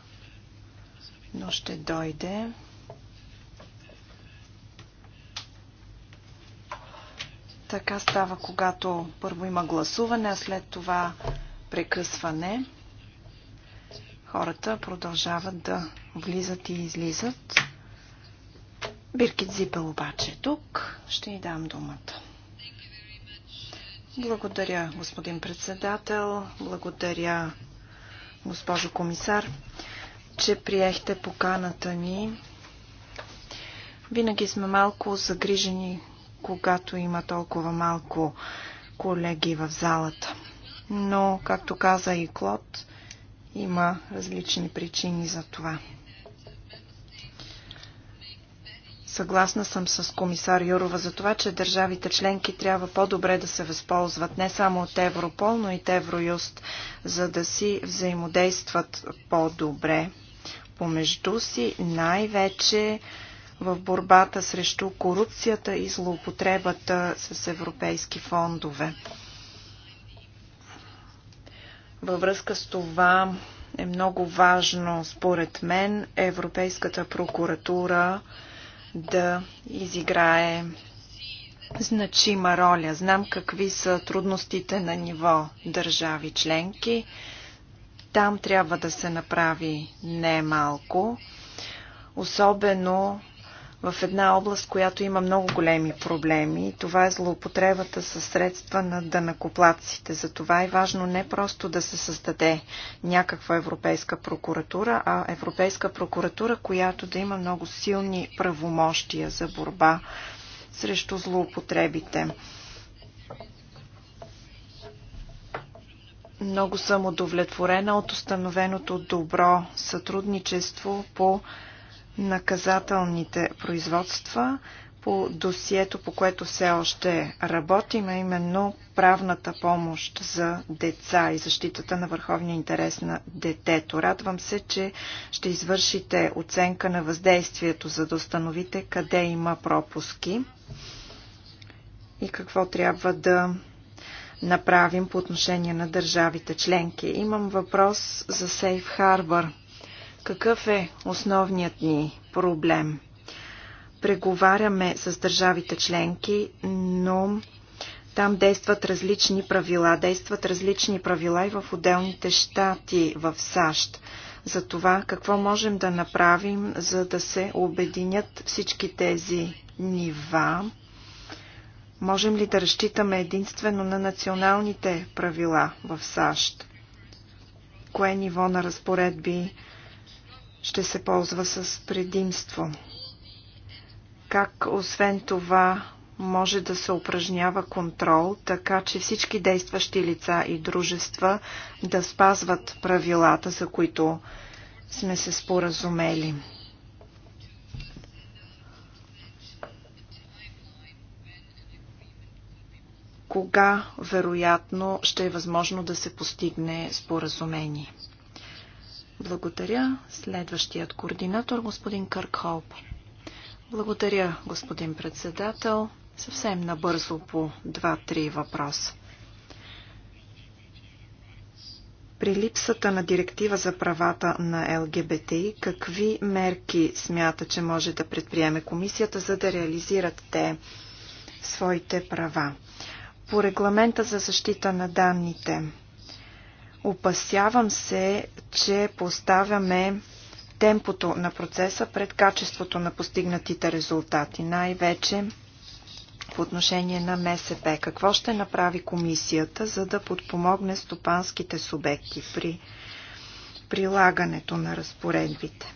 Speaker 3: но ще дойде. Така става, когато първо има гласуване, а след това прекъсване. Хората продължават да влизат и излизат. Биркит Зипел обаче е тук. Ще ни дам думата. Благодаря, господин председател. Благодаря, госпожо комисар, че приехте поканата ни. Винаги сме малко загрижени, когато има толкова малко колеги в залата. Но, както каза и Клод, има различни причини за това. Съгласна съм с комисар Юрова за това, че държавите членки трябва по-добре да се възползват не само от Европол, но и от Евроюст, за да си взаимодействат по-добре помежду си, най-вече в борбата срещу корупцията и злоупотребата с европейски фондове. Във връзка с това е много важно, според мен, Европейската прокуратура да изиграе значима роля. Знам какви са трудностите на ниво държави членки. Там трябва да се направи немалко, особено в една област, която има много големи проблеми. Това е злоупотребата със средства на дънакоплаците. Затова е важно не просто да се създаде някаква европейска прокуратура, а европейска прокуратура, която да има много силни правомощия за борба срещу злоупотребите. Много съм удовлетворена от установеното добро сътрудничество по наказателните производства по досието, по което все още работим, а именно правната помощ за деца и защитата на върховния интерес на детето. Радвам се, че ще извършите оценка на въздействието, за да установите къде има пропуски и какво трябва да направим по отношение на държавите членки. Имам въпрос за Сейф Harbor – какъв е основният ни проблем? Преговаряме с държавите членки, но там действат различни правила. Действат различни правила и в отделните щати в САЩ. За това какво можем да направим, за да се обединят всички тези нива. Можем ли да разчитаме единствено на националните правила в САЩ? Кое е ниво на разпоредби ще се ползва с предимство. Как освен това може да се упражнява контрол, така че всички действащи лица и дружества да спазват правилата, за които сме се споразумели. Кога, вероятно, ще е възможно да се постигне споразумение? Благодаря. Следващият координатор, господин Кърк Благодаря, господин председател. Съвсем набързо по два-три въпроса. При липсата на директива за правата на ЛГБТИ, какви мерки смята, че може да предприеме комисията, за да реализират те своите права? По регламента за защита на данните, Опасявам се, че поставяме темпото на процеса пред качеството на постигнатите резултати, най-вече по отношение на МСП. Какво ще направи комисията, за да подпомогне стопанските субекти при прилагането на разпоредбите?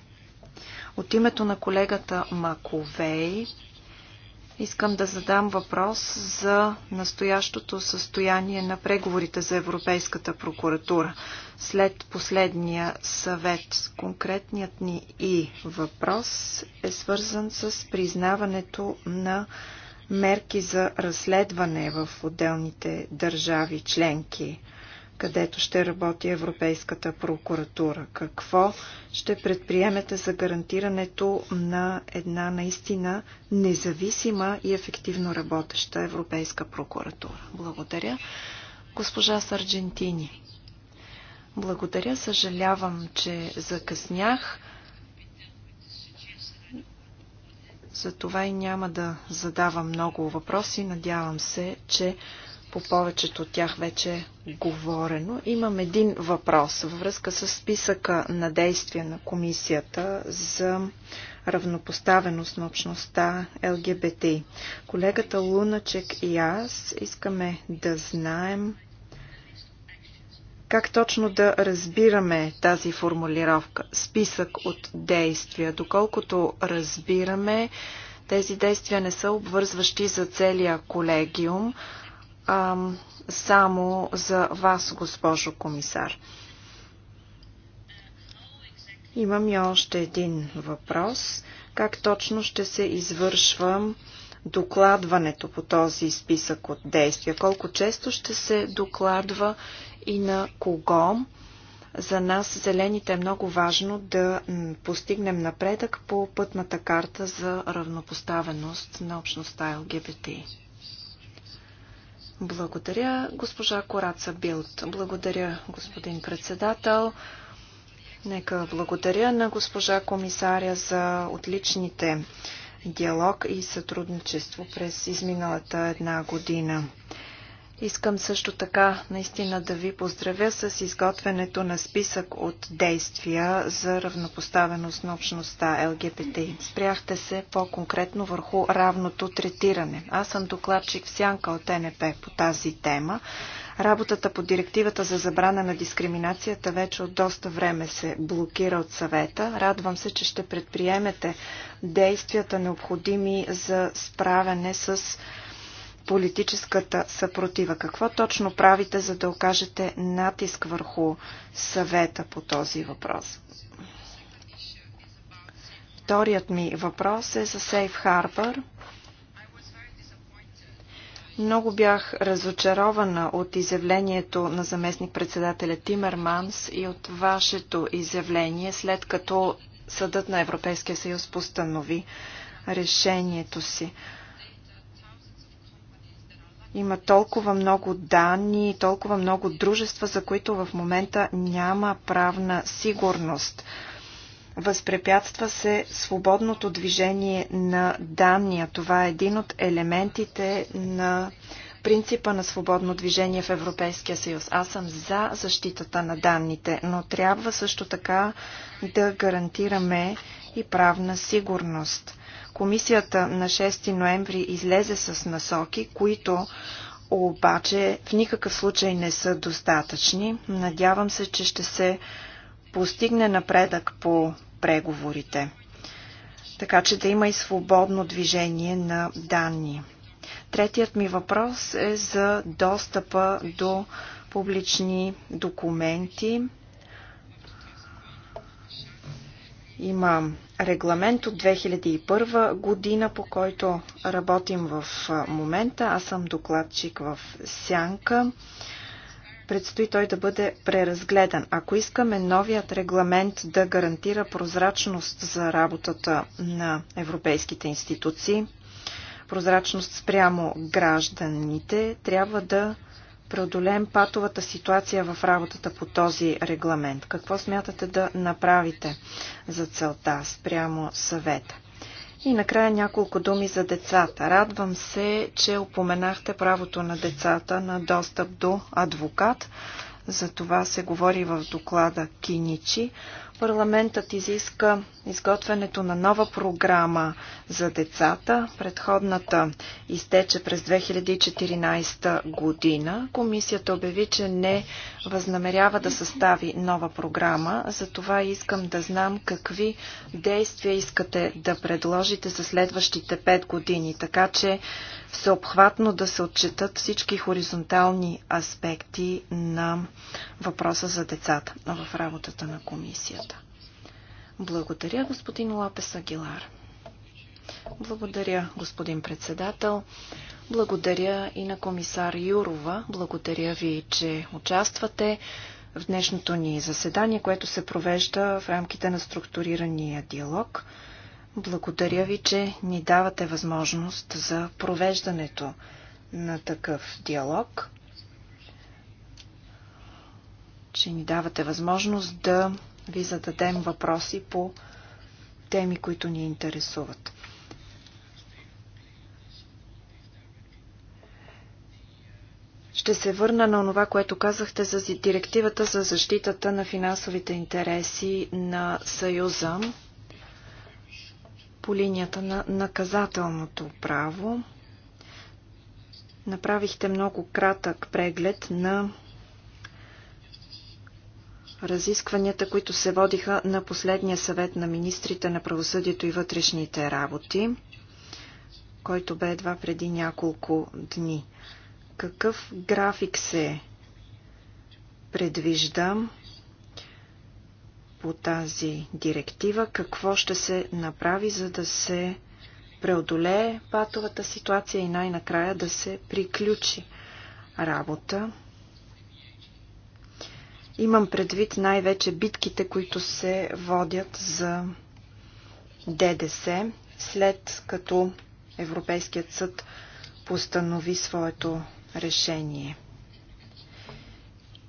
Speaker 3: От името на колегата Маковей Искам да задам въпрос за настоящото състояние на преговорите за Европейската прокуратура след последния съвет. Конкретният ни и въпрос е свързан с признаването на мерки за разследване в отделните държави членки където ще работи Европейската прокуратура? Какво ще предприемете за гарантирането на една наистина независима и ефективно работеща Европейска прокуратура? Благодаря. Госпожа Сарджентини. Благодаря, съжалявам, че закъснях. Затова и няма да задавам много въпроси. Надявам се, че по повечето от тях вече е говорено. Имам един въпрос във връзка с списъка на действия на комисията за равнопоставеност на общността ЛГБТИ. Колегата Луначек и аз искаме да знаем как точно да разбираме тази формулировка, списък от действия. Доколкото разбираме, тези действия не са обвързващи за целия колегиум, а, само за вас, госпожо комисар. Имам и още един въпрос. Как точно ще се извършва докладването по този списък от действия? Колко често ще се докладва и на кого? За нас, зелените, е много важно да постигнем напредък по пътната карта за равнопоставеност на общността ЛГБТИ. Благодаря, госпожа Кораца Билт. Благодаря, господин председател. Нека благодаря на госпожа комисаря за отличните диалог и сътрудничество през изминалата една година. Искам също така наистина да ви поздравя с изготвянето на списък от действия за равнопоставеност на общността ЛГБТ. Спряхте се по-конкретно върху равното третиране. Аз съм докладчик в Сянка от НП по тази тема. Работата по директивата за забрана на дискриминацията вече от доста време се блокира от съвета. Радвам се, че ще предприемете действията необходими за справяне с политическата съпротива. Какво точно правите, за да окажете натиск върху съвета по този въпрос? Вторият ми въпрос е за Safe Harbor. Много бях разочарована от изявлението на заместник-председателя Тимерманс и от вашето изявление, след като Съдът на Европейския съюз постанови решението си. Има толкова много данни, толкова много дружества, за които в момента няма правна сигурност. Възпрепятства се свободното движение на данни. Това е един от елементите на принципа на свободно движение в Европейския съюз. Аз съм за защитата на данните, но трябва също така да гарантираме и правна сигурност. Комисията на 6 ноември излезе с насоки, които обаче в никакъв случай не са достатъчни. Надявам се, че ще се постигне напредък по преговорите, така че да има и свободно движение на данни. Третият ми въпрос е за достъпа до публични документи. Има регламент от 2001 година, по който работим в момента. Аз съм докладчик в Сянка. Предстои той да бъде преразгледан. Ако искаме новият регламент да гарантира прозрачност за работата на европейските институции, прозрачност спрямо гражданите, трябва да преодолеем патовата ситуация в работата по този регламент? Какво смятате да направите за целта спрямо съвета? И накрая няколко думи за децата. Радвам се, че упоменахте правото на децата на достъп до адвокат. За това се говори в доклада Киничи. Парламентът изиска изготвянето на нова програма за децата. Предходната изтече през 2014 година. Комисията обяви, че не възнамерява да състави нова програма. Затова искам да знам какви действия искате да предложите за следващите 5 години, така че всеобхватно да се отчетат всички хоризонтални аспекти на въпроса за децата в работата на комисията. Благодаря, господин Лапес Агилар. Благодаря, господин председател. Благодаря и на комисар Юрова. Благодаря ви, че участвате в днешното ни заседание, което се провежда в рамките на структурирания диалог. Благодаря ви, че ни давате възможност за провеждането на такъв диалог, че ни давате възможност да ви зададем въпроси по теми, които ни интересуват. Ще се върна на това, което казахте за директивата за защитата на финансовите интереси на Съюза по линията на наказателното право. Направихте много кратък преглед на разискванията, които се водиха на последния съвет на министрите на правосъдието и вътрешните работи, който бе едва преди няколко дни. Какъв график се предвижда по тази директива? Какво ще се направи, за да се преодолее патовата ситуация и най-накрая да се приключи работа Имам предвид най-вече битките, които се водят за ДДС, след като Европейският съд постанови своето решение.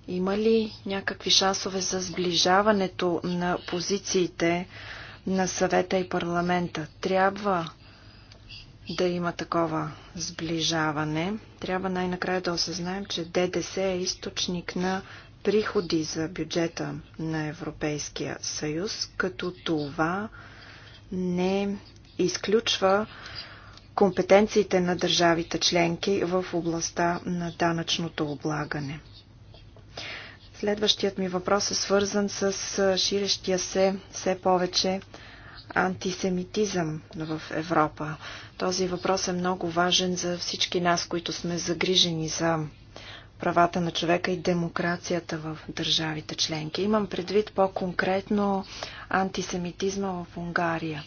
Speaker 3: Има ли някакви шансове за сближаването на позициите на съвета и парламента? Трябва да има такова сближаване. Трябва най-накрая да осъзнаем, че ДДС е източник на приходи за бюджета на Европейския съюз, като това не изключва компетенциите на държавите членки в областта на данъчното облагане. Следващият ми въпрос е свързан с ширещия се все повече антисемитизъм в Европа. Този въпрос е много важен за всички нас, които сме загрижени за правата на човека и демокрацията в държавите членки. Имам предвид по-конкретно антисемитизма в Унгария.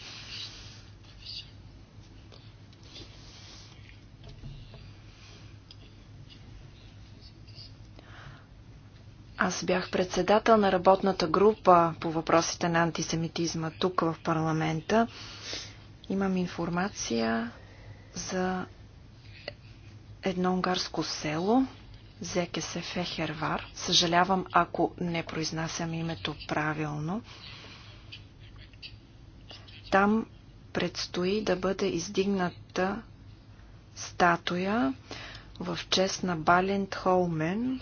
Speaker 3: Аз бях председател на работната група по въпросите на антисемитизма тук в парламента. Имам информация за едно унгарско село, Зекесе Фехервар. Съжалявам, ако не произнасям името правилно. Там предстои да бъде издигната статуя в чест на Балент Холмен,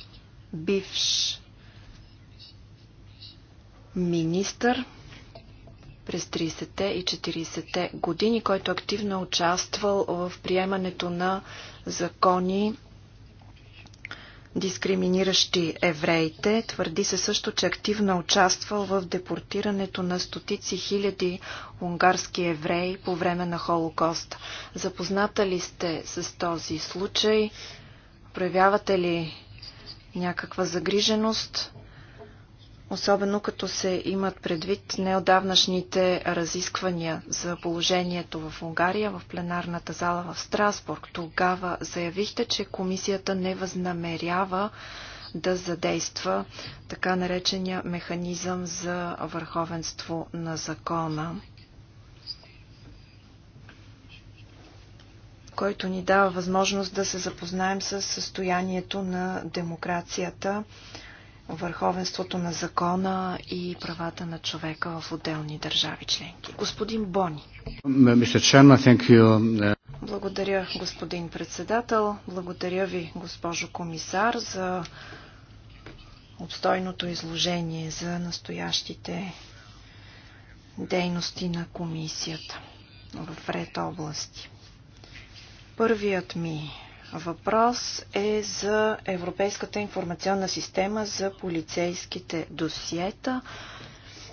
Speaker 3: бивш министър през 30-те и 40-те години, който активно е участвал в приемането на закони дискриминиращи евреите. Твърди се също, че активно участвал в депортирането на стотици хиляди унгарски евреи по време на Холокоста. Запозната ли сте с този случай? Проявявате ли някаква загриженост? особено като се имат предвид неодавнашните разисквания за положението в Унгария в пленарната зала в Страсбург. Тогава заявихте, че комисията не възнамерява да задейства така наречения механизъм за върховенство на закона, който ни дава възможност да се запознаем с състоянието на демокрацията върховенството на закона и правата на човека в отделни държави членки. Господин Бони.
Speaker 5: Uh,
Speaker 3: Благодаря, господин председател. Благодаря ви, госпожо комисар, за обстойното изложение за настоящите дейности на комисията в ред области. Първият ми Въпрос е за Европейската информационна система за полицейските досиета.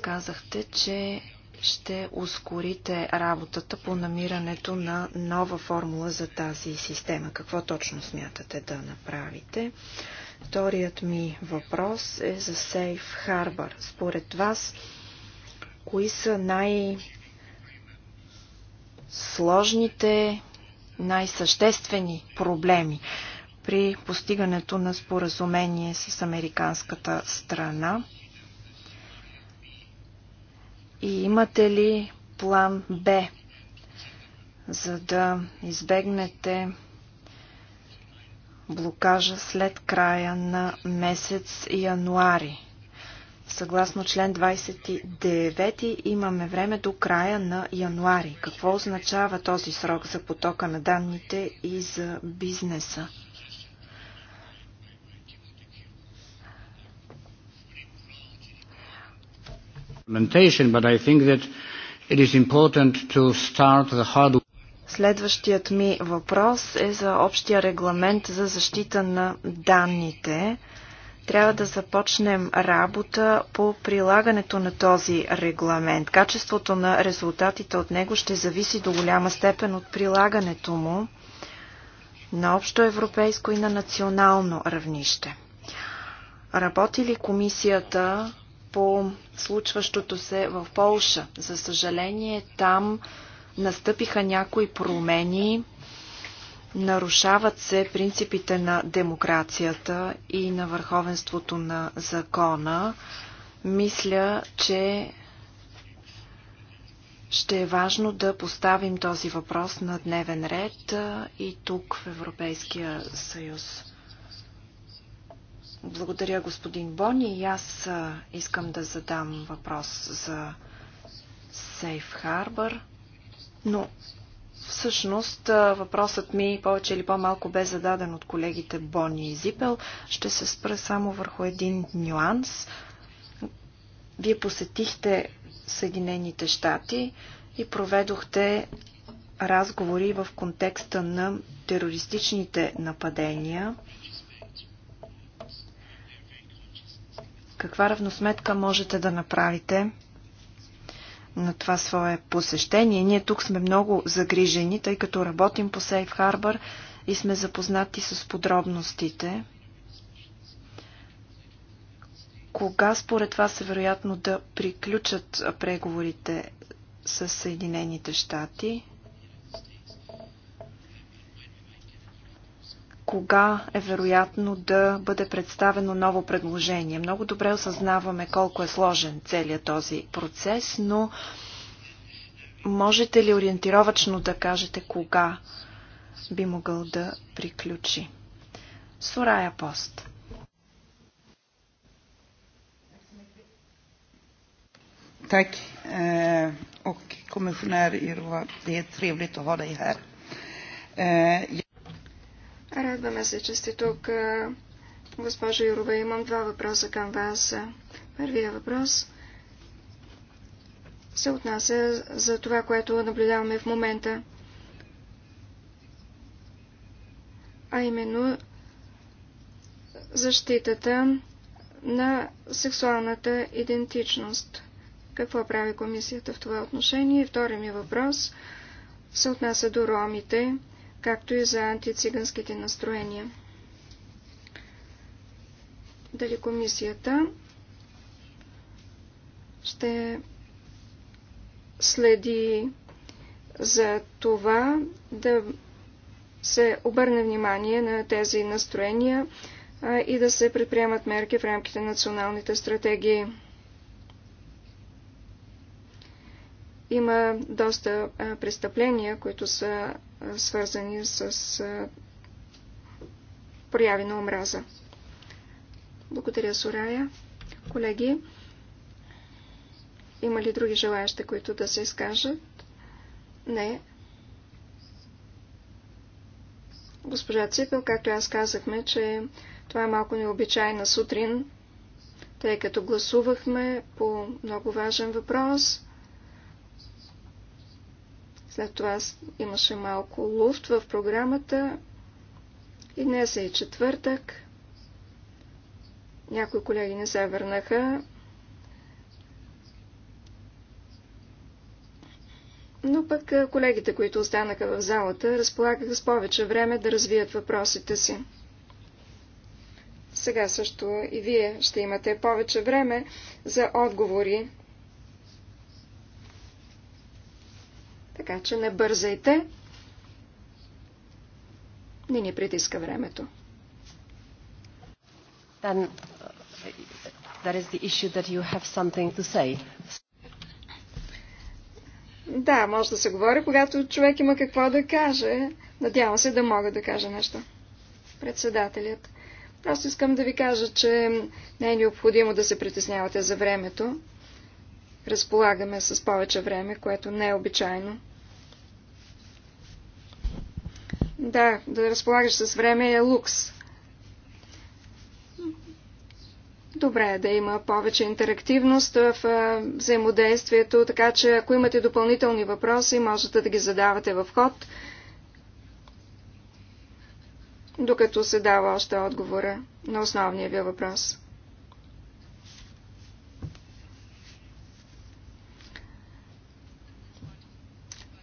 Speaker 3: Казахте, че ще ускорите работата по намирането на нова формула за тази система. Какво точно смятате да направите? Вторият ми въпрос е за Safe Harbor. Според вас, кои са най- сложните най-съществени проблеми при постигането на споразумение с американската страна? И имате ли план Б, за да избегнете блокажа след края на месец януари? Съгласно член 29 имаме време до края на януари. Какво означава този срок за потока на данните и за бизнеса?
Speaker 1: But I think that
Speaker 4: it is important to start the hard
Speaker 3: Следващият ми въпрос е за общия регламент за защита на данните трябва да започнем работа по прилагането на този регламент. Качеството на резултатите от него ще зависи до голяма степен от прилагането му на общо европейско и на национално равнище. Работи ли комисията по случващото се в Полша? За съжаление, там настъпиха някои промени, Нарушават се принципите на демокрацията и на върховенството на закона. Мисля, че ще е важно да поставим този въпрос на дневен ред и тук в Европейския съюз. Благодаря, господин Бони. И аз искам да задам въпрос за Сейф Харбър. Но Всъщност въпросът ми повече или по-малко бе зададен от колегите Бони и Зипел. Ще се спра само върху един нюанс. Вие посетихте Съединените щати и проведохте разговори в контекста на терористичните нападения. Каква равносметка можете да направите? на това свое посещение. Ние тук сме много загрижени, тъй като работим по Сейф Харбър и сме запознати с подробностите. Кога според вас е вероятно да приключат преговорите с Съединените щати? кога е вероятно да бъде представено ново предложение. Много добре осъзнаваме колко е сложен целият този процес, но можете ли ориентировачно да кажете кога би могъл да приключи? Сурая Пост. Tack. Eh, och kommissionär Irva, det är trevligt att ha dig här. Eh,
Speaker 2: Радваме се, че сте тук. Госпожо Юрова, имам два въпроса към вас. Първия въпрос се отнася за това, което наблюдаваме в момента. А именно защитата на сексуалната идентичност. Какво прави комисията в това отношение? И втори ми въпрос се отнася до ромите както и за антициганските настроения. Дали комисията ще следи за това да се обърне внимание на тези настроения и да се предприемат мерки в рамките на националните стратегии. Има доста престъпления, които са свързани с прояви на омраза. Благодаря, Сурая. Колеги, има ли други желаящи, които да се изкажат? Не. Госпожа Ципел, както аз казахме, че това е малко необичайна сутрин, тъй като гласувахме по много важен въпрос. След това имаше малко луфт в програмата. И днес е и четвъртък. Някои колеги не се върнаха. Но пък колегите, които останаха в залата, разполагаха с повече време да развият въпросите си. Сега също и вие ще имате повече време за отговори така че не бързайте. Не ни притиска времето. Then, uh,
Speaker 4: that is the issue that you have something to say.
Speaker 2: Да, може да се говори, когато човек има какво да каже. Надявам се да мога да кажа нещо. Председателят. Просто искам да ви кажа, че не е необходимо да се притеснявате за времето. Разполагаме с повече време, което не е обичайно. Да, да разполагаш с време е лукс. Добре е да има повече интерактивност в взаимодействието, така че ако имате допълнителни въпроси, можете да ги задавате в ход, докато се дава още отговора на основния ви въпрос.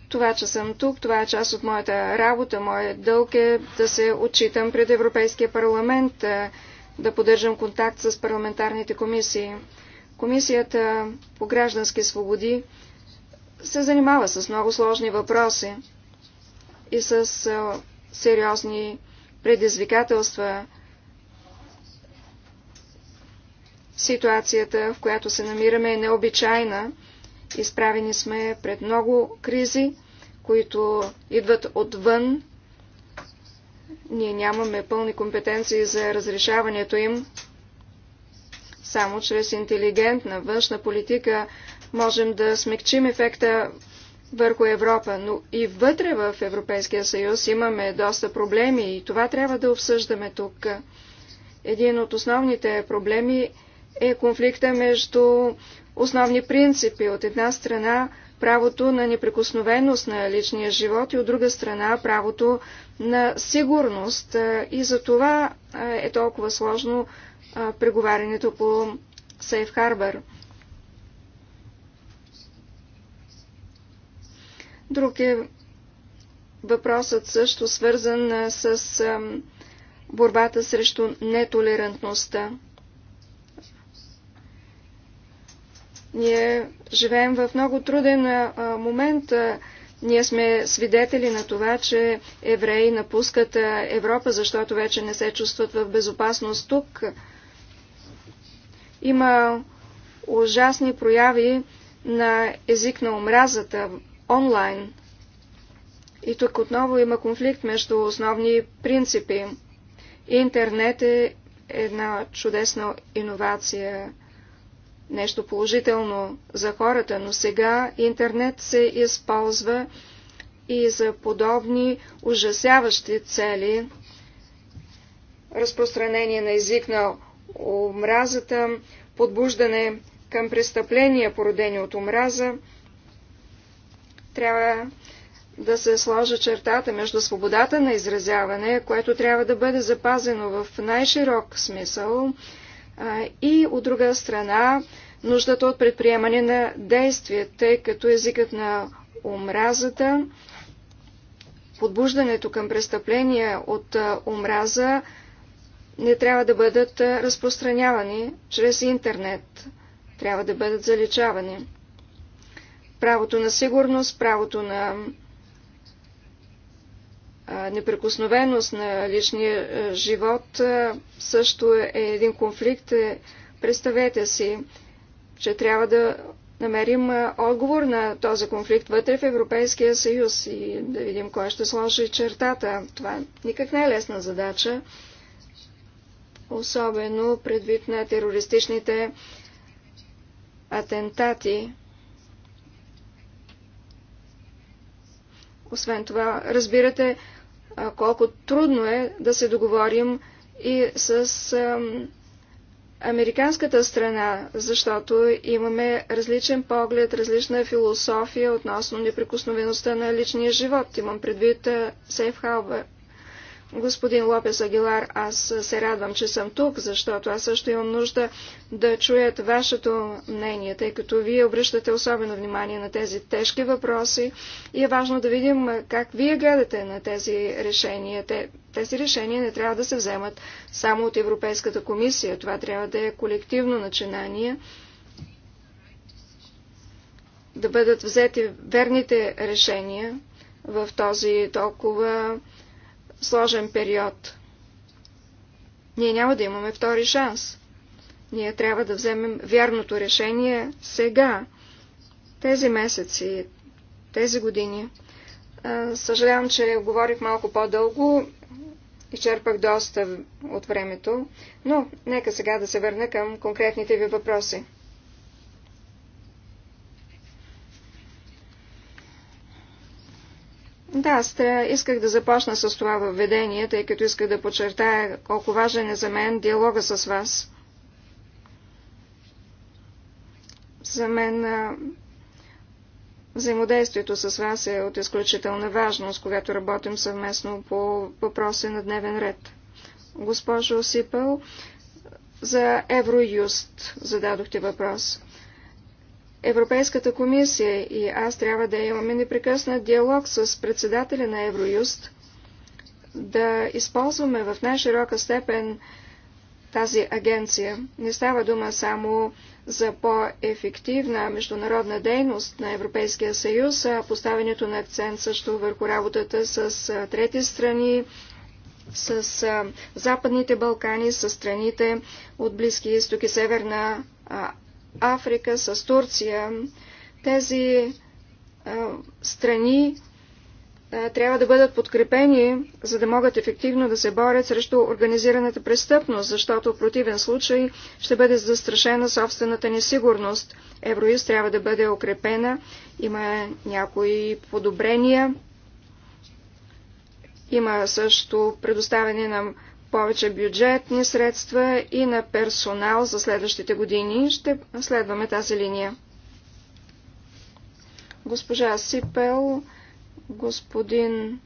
Speaker 2: Това, че съм тук, това е част от моята работа. Моят дълг е да се отчитам пред Европейския парламент, е, да поддържам контакт с парламентарните комисии. Комисията по граждански свободи се занимава с много сложни въпроси и с е, сериозни предизвикателства. Ситуацията, в която се намираме, е необичайна – Изправени сме пред много кризи, които идват отвън. Ние нямаме пълни компетенции за разрешаването им. Само чрез интелигентна външна политика можем да смекчим ефекта върху Европа, но и вътре в Европейския съюз имаме доста проблеми и това трябва да обсъждаме тук. Един от основните проблеми е е конфликта между основни принципи. От една страна правото на неприкосновеност на личния живот и от друга страна правото на сигурност. И за това е толкова сложно преговарянето по Сейф Харбър. Друг е въпросът също свързан с борбата срещу нетолерантността. Ние живеем в много труден момент. Ние сме свидетели на това, че евреи напускат Европа, защото вече не се чувстват в безопасност тук. Има ужасни прояви на език на омразата онлайн. И тук отново има конфликт между основни принципи. Интернет е една чудесна иновация нещо положително за хората, но сега интернет се използва и за подобни ужасяващи цели. Разпространение на език на омразата, подбуждане към престъпления, породени от омраза. Трябва да се сложа чертата между свободата на изразяване, което трябва да бъде запазено в най-широк смисъл, и от друга страна нуждата от предприемане на действия, тъй като езикът на омразата, подбуждането към престъпления от омраза не трябва да бъдат разпространявани чрез интернет, трябва да бъдат заличавани. Правото на сигурност, правото на неприкосновеност на личния е, живот е, също е един конфликт. Е, представете си, че трябва да намерим отговор на този конфликт вътре в Европейския съюз и да видим кой ще сложи чертата. Това никак не е лесна задача, особено предвид на терористичните атентати. Освен това, разбирате, колко трудно е да се договорим и с американската страна, защото имаме различен поглед, различна философия относно неприкосновеността на личния живот. Имам предвид Сейф Халбър. Господин Лопес Агилар, аз се радвам, че съм тук, защото аз също имам нужда да чуят вашето мнение, тъй като вие обръщате особено внимание на тези тежки въпроси и е важно да видим как вие гледате на тези решения. тези решения не трябва да се вземат само от Европейската комисия. Това трябва да е колективно начинание да бъдат взети верните решения в този толкова сложен период. Ние няма да имаме втори шанс. Ние трябва да вземем вярното решение сега, тези месеци, тези години. Съжалявам, че говорих малко по-дълго, изчерпах доста от времето, но нека сега да се върна към конкретните ви въпроси. Да, аз исках да започна с това въведение, тъй като исках да подчертая колко важен е за мен диалога с вас. За мен взаимодействието с вас е от изключителна важност, когато работим съвместно по въпроси на дневен ред. Госпожо Сипъл, за Евроюст зададохте въпрос. Европейската комисия и аз трябва да имаме непрекъснат диалог с председателя на Евроюст, да използваме в най-широка степен тази агенция. Не става дума само за по-ефективна международна дейност на Европейския съюз, а поставянето на акцент също върху работата с трети страни, с Западните Балкани, с страните от Близки изток и Северна Африка, с Турция. Тези а, страни а, трябва да бъдат подкрепени, за да могат ефективно да се борят срещу организираната престъпност, защото в противен случай ще бъде застрашена собствената ни сигурност. Евроист трябва да бъде укрепена. Има някои подобрения. Има също предоставяне на повече бюджетни средства и на персонал за следващите години. Ще следваме тази линия. Госпожа Сипел, господин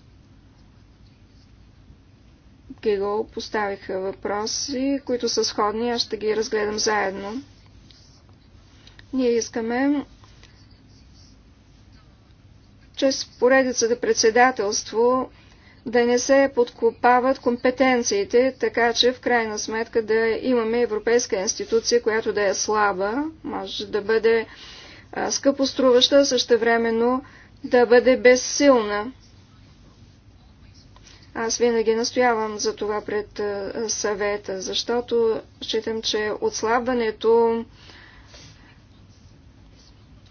Speaker 2: Гигъл поставиха въпроси, които са сходни, аз ще ги разгледам заедно. Ние искаме чрез поредицата председателство да не се подкопават компетенциите, така че в крайна сметка да имаме европейска институция, която да е слаба, може да бъде скъпоструваща също времено да бъде безсилна. Аз винаги настоявам за това пред съвета, защото считам, че отслабването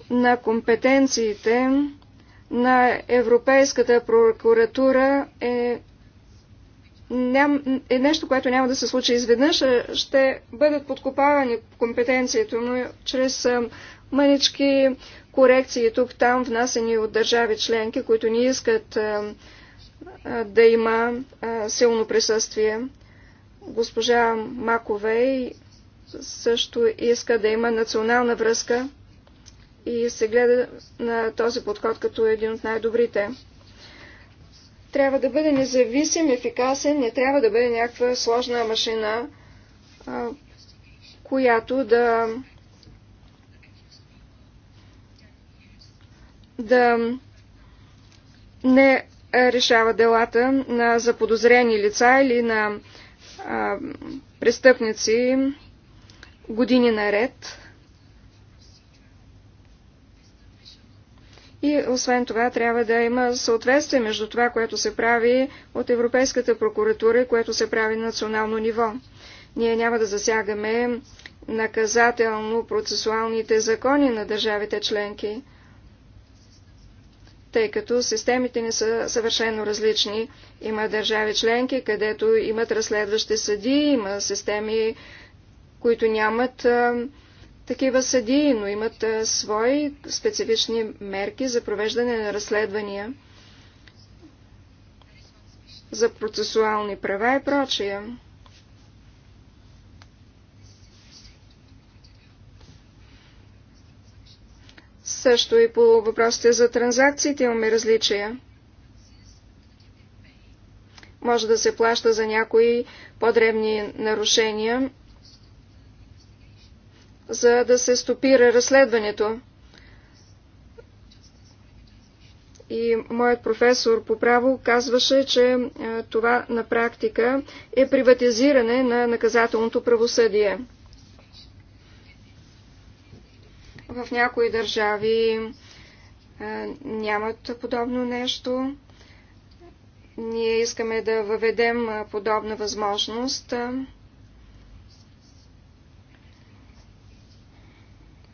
Speaker 2: на компетенциите на Европейската прокуратура е, ням, е нещо, което няма да се случи изведнъж. Ще бъдат подкопавани компетенциите но чрез мънички корекции тук-там, внасени от държави членки, които не искат а, а, да има а, силно присъствие. Госпожа Маковей също иска да има национална връзка и се гледа на този подход като един от най-добрите. Трябва да бъде независим, ефикасен, не трябва да бъде някаква сложна машина, която да да не решава делата на заподозрени лица или на а, престъпници години наред. И освен това трябва да има съответствие между това, което се прави от Европейската прокуратура и което се прави на национално ниво. Ние няма да засягаме наказателно-процесуалните закони на държавите членки, тъй като системите ни са съвършено различни. Има държави членки, където имат разследващи съди, има системи, които нямат такива съдии, но имат е, свои специфични мерки за провеждане на разследвания, за процесуални права и прочие. Също и по въпросите за транзакциите имаме различия. Може да се плаща за някои по-древни нарушения, за да се стопира разследването. И моят професор по право казваше, че е, това на практика е приватизиране на наказателното правосъдие. В някои държави е, нямат подобно нещо. Ние искаме да въведем е, подобна възможност.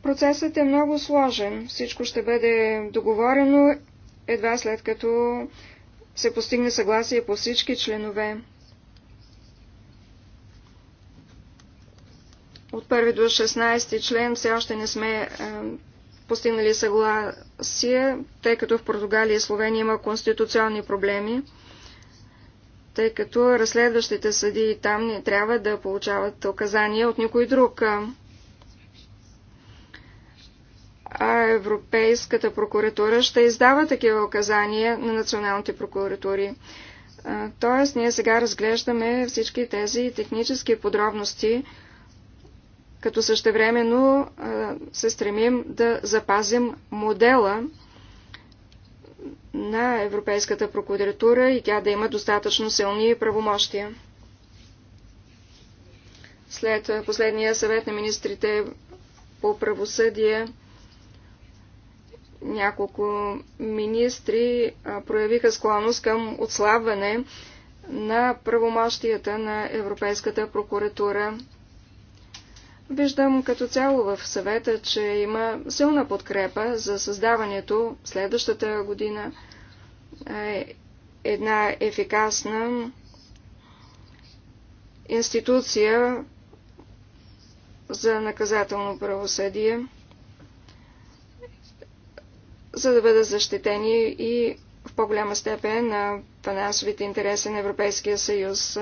Speaker 2: Процесът е много сложен. Всичко ще бъде договорено едва след като се постигне съгласие по всички членове. От 1 до 16 член все още не сме е, постигнали съгласие, тъй като в Португалия и Словения има конституционни проблеми, тъй като разследващите съди там не трябва да получават указания от никой друг а Европейската прокуратура ще издава такива указания на националните прокуратури. Тоест, ние сега разглеждаме всички тези технически подробности, като същевременно се стремим да запазим модела на Европейската прокуратура и тя да има достатъчно силни правомощия. След последния съвет на министрите по правосъдие няколко министри проявиха склонност към отслабване на правомощията на Европейската прокуратура. Виждам като цяло в съвета, че има силна подкрепа за създаването следващата година е, една ефикасна институция за наказателно правосъдие за да бъдат защитени и в по-голяма степен на финансовите интереси на Европейския съюз.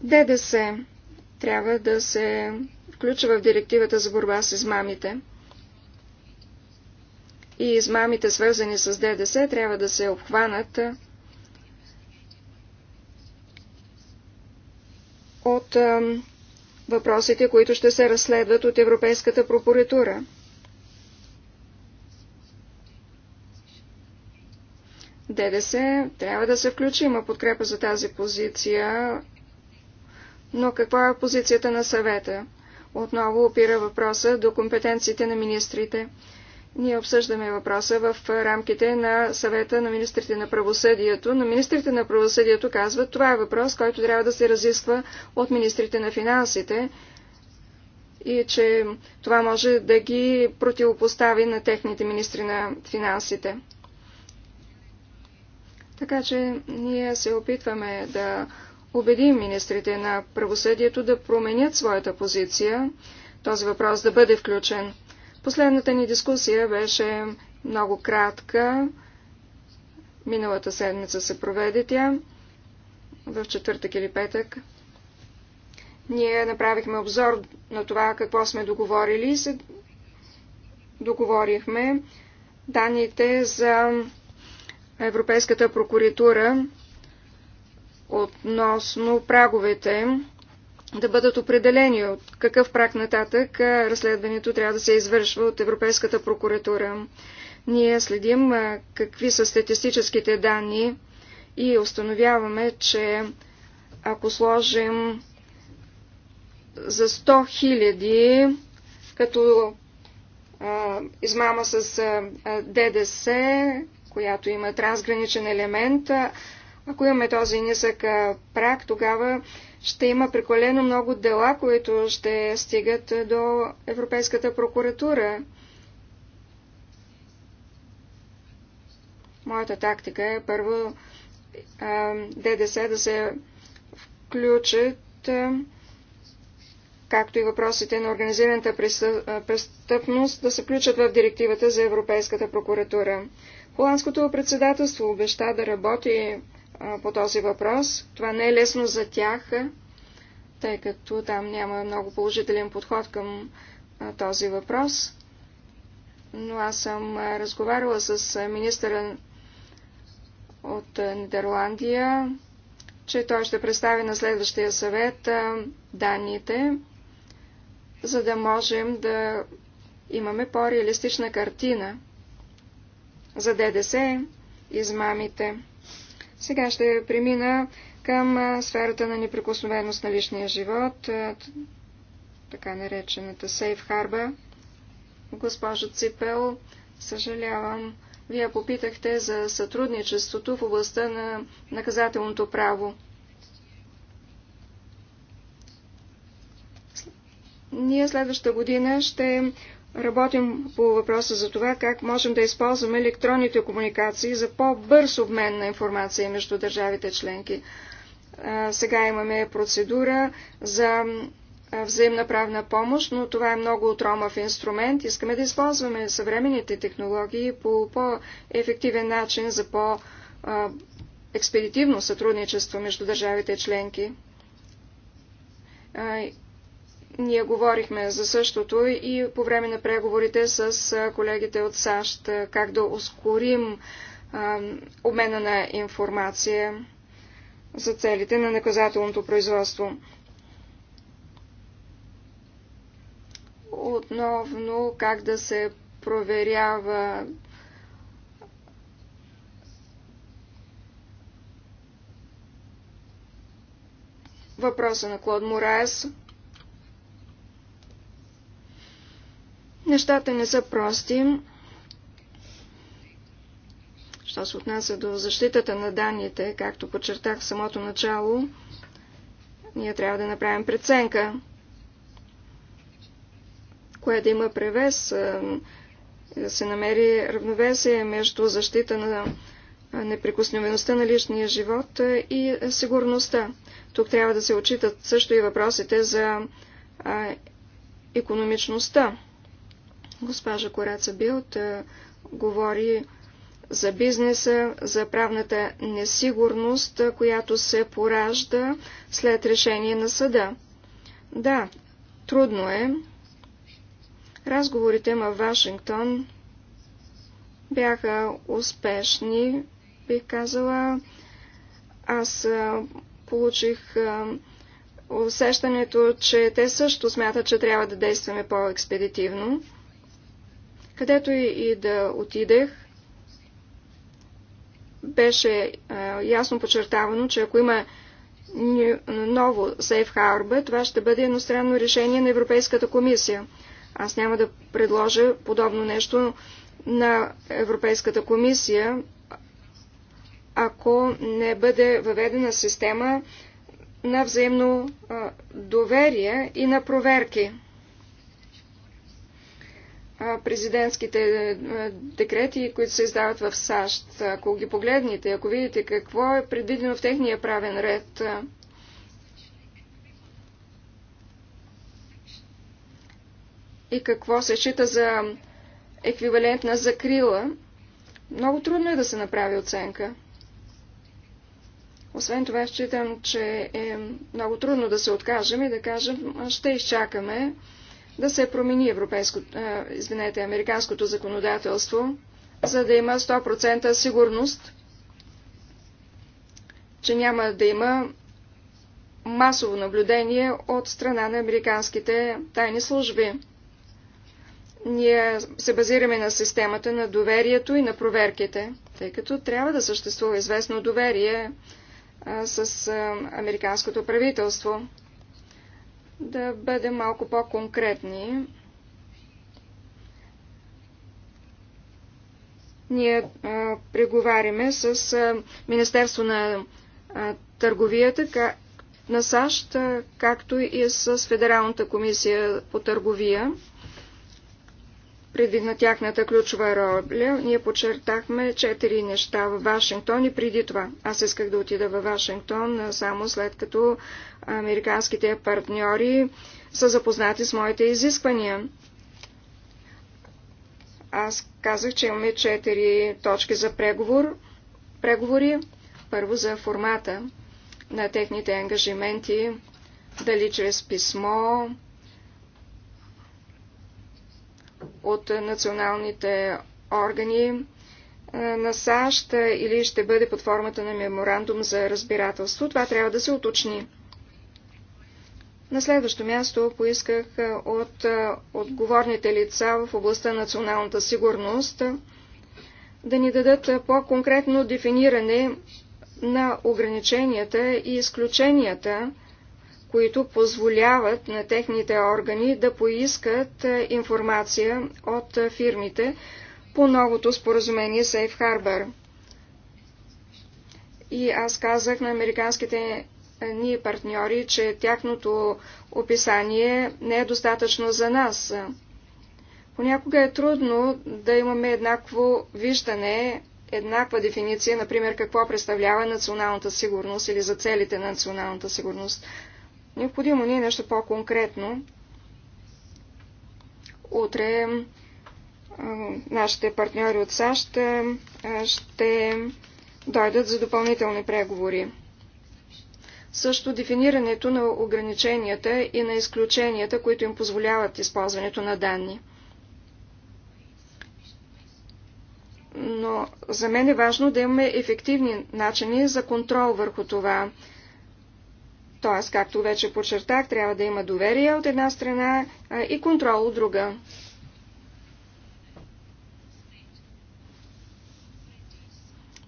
Speaker 2: ДДС трябва да се включва в директивата за борба с измамите. И измамите, свързани с ДДС, трябва да се обхванат от въпросите, които ще се разследват от Европейската прокуратура. ДДС трябва да се включи, има подкрепа за тази позиция, но каква е позицията на съвета? Отново опира въпроса до компетенциите на министрите. Ние обсъждаме въпроса в рамките на съвета на министрите на правосъдието, но министрите на правосъдието казват, това е въпрос, който трябва да се разисква от министрите на финансите и че това може да ги противопостави на техните министри на финансите. Така че ние се опитваме да убедим министрите на правосъдието да променят своята позиция, този въпрос да бъде включен. Последната ни дискусия беше много кратка. Миналата седмица се проведе тя в четвъртък или петък. Ние направихме обзор на това какво сме договорили и се договорихме данните за Европейската прокуратура относно праговете да бъдат определени от какъв прак нататък разследването трябва да се извършва от Европейската прокуратура. Ние следим какви са статистическите данни и установяваме, че ако сложим за 100 хиляди като а, измама с а, ДДС, която има трансграничен елемент, ако имаме този нисък прак, тогава ще има прекалено много дела, които ще стигат до Европейската прокуратура. Моята тактика е първо ДДС да се включат, както и въпросите на организираната престъпност, да се включат в директивата за Европейската прокуратура. Холандското председателство обеща да работи по този въпрос. Това не е лесно за тях, тъй като там няма много положителен подход към този въпрос. Но аз съм разговаряла с министъра от Нидерландия, че той ще представи на следващия съвет данните, за да можем да имаме по-реалистична картина за ДДС измамите. Сега ще премина към сферата на неприкосновеност на личния живот, така наречената Safe Harbor. Госпожо Ципел, съжалявам, вие попитахте за сътрудничеството в областта на наказателното право. Ние следващата година ще Работим по въпроса за това как можем да използваме електронните комуникации за по-бърз обмен на информация между държавите членки. Сега имаме процедура за взаимна правна помощ, но това е много отромав инструмент. Искаме да използваме съвременните технологии по по-ефективен начин за по-експедитивно сътрудничество между държавите членки. Ние говорихме за същото и по време на преговорите с колегите от САЩ, как да ускорим а, обмена на информация за целите на наказателното производство. Отновно, как да се проверява въпроса на Клод Мораес – Нещата не са прости. Що се отнася до защитата на данните, както подчертах в самото начало, ние трябва да направим преценка, кое да има превес, да се намери равновесие между защита на неприкосновеността на личния живот и сигурността. Тук трябва да се отчитат също и въпросите за економичността. Госпожа Кораца Билт е, говори за бизнеса, за правната несигурност, е, която се поражда след решение на съда. Да, трудно е. Разговорите в Вашингтон бяха успешни, бих казала. Аз е, получих усещането, че те също смятат, че трябва да действаме по-експедитивно. Където и да отидех, беше ясно подчертавано, че ако има ново Safe Harbor, това ще бъде едностранно решение на Европейската комисия. Аз няма да предложа подобно нещо на Европейската комисия, ако не бъде въведена система на взаимно доверие и на проверки президентските декрети, които се издават в САЩ. Ако ги погледнете, ако видите какво е предвидено в техния правен ред, и какво се счита за еквивалент на закрила, много трудно е да се направи оценка. Освен това, считам, че е много трудно да се откажем и да кажем, ще изчакаме да се промени европейско, извинете, американското законодателство, за да има 100% сигурност, че няма да има масово наблюдение от страна на американските тайни служби. Ние се базираме на системата на доверието и на проверките, тъй като трябва да съществува известно доверие а, с а, американското правителство да бъдем малко по-конкретни. Ние а, преговаряме с а, Министерство на а, търговията на САЩ, а, както и с Федералната комисия по търговия на тяхната ключова роля. Ние подчертахме четири неща в Вашингтон и преди това. Аз исках да отида в Вашингтон само след като американските партньори са запознати с моите изисквания. Аз казах, че имаме четири точки за преговор. преговори. Първо за формата на техните ангажименти, дали чрез писмо, от националните органи е, на САЩ е, или ще бъде под формата на меморандум за разбирателство. Това трябва да се уточни. На следващо място поисках е, от отговорните лица в областта на националната сигурност да ни дадат по-конкретно дефиниране на ограниченията и изключенията които позволяват на техните органи да поискат е, информация от е, фирмите по новото споразумение Safe Harbor. И аз казах на американските е, ние партньори, че тяхното описание не е достатъчно за нас. Понякога е трудно да имаме еднакво виждане, еднаква дефиниция, например, какво представлява националната сигурност или за целите на националната сигурност. Необходимо ни е нещо по-конкретно. Утре нашите партньори от САЩ ще дойдат за допълнителни преговори. Също дефинирането на ограниченията и на изключенията, които им позволяват използването на данни. Но за мен е важно да имаме ефективни начини за контрол върху това. Т.е., както вече подчертах, трябва да има доверие от една страна и контрол от друга.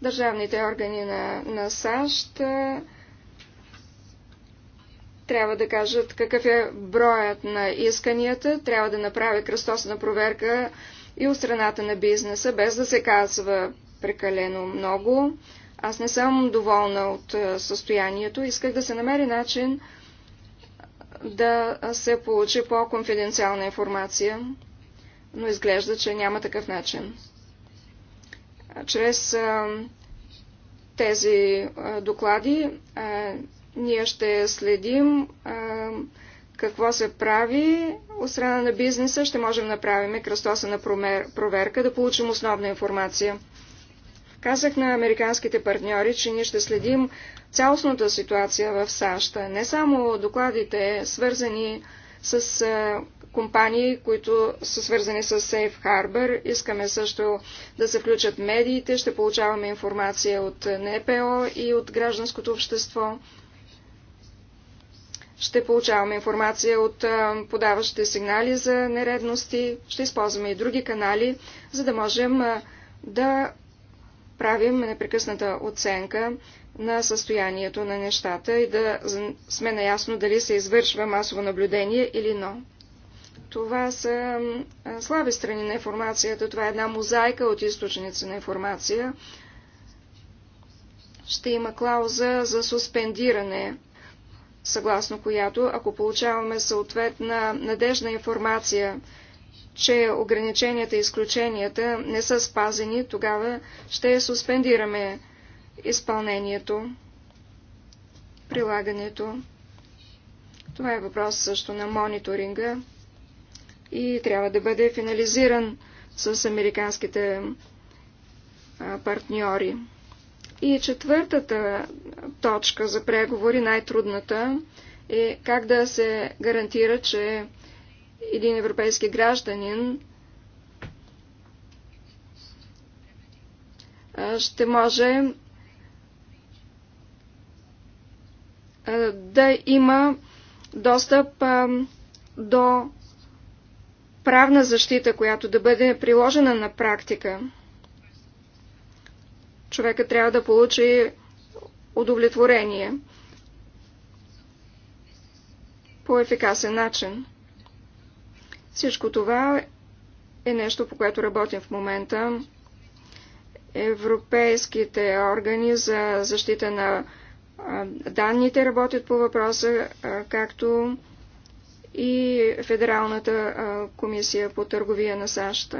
Speaker 2: Държавните органи на, на САЩ трябва да кажат какъв е броят на исканията, трябва да направи кръстосна проверка и от страната на бизнеса, без да се казва прекалено много. Аз не съм доволна от състоянието. Исках да се намери начин да се получи по-конфиденциална информация, но изглежда, че няма такъв начин. Чрез тези доклади ние ще следим какво се прави от страна на бизнеса, ще можем да направим на проверка, да получим основна информация. Казах на американските партньори, че ние ще следим цялостната ситуация в САЩ. Не само докладите, свързани с компании, които са свързани с Safe Harbor. Искаме също да се включат медиите, ще получаваме информация от НПО и от гражданското общество. Ще получаваме информация от подаващите сигнали за нередности. Ще използваме и други канали, за да можем да правим непрекъсната оценка на състоянието на нещата и да сме наясно дали се извършва масово наблюдение или но. Това са слаби страни на информацията. Това е една мозайка от източници на информация. Ще има клауза за суспендиране, съгласно която, ако получаваме съответна надежна информация, че ограниченията и изключенията не са спазени, тогава ще суспендираме изпълнението, прилагането. Това е въпрос също на мониторинга и трябва да бъде финализиран с американските партньори. И четвъртата точка за преговори, най-трудната, е как да се гарантира, че един европейски гражданин ще може да има достъп до правна защита, която да бъде приложена на практика. Човека трябва да получи удовлетворение по ефикасен начин. Всичко това е нещо, по което работим в момента. Европейските органи за защита на данните работят по въпроса, както и Федералната комисия по търговия на САЩ.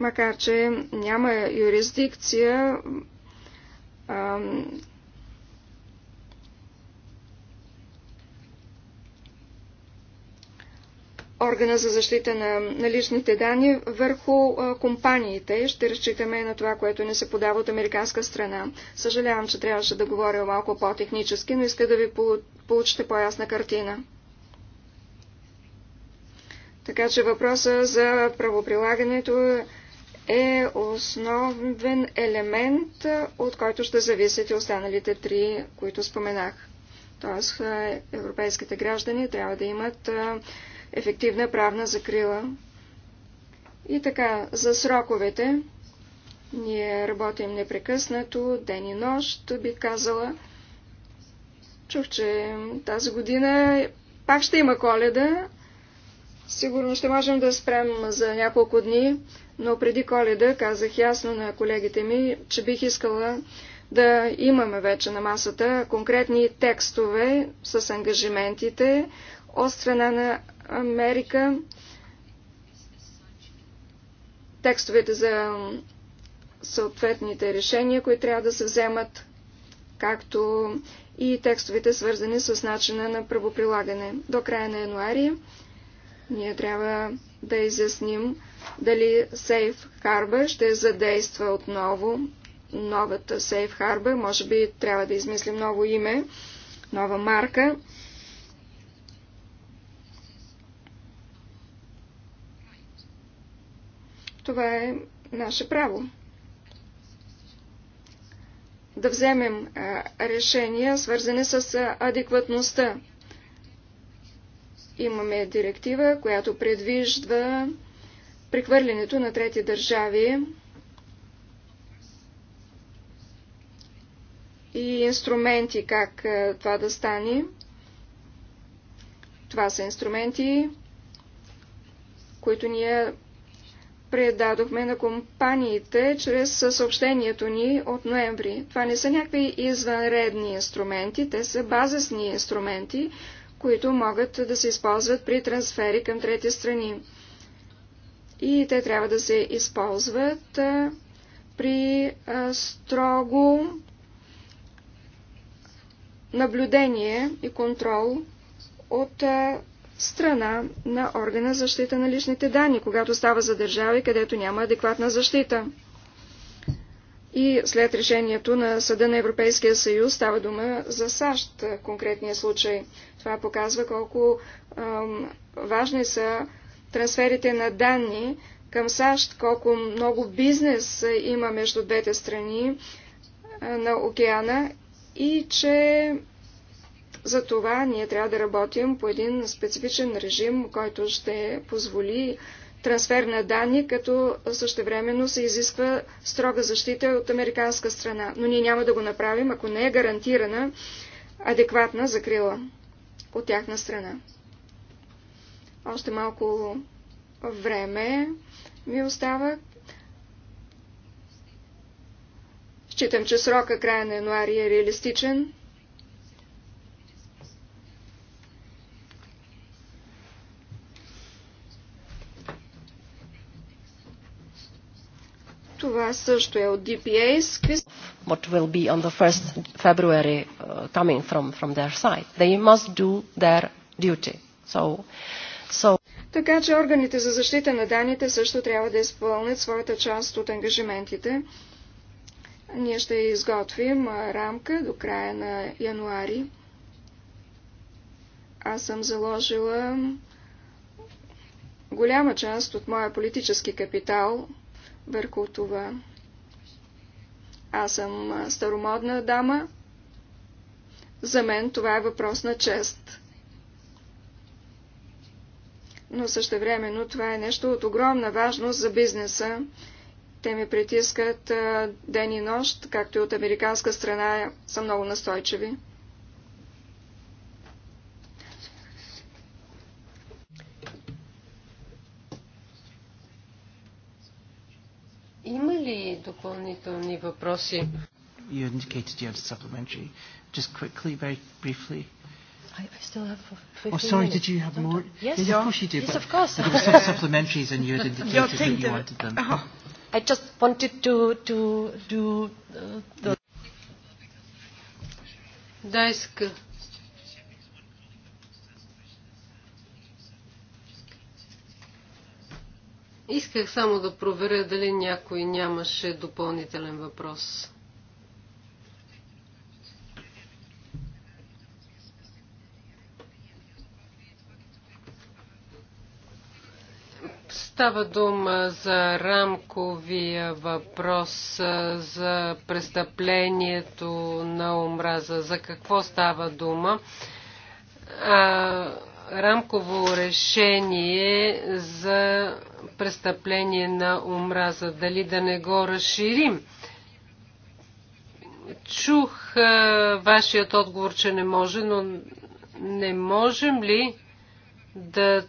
Speaker 2: Макар, че няма юрисдикция
Speaker 5: органа за защита на, на
Speaker 2: личните данни върху а, компаниите. Ще разчитаме на това, което не се подава от американска страна. Съжалявам, че трябваше да говоря малко по-технически, но иска да ви получите по-ясна картина. Така че въпроса за правоприлагането е основен елемент, от който ще зависят и останалите три, които споменах. Тоест, е, европейските граждани трябва да имат ефективна правна закрила. И така, за сроковете, ние работим непрекъснато, ден и нощ, би казала. Чух, че тази година пак ще има коледа. Сигурно ще можем да спрем за няколко дни, но преди коледа казах ясно на колегите ми, че бих искала да имаме вече на масата конкретни текстове с ангажиментите от страна на Америка. Текстовете за съответните решения, които трябва да се вземат, както и текстовете свързани с начина на правоприлагане. До края на януари ние трябва да изясним дали Safe Harbor ще задейства отново новата Safe Harbor. Може би трябва да измислим ново име, нова марка. Това е наше право. Да вземем решения, свързани с адекватността. Имаме директива, която предвижда прехвърлянето на трети държави и инструменти как това да стане. Това са инструменти, които ние предадохме на компаниите чрез съобщението ни от ноември. Това не са някакви извънредни инструменти, те са базисни инструменти, които могат да се използват при трансфери към трети страни. И те трябва да се използват при строго наблюдение и контрол от страна на органа защита на личните данни, когато става за държави, където няма адекватна защита. И след решението на Съда на Европейския съюз става дума за САЩ в конкретния случай. Това показва колко ам, важни са трансферите на данни към САЩ, колко много бизнес има между двете страни на океана и че за това ние трябва да работим по един специфичен режим, който ще позволи трансфер на данни, като същевременно се изисква строга защита от американска страна. Но ние няма да го направим, ако не е гарантирана адекватна закрила от тяхна страна. Още малко време ми остава. Считам, че срока края на януари е реалистичен. Това също е от DPAs.
Speaker 3: What will be on the 1st
Speaker 4: February uh, coming from, from their side. They must do their duty. So,
Speaker 1: so...
Speaker 2: Така че органите за защита на данните също трябва да изпълнят своята част от ангажиментите. Ние ще изготвим рамка до края на януари. Аз съм заложила голяма част от моя политически капитал – върху това. Аз съм старомодна дама. За мен това е въпрос на чест. Но същевременно това е нещо от огромна важност за бизнеса. Те ме притискат ден и нощ, както и от американска страна са много настойчиви.
Speaker 4: Има ли допълнителни въпроси?
Speaker 5: You indicated you had a supplementary. Just quickly, very briefly.
Speaker 1: I, I still have 15 Oh, sorry, minutes. did you have more? Yes, yes of course you do. Yes, of course. There were some supplementaries and you had indicated that you wanted them.
Speaker 5: Uh-huh.
Speaker 1: I just wanted to, to do uh, the...
Speaker 4: Yeah. Исках само да проверя дали някой нямаше допълнителен въпрос. Става дума за рамковия въпрос за престъплението на омраза. За какво става дума? А, рамково решение за престъпление на омраза. Дали да не го разширим? Чух а, вашият отговор, че не може, но не можем ли да,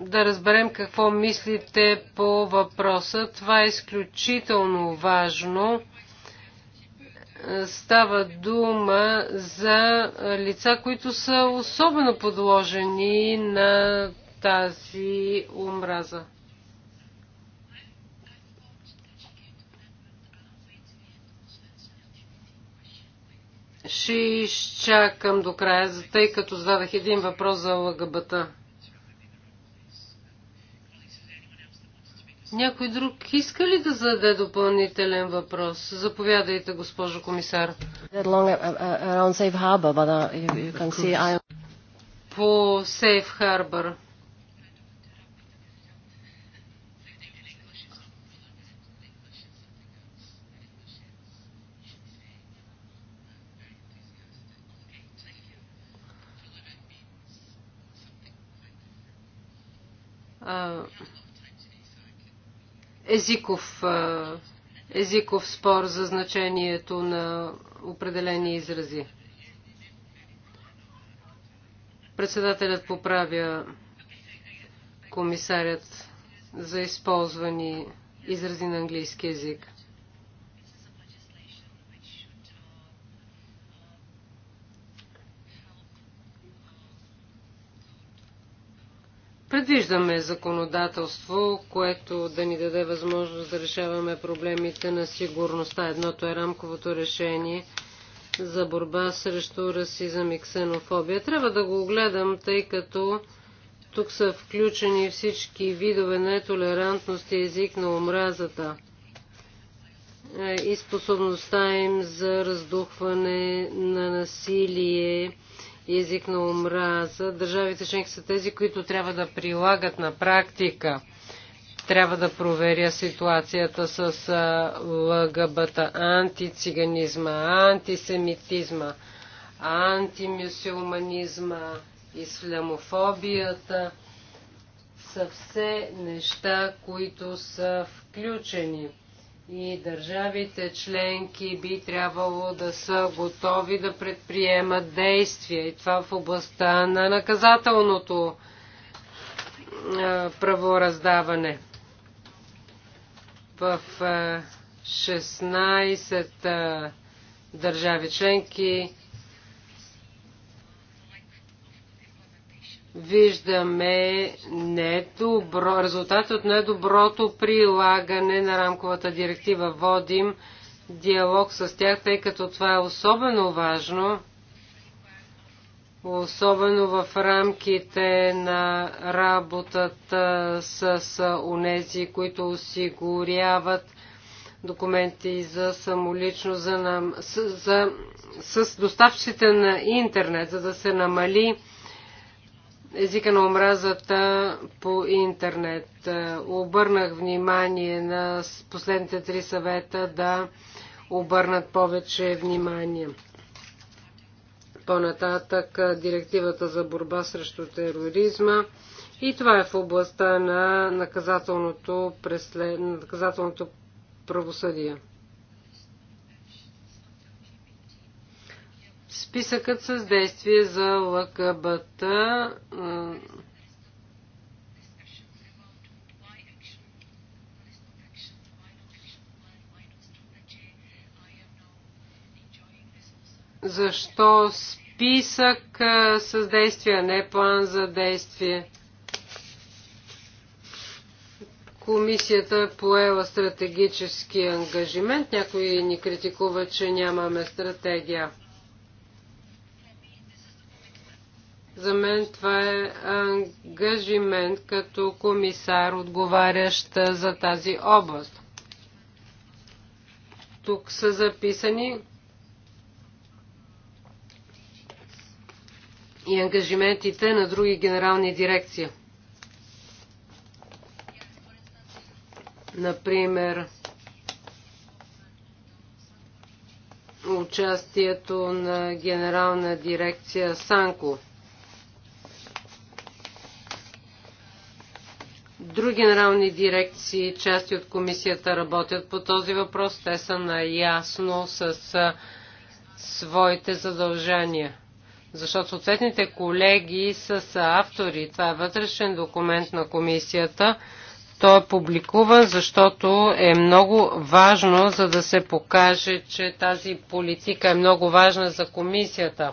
Speaker 4: да разберем какво мислите по въпроса? Това е изключително важно Става дума за лица, които са особено подложени на тази омраза. Ще изчакам до края, тъй като зададах един въпрос за ЛГБТ. Някой друг иска ли да зададе допълнителен въпрос? Заповядайте, госпожо комисар. Uh, uh, uh, По Сейф Харбър. Uh езиков, езиков спор за значението на определени изрази. Председателят поправя комисарят за използвани изрази на английски язик. Предвиждаме законодателство, което да ни даде възможност да решаваме проблемите на сигурността. Едното е рамковото решение за борба срещу расизъм и ксенофобия. Трябва да го огледам, тъй като тук са включени всички видове нетолерантност и език на омразата е, и способността им за раздухване на насилие и език на омраза. Държавите членки са тези, които трябва да прилагат на практика. Трябва да проверя ситуацията с ЛГБТ, антициганизма, антисемитизма, антимюсюлманизма, ислямофобията са все неща, които са включени – и държавите членки би трябвало да са готови да предприемат действия и това в областта на наказателното правораздаване. В 16 държави членки виждаме недобро, резултат от недоброто прилагане на рамковата директива. Водим диалог с тях, тъй като това е особено важно, особено в рамките на работата с унези, които осигуряват документи за самолично, за, нам, с, за, с доставчите на интернет, за да се намали езика на омразата по интернет. Е, обърнах внимание на последните три съвета да обърнат повече внимание. По-нататък е, директивата за борба срещу тероризма. И това е в областта на наказателното, преслед... наказателното правосъдие. Списъкът с действие за ЛКБТ Защо списък с действия, не план за действие? Комисията е поела стратегически ангажимент. Някой ни критикува, че нямаме стратегия. За мен това е ангажимент като комисар, отговарящ за тази област. Тук са записани и ангажиментите на други генерални дирекции. Например, участието на генерална дирекция Санко. Други генерални дирекции, части от комисията работят по този въпрос. Те са наясно с своите задължания. Защото съответните колеги са автори. Това е вътрешен документ на комисията. Той е публикуван, защото е много важно, за да се покаже, че тази политика е много важна за комисията.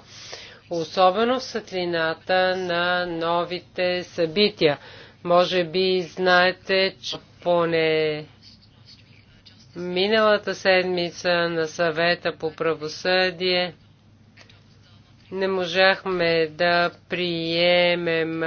Speaker 4: Особено в светлината на новите събития. Може би знаете, че поне миналата седмица на съвета по правосъдие не можахме да приемем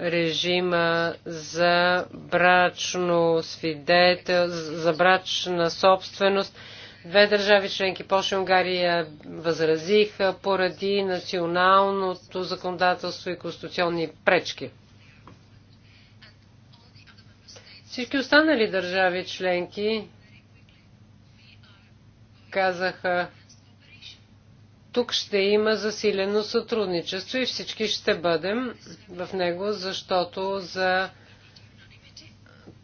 Speaker 4: режима за брачно свидетел, за брачна собственост. Две държави членки, по Унгария, възразиха поради националното законодателство и конституционни пречки. Всички останали държави членки казаха, тук ще има засилено сътрудничество и всички ще бъдем в него, защото за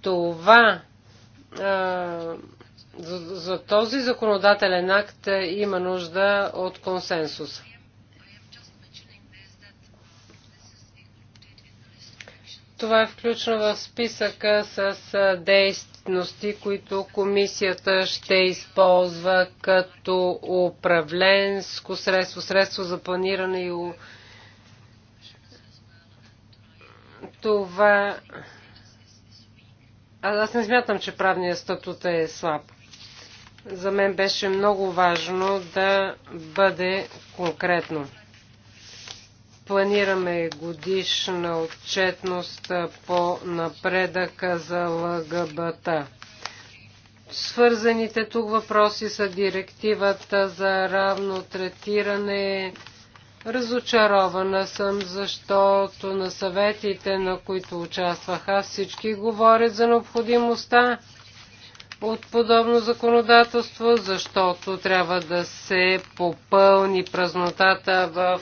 Speaker 4: това, за, този законодателен акт има нужда от консенсус. Това е включено в списъка с действности, които комисията ще използва като управленско средство, средство за планиране и това... А, аз не смятам, че правният статут е слаб. За мен беше много важно да бъде конкретно. Планираме годишна отчетност по напредъка за ЛГБТ. Свързаните тук въпроси са директивата за равно третиране. Разочарована съм, защото на съветите, на които участвах аз, всички говорят за необходимостта от подобно законодателство, защото трябва да се попълни празнотата в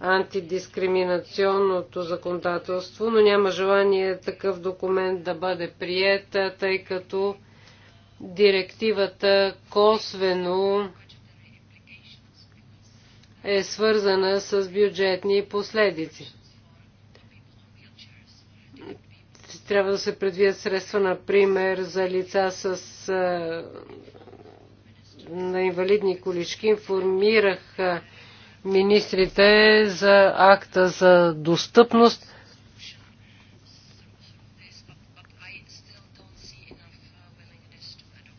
Speaker 4: антидискриминационното законодателство, но няма желание такъв документ да бъде прият, тъй като директивата косвено е свързана с бюджетни последици. Трябва да се предвидят средства, например, за лица с на инвалидни колички. Информирах министрите за акта за достъпност.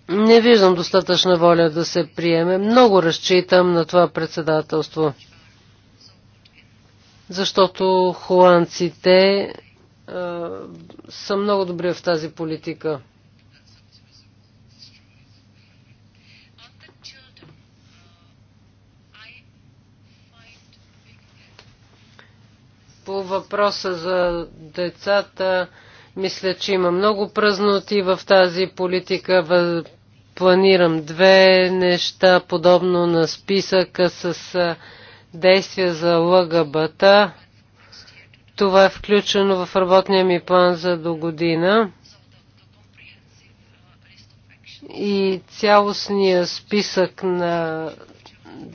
Speaker 4: Не виждам достатъчна воля да се приеме. Много разчитам на това председателство, защото холандците а, са много добри в тази политика. По въпроса за децата, мисля, че има много пръзноти в тази политика. Планирам две неща, подобно на списъка с действия за ЛГБТ. Това е включено в работния ми план за до година. И цялостния списък на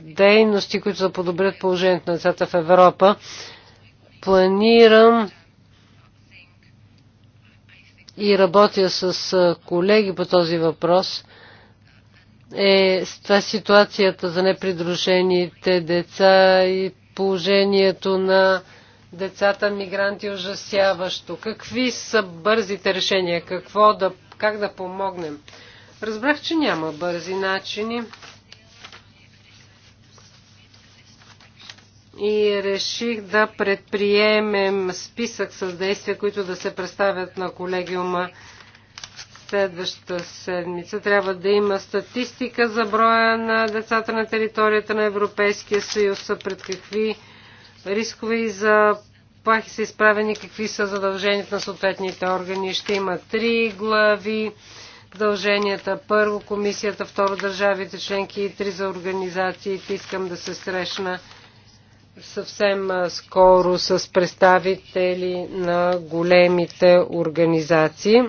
Speaker 4: дейности, които да подобрят положението на децата в Европа, планирам и работя с колеги по този въпрос, е това ситуацията за непридружените деца и положението на децата мигранти ужасяващо. Какви са бързите решения? Какво да, как да помогнем? Разбрах, че няма бързи начини. и реших да предприемем списък с действия, които да се представят на колегиума следващата седмица. Трябва да има статистика за броя на децата на територията на Европейския съюз, пред какви рискове и за плахи са изправени, какви са задълженията на съответните органи. Ще има три глави. Задълженията първо, комисията, второ държавите членки и три за организациите. Искам да се срещна съвсем скоро с представители на големите организации,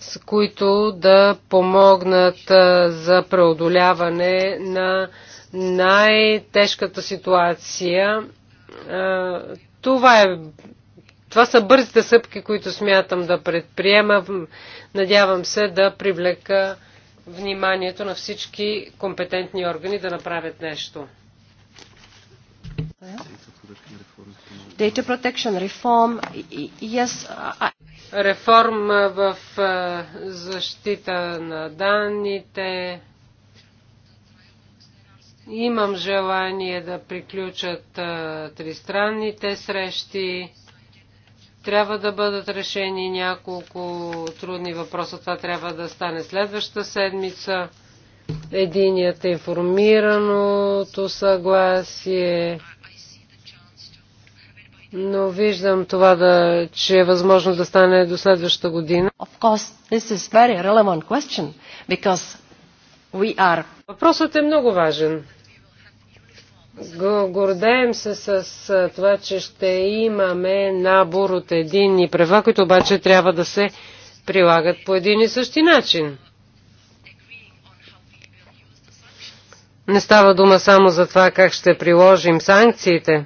Speaker 4: с които да помогнат за преодоляване на най-тежката ситуация. Това е това са бързите съпки, които смятам да предприема. Надявам се да привлека вниманието на всички компетентни органи да направят нещо. Data protection reform. Yes, I... Реформа в защита на данните. Имам желание да приключат тристранните срещи. Трябва да бъдат решени няколко трудни въпроса. Това трябва да стане следващата седмица. Единият е информираното съгласие но виждам това, да, че е възможно да стане до следващата година. Of course, this is very relevant question, because we are... Въпросът е много важен. Гордеем се с това, че ще имаме набор от единни права, които обаче трябва да се прилагат по един и същи начин. Не става дума само за това как ще приложим санкциите.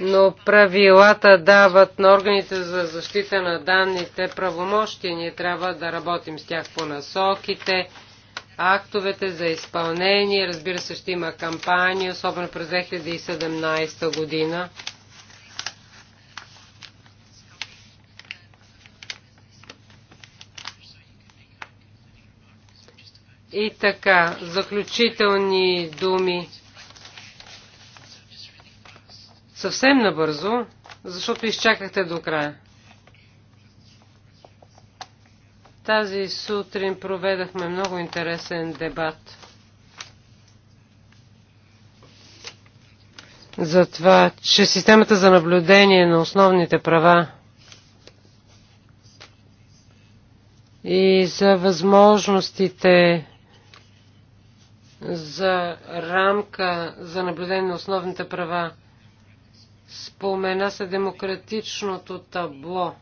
Speaker 4: но правилата дават на органите за защита на данните правомощи. Ние трябва да работим с тях по насоките, актовете за изпълнение. Разбира се, ще има кампания, особено през 2017 година. И така, заключителни думи Съвсем набързо, защото изчакахте до края. Тази сутрин проведахме много интересен дебат за това, че системата за наблюдение на основните права и за възможностите за рамка за наблюдение на основните права Спомена се демократичното табло.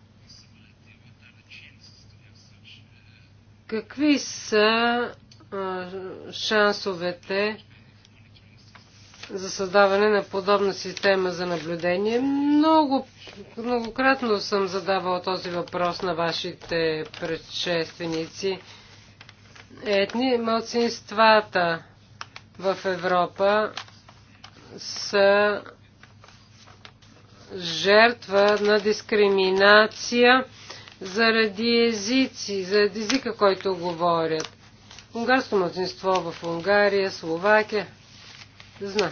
Speaker 4: Какви са а, шансовете за създаване на подобна система за наблюдение? Много, многократно съм задавал този въпрос на вашите предшественици. Етни малцинствата в Европа са жертва на дискриминация заради езици, заради езика, който говорят. Унгарско младсинство в Унгария, Словакия. Зна.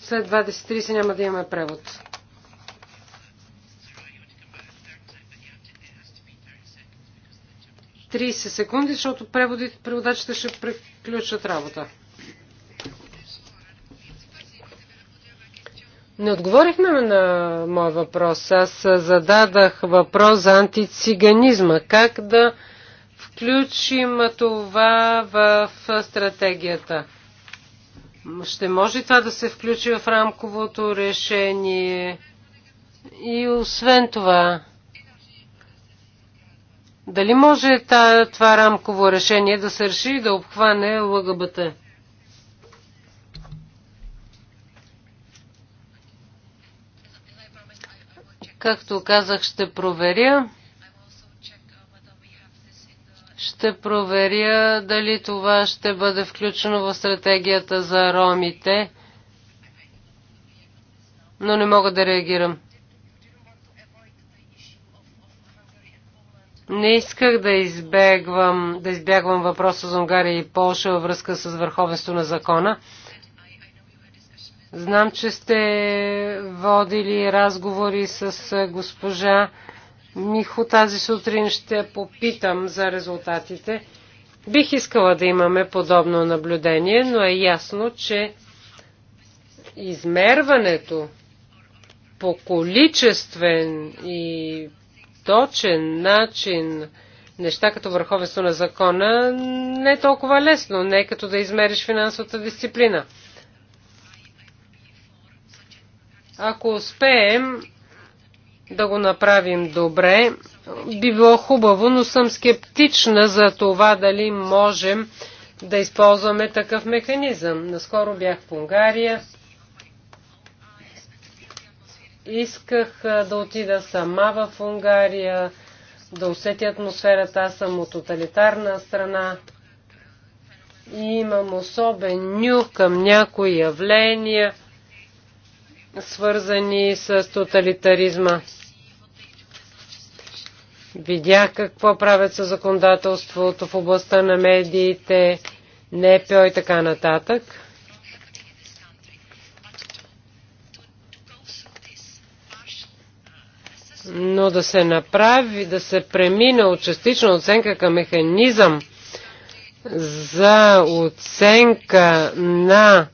Speaker 4: След 23 няма да имаме превод. Три секунди, защото преводачите ще приключат работа. Не отговорихме на моя въпрос. Аз зададах въпрос за антициганизма. Как да включим това в стратегията? Ще може това да се включи в рамковото решение? И освен това, дали може това рамково решение да се реши да обхване ЛГБТ? Както казах, ще проверя. Ще проверя дали това ще бъде включено в стратегията за ромите, но не мога да реагирам. Не исках да избегвам, да избягвам въпроса за Унгария и Полша във връзка с върховенство на закона. Знам, че сте водили разговори с е, госпожа Михо. Тази сутрин ще попитам за резултатите. Бих искала да имаме подобно наблюдение, но е ясно, че измерването по количествен и точен начин неща като върховенство на закона не е толкова лесно, не е като да измериш финансовата дисциплина. Ако успеем да го направим добре, би било хубаво, но съм скептична за това дали можем да използваме такъв механизъм. Наскоро бях в Унгария. Исках да отида сама в Унгария, да усетя атмосферата. Аз съм от тоталитарна страна. И имам особен нюх към някои явления – свързани с тоталитаризма. Видях какво правят със законодателството в областта на медиите, НПО и така нататък. Но да се направи, да се премине от частична оценка към механизъм за оценка на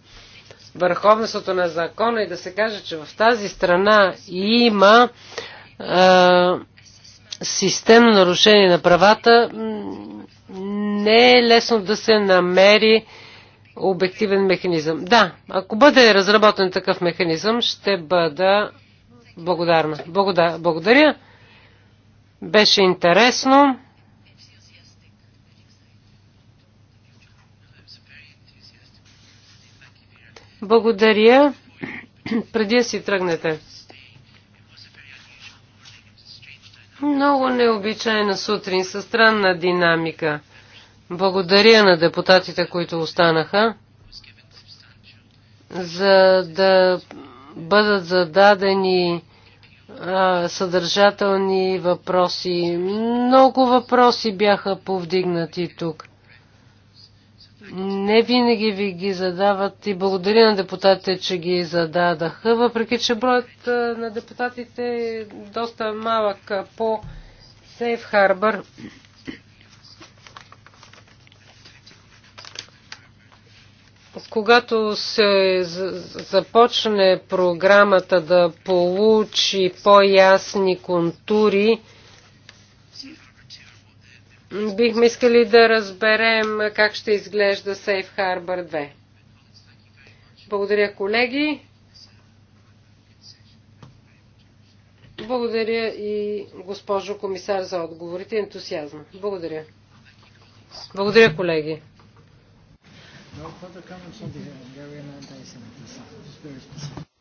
Speaker 4: върховенството на закона и да се каже, че в тази страна има а, системно нарушение на правата, не е лесно да се намери обективен механизъм. Да, ако бъде разработен такъв механизъм, ще бъда благодарна. Благодаря. Беше интересно. Благодаря. Преди да си тръгнете. Много необичайна сутрин със странна динамика. Благодаря на депутатите, които останаха, за да бъдат зададени а, съдържателни въпроси. Много въпроси бяха повдигнати тук не винаги ви ги задават и благодаря на депутатите, че ги зададаха, въпреки че броят на депутатите е доста малък по Сейф Харбър. Когато се започне програмата да получи по-ясни контури, Бихме искали да разберем как ще изглежда Safe Harbor 2. Благодаря, колеги. Благодаря и госпожо комисар за отговорите ентусиазма. Благодаря. Благодаря, колеги. No further comments on the Hungarian anti-Semitism. It's very specific.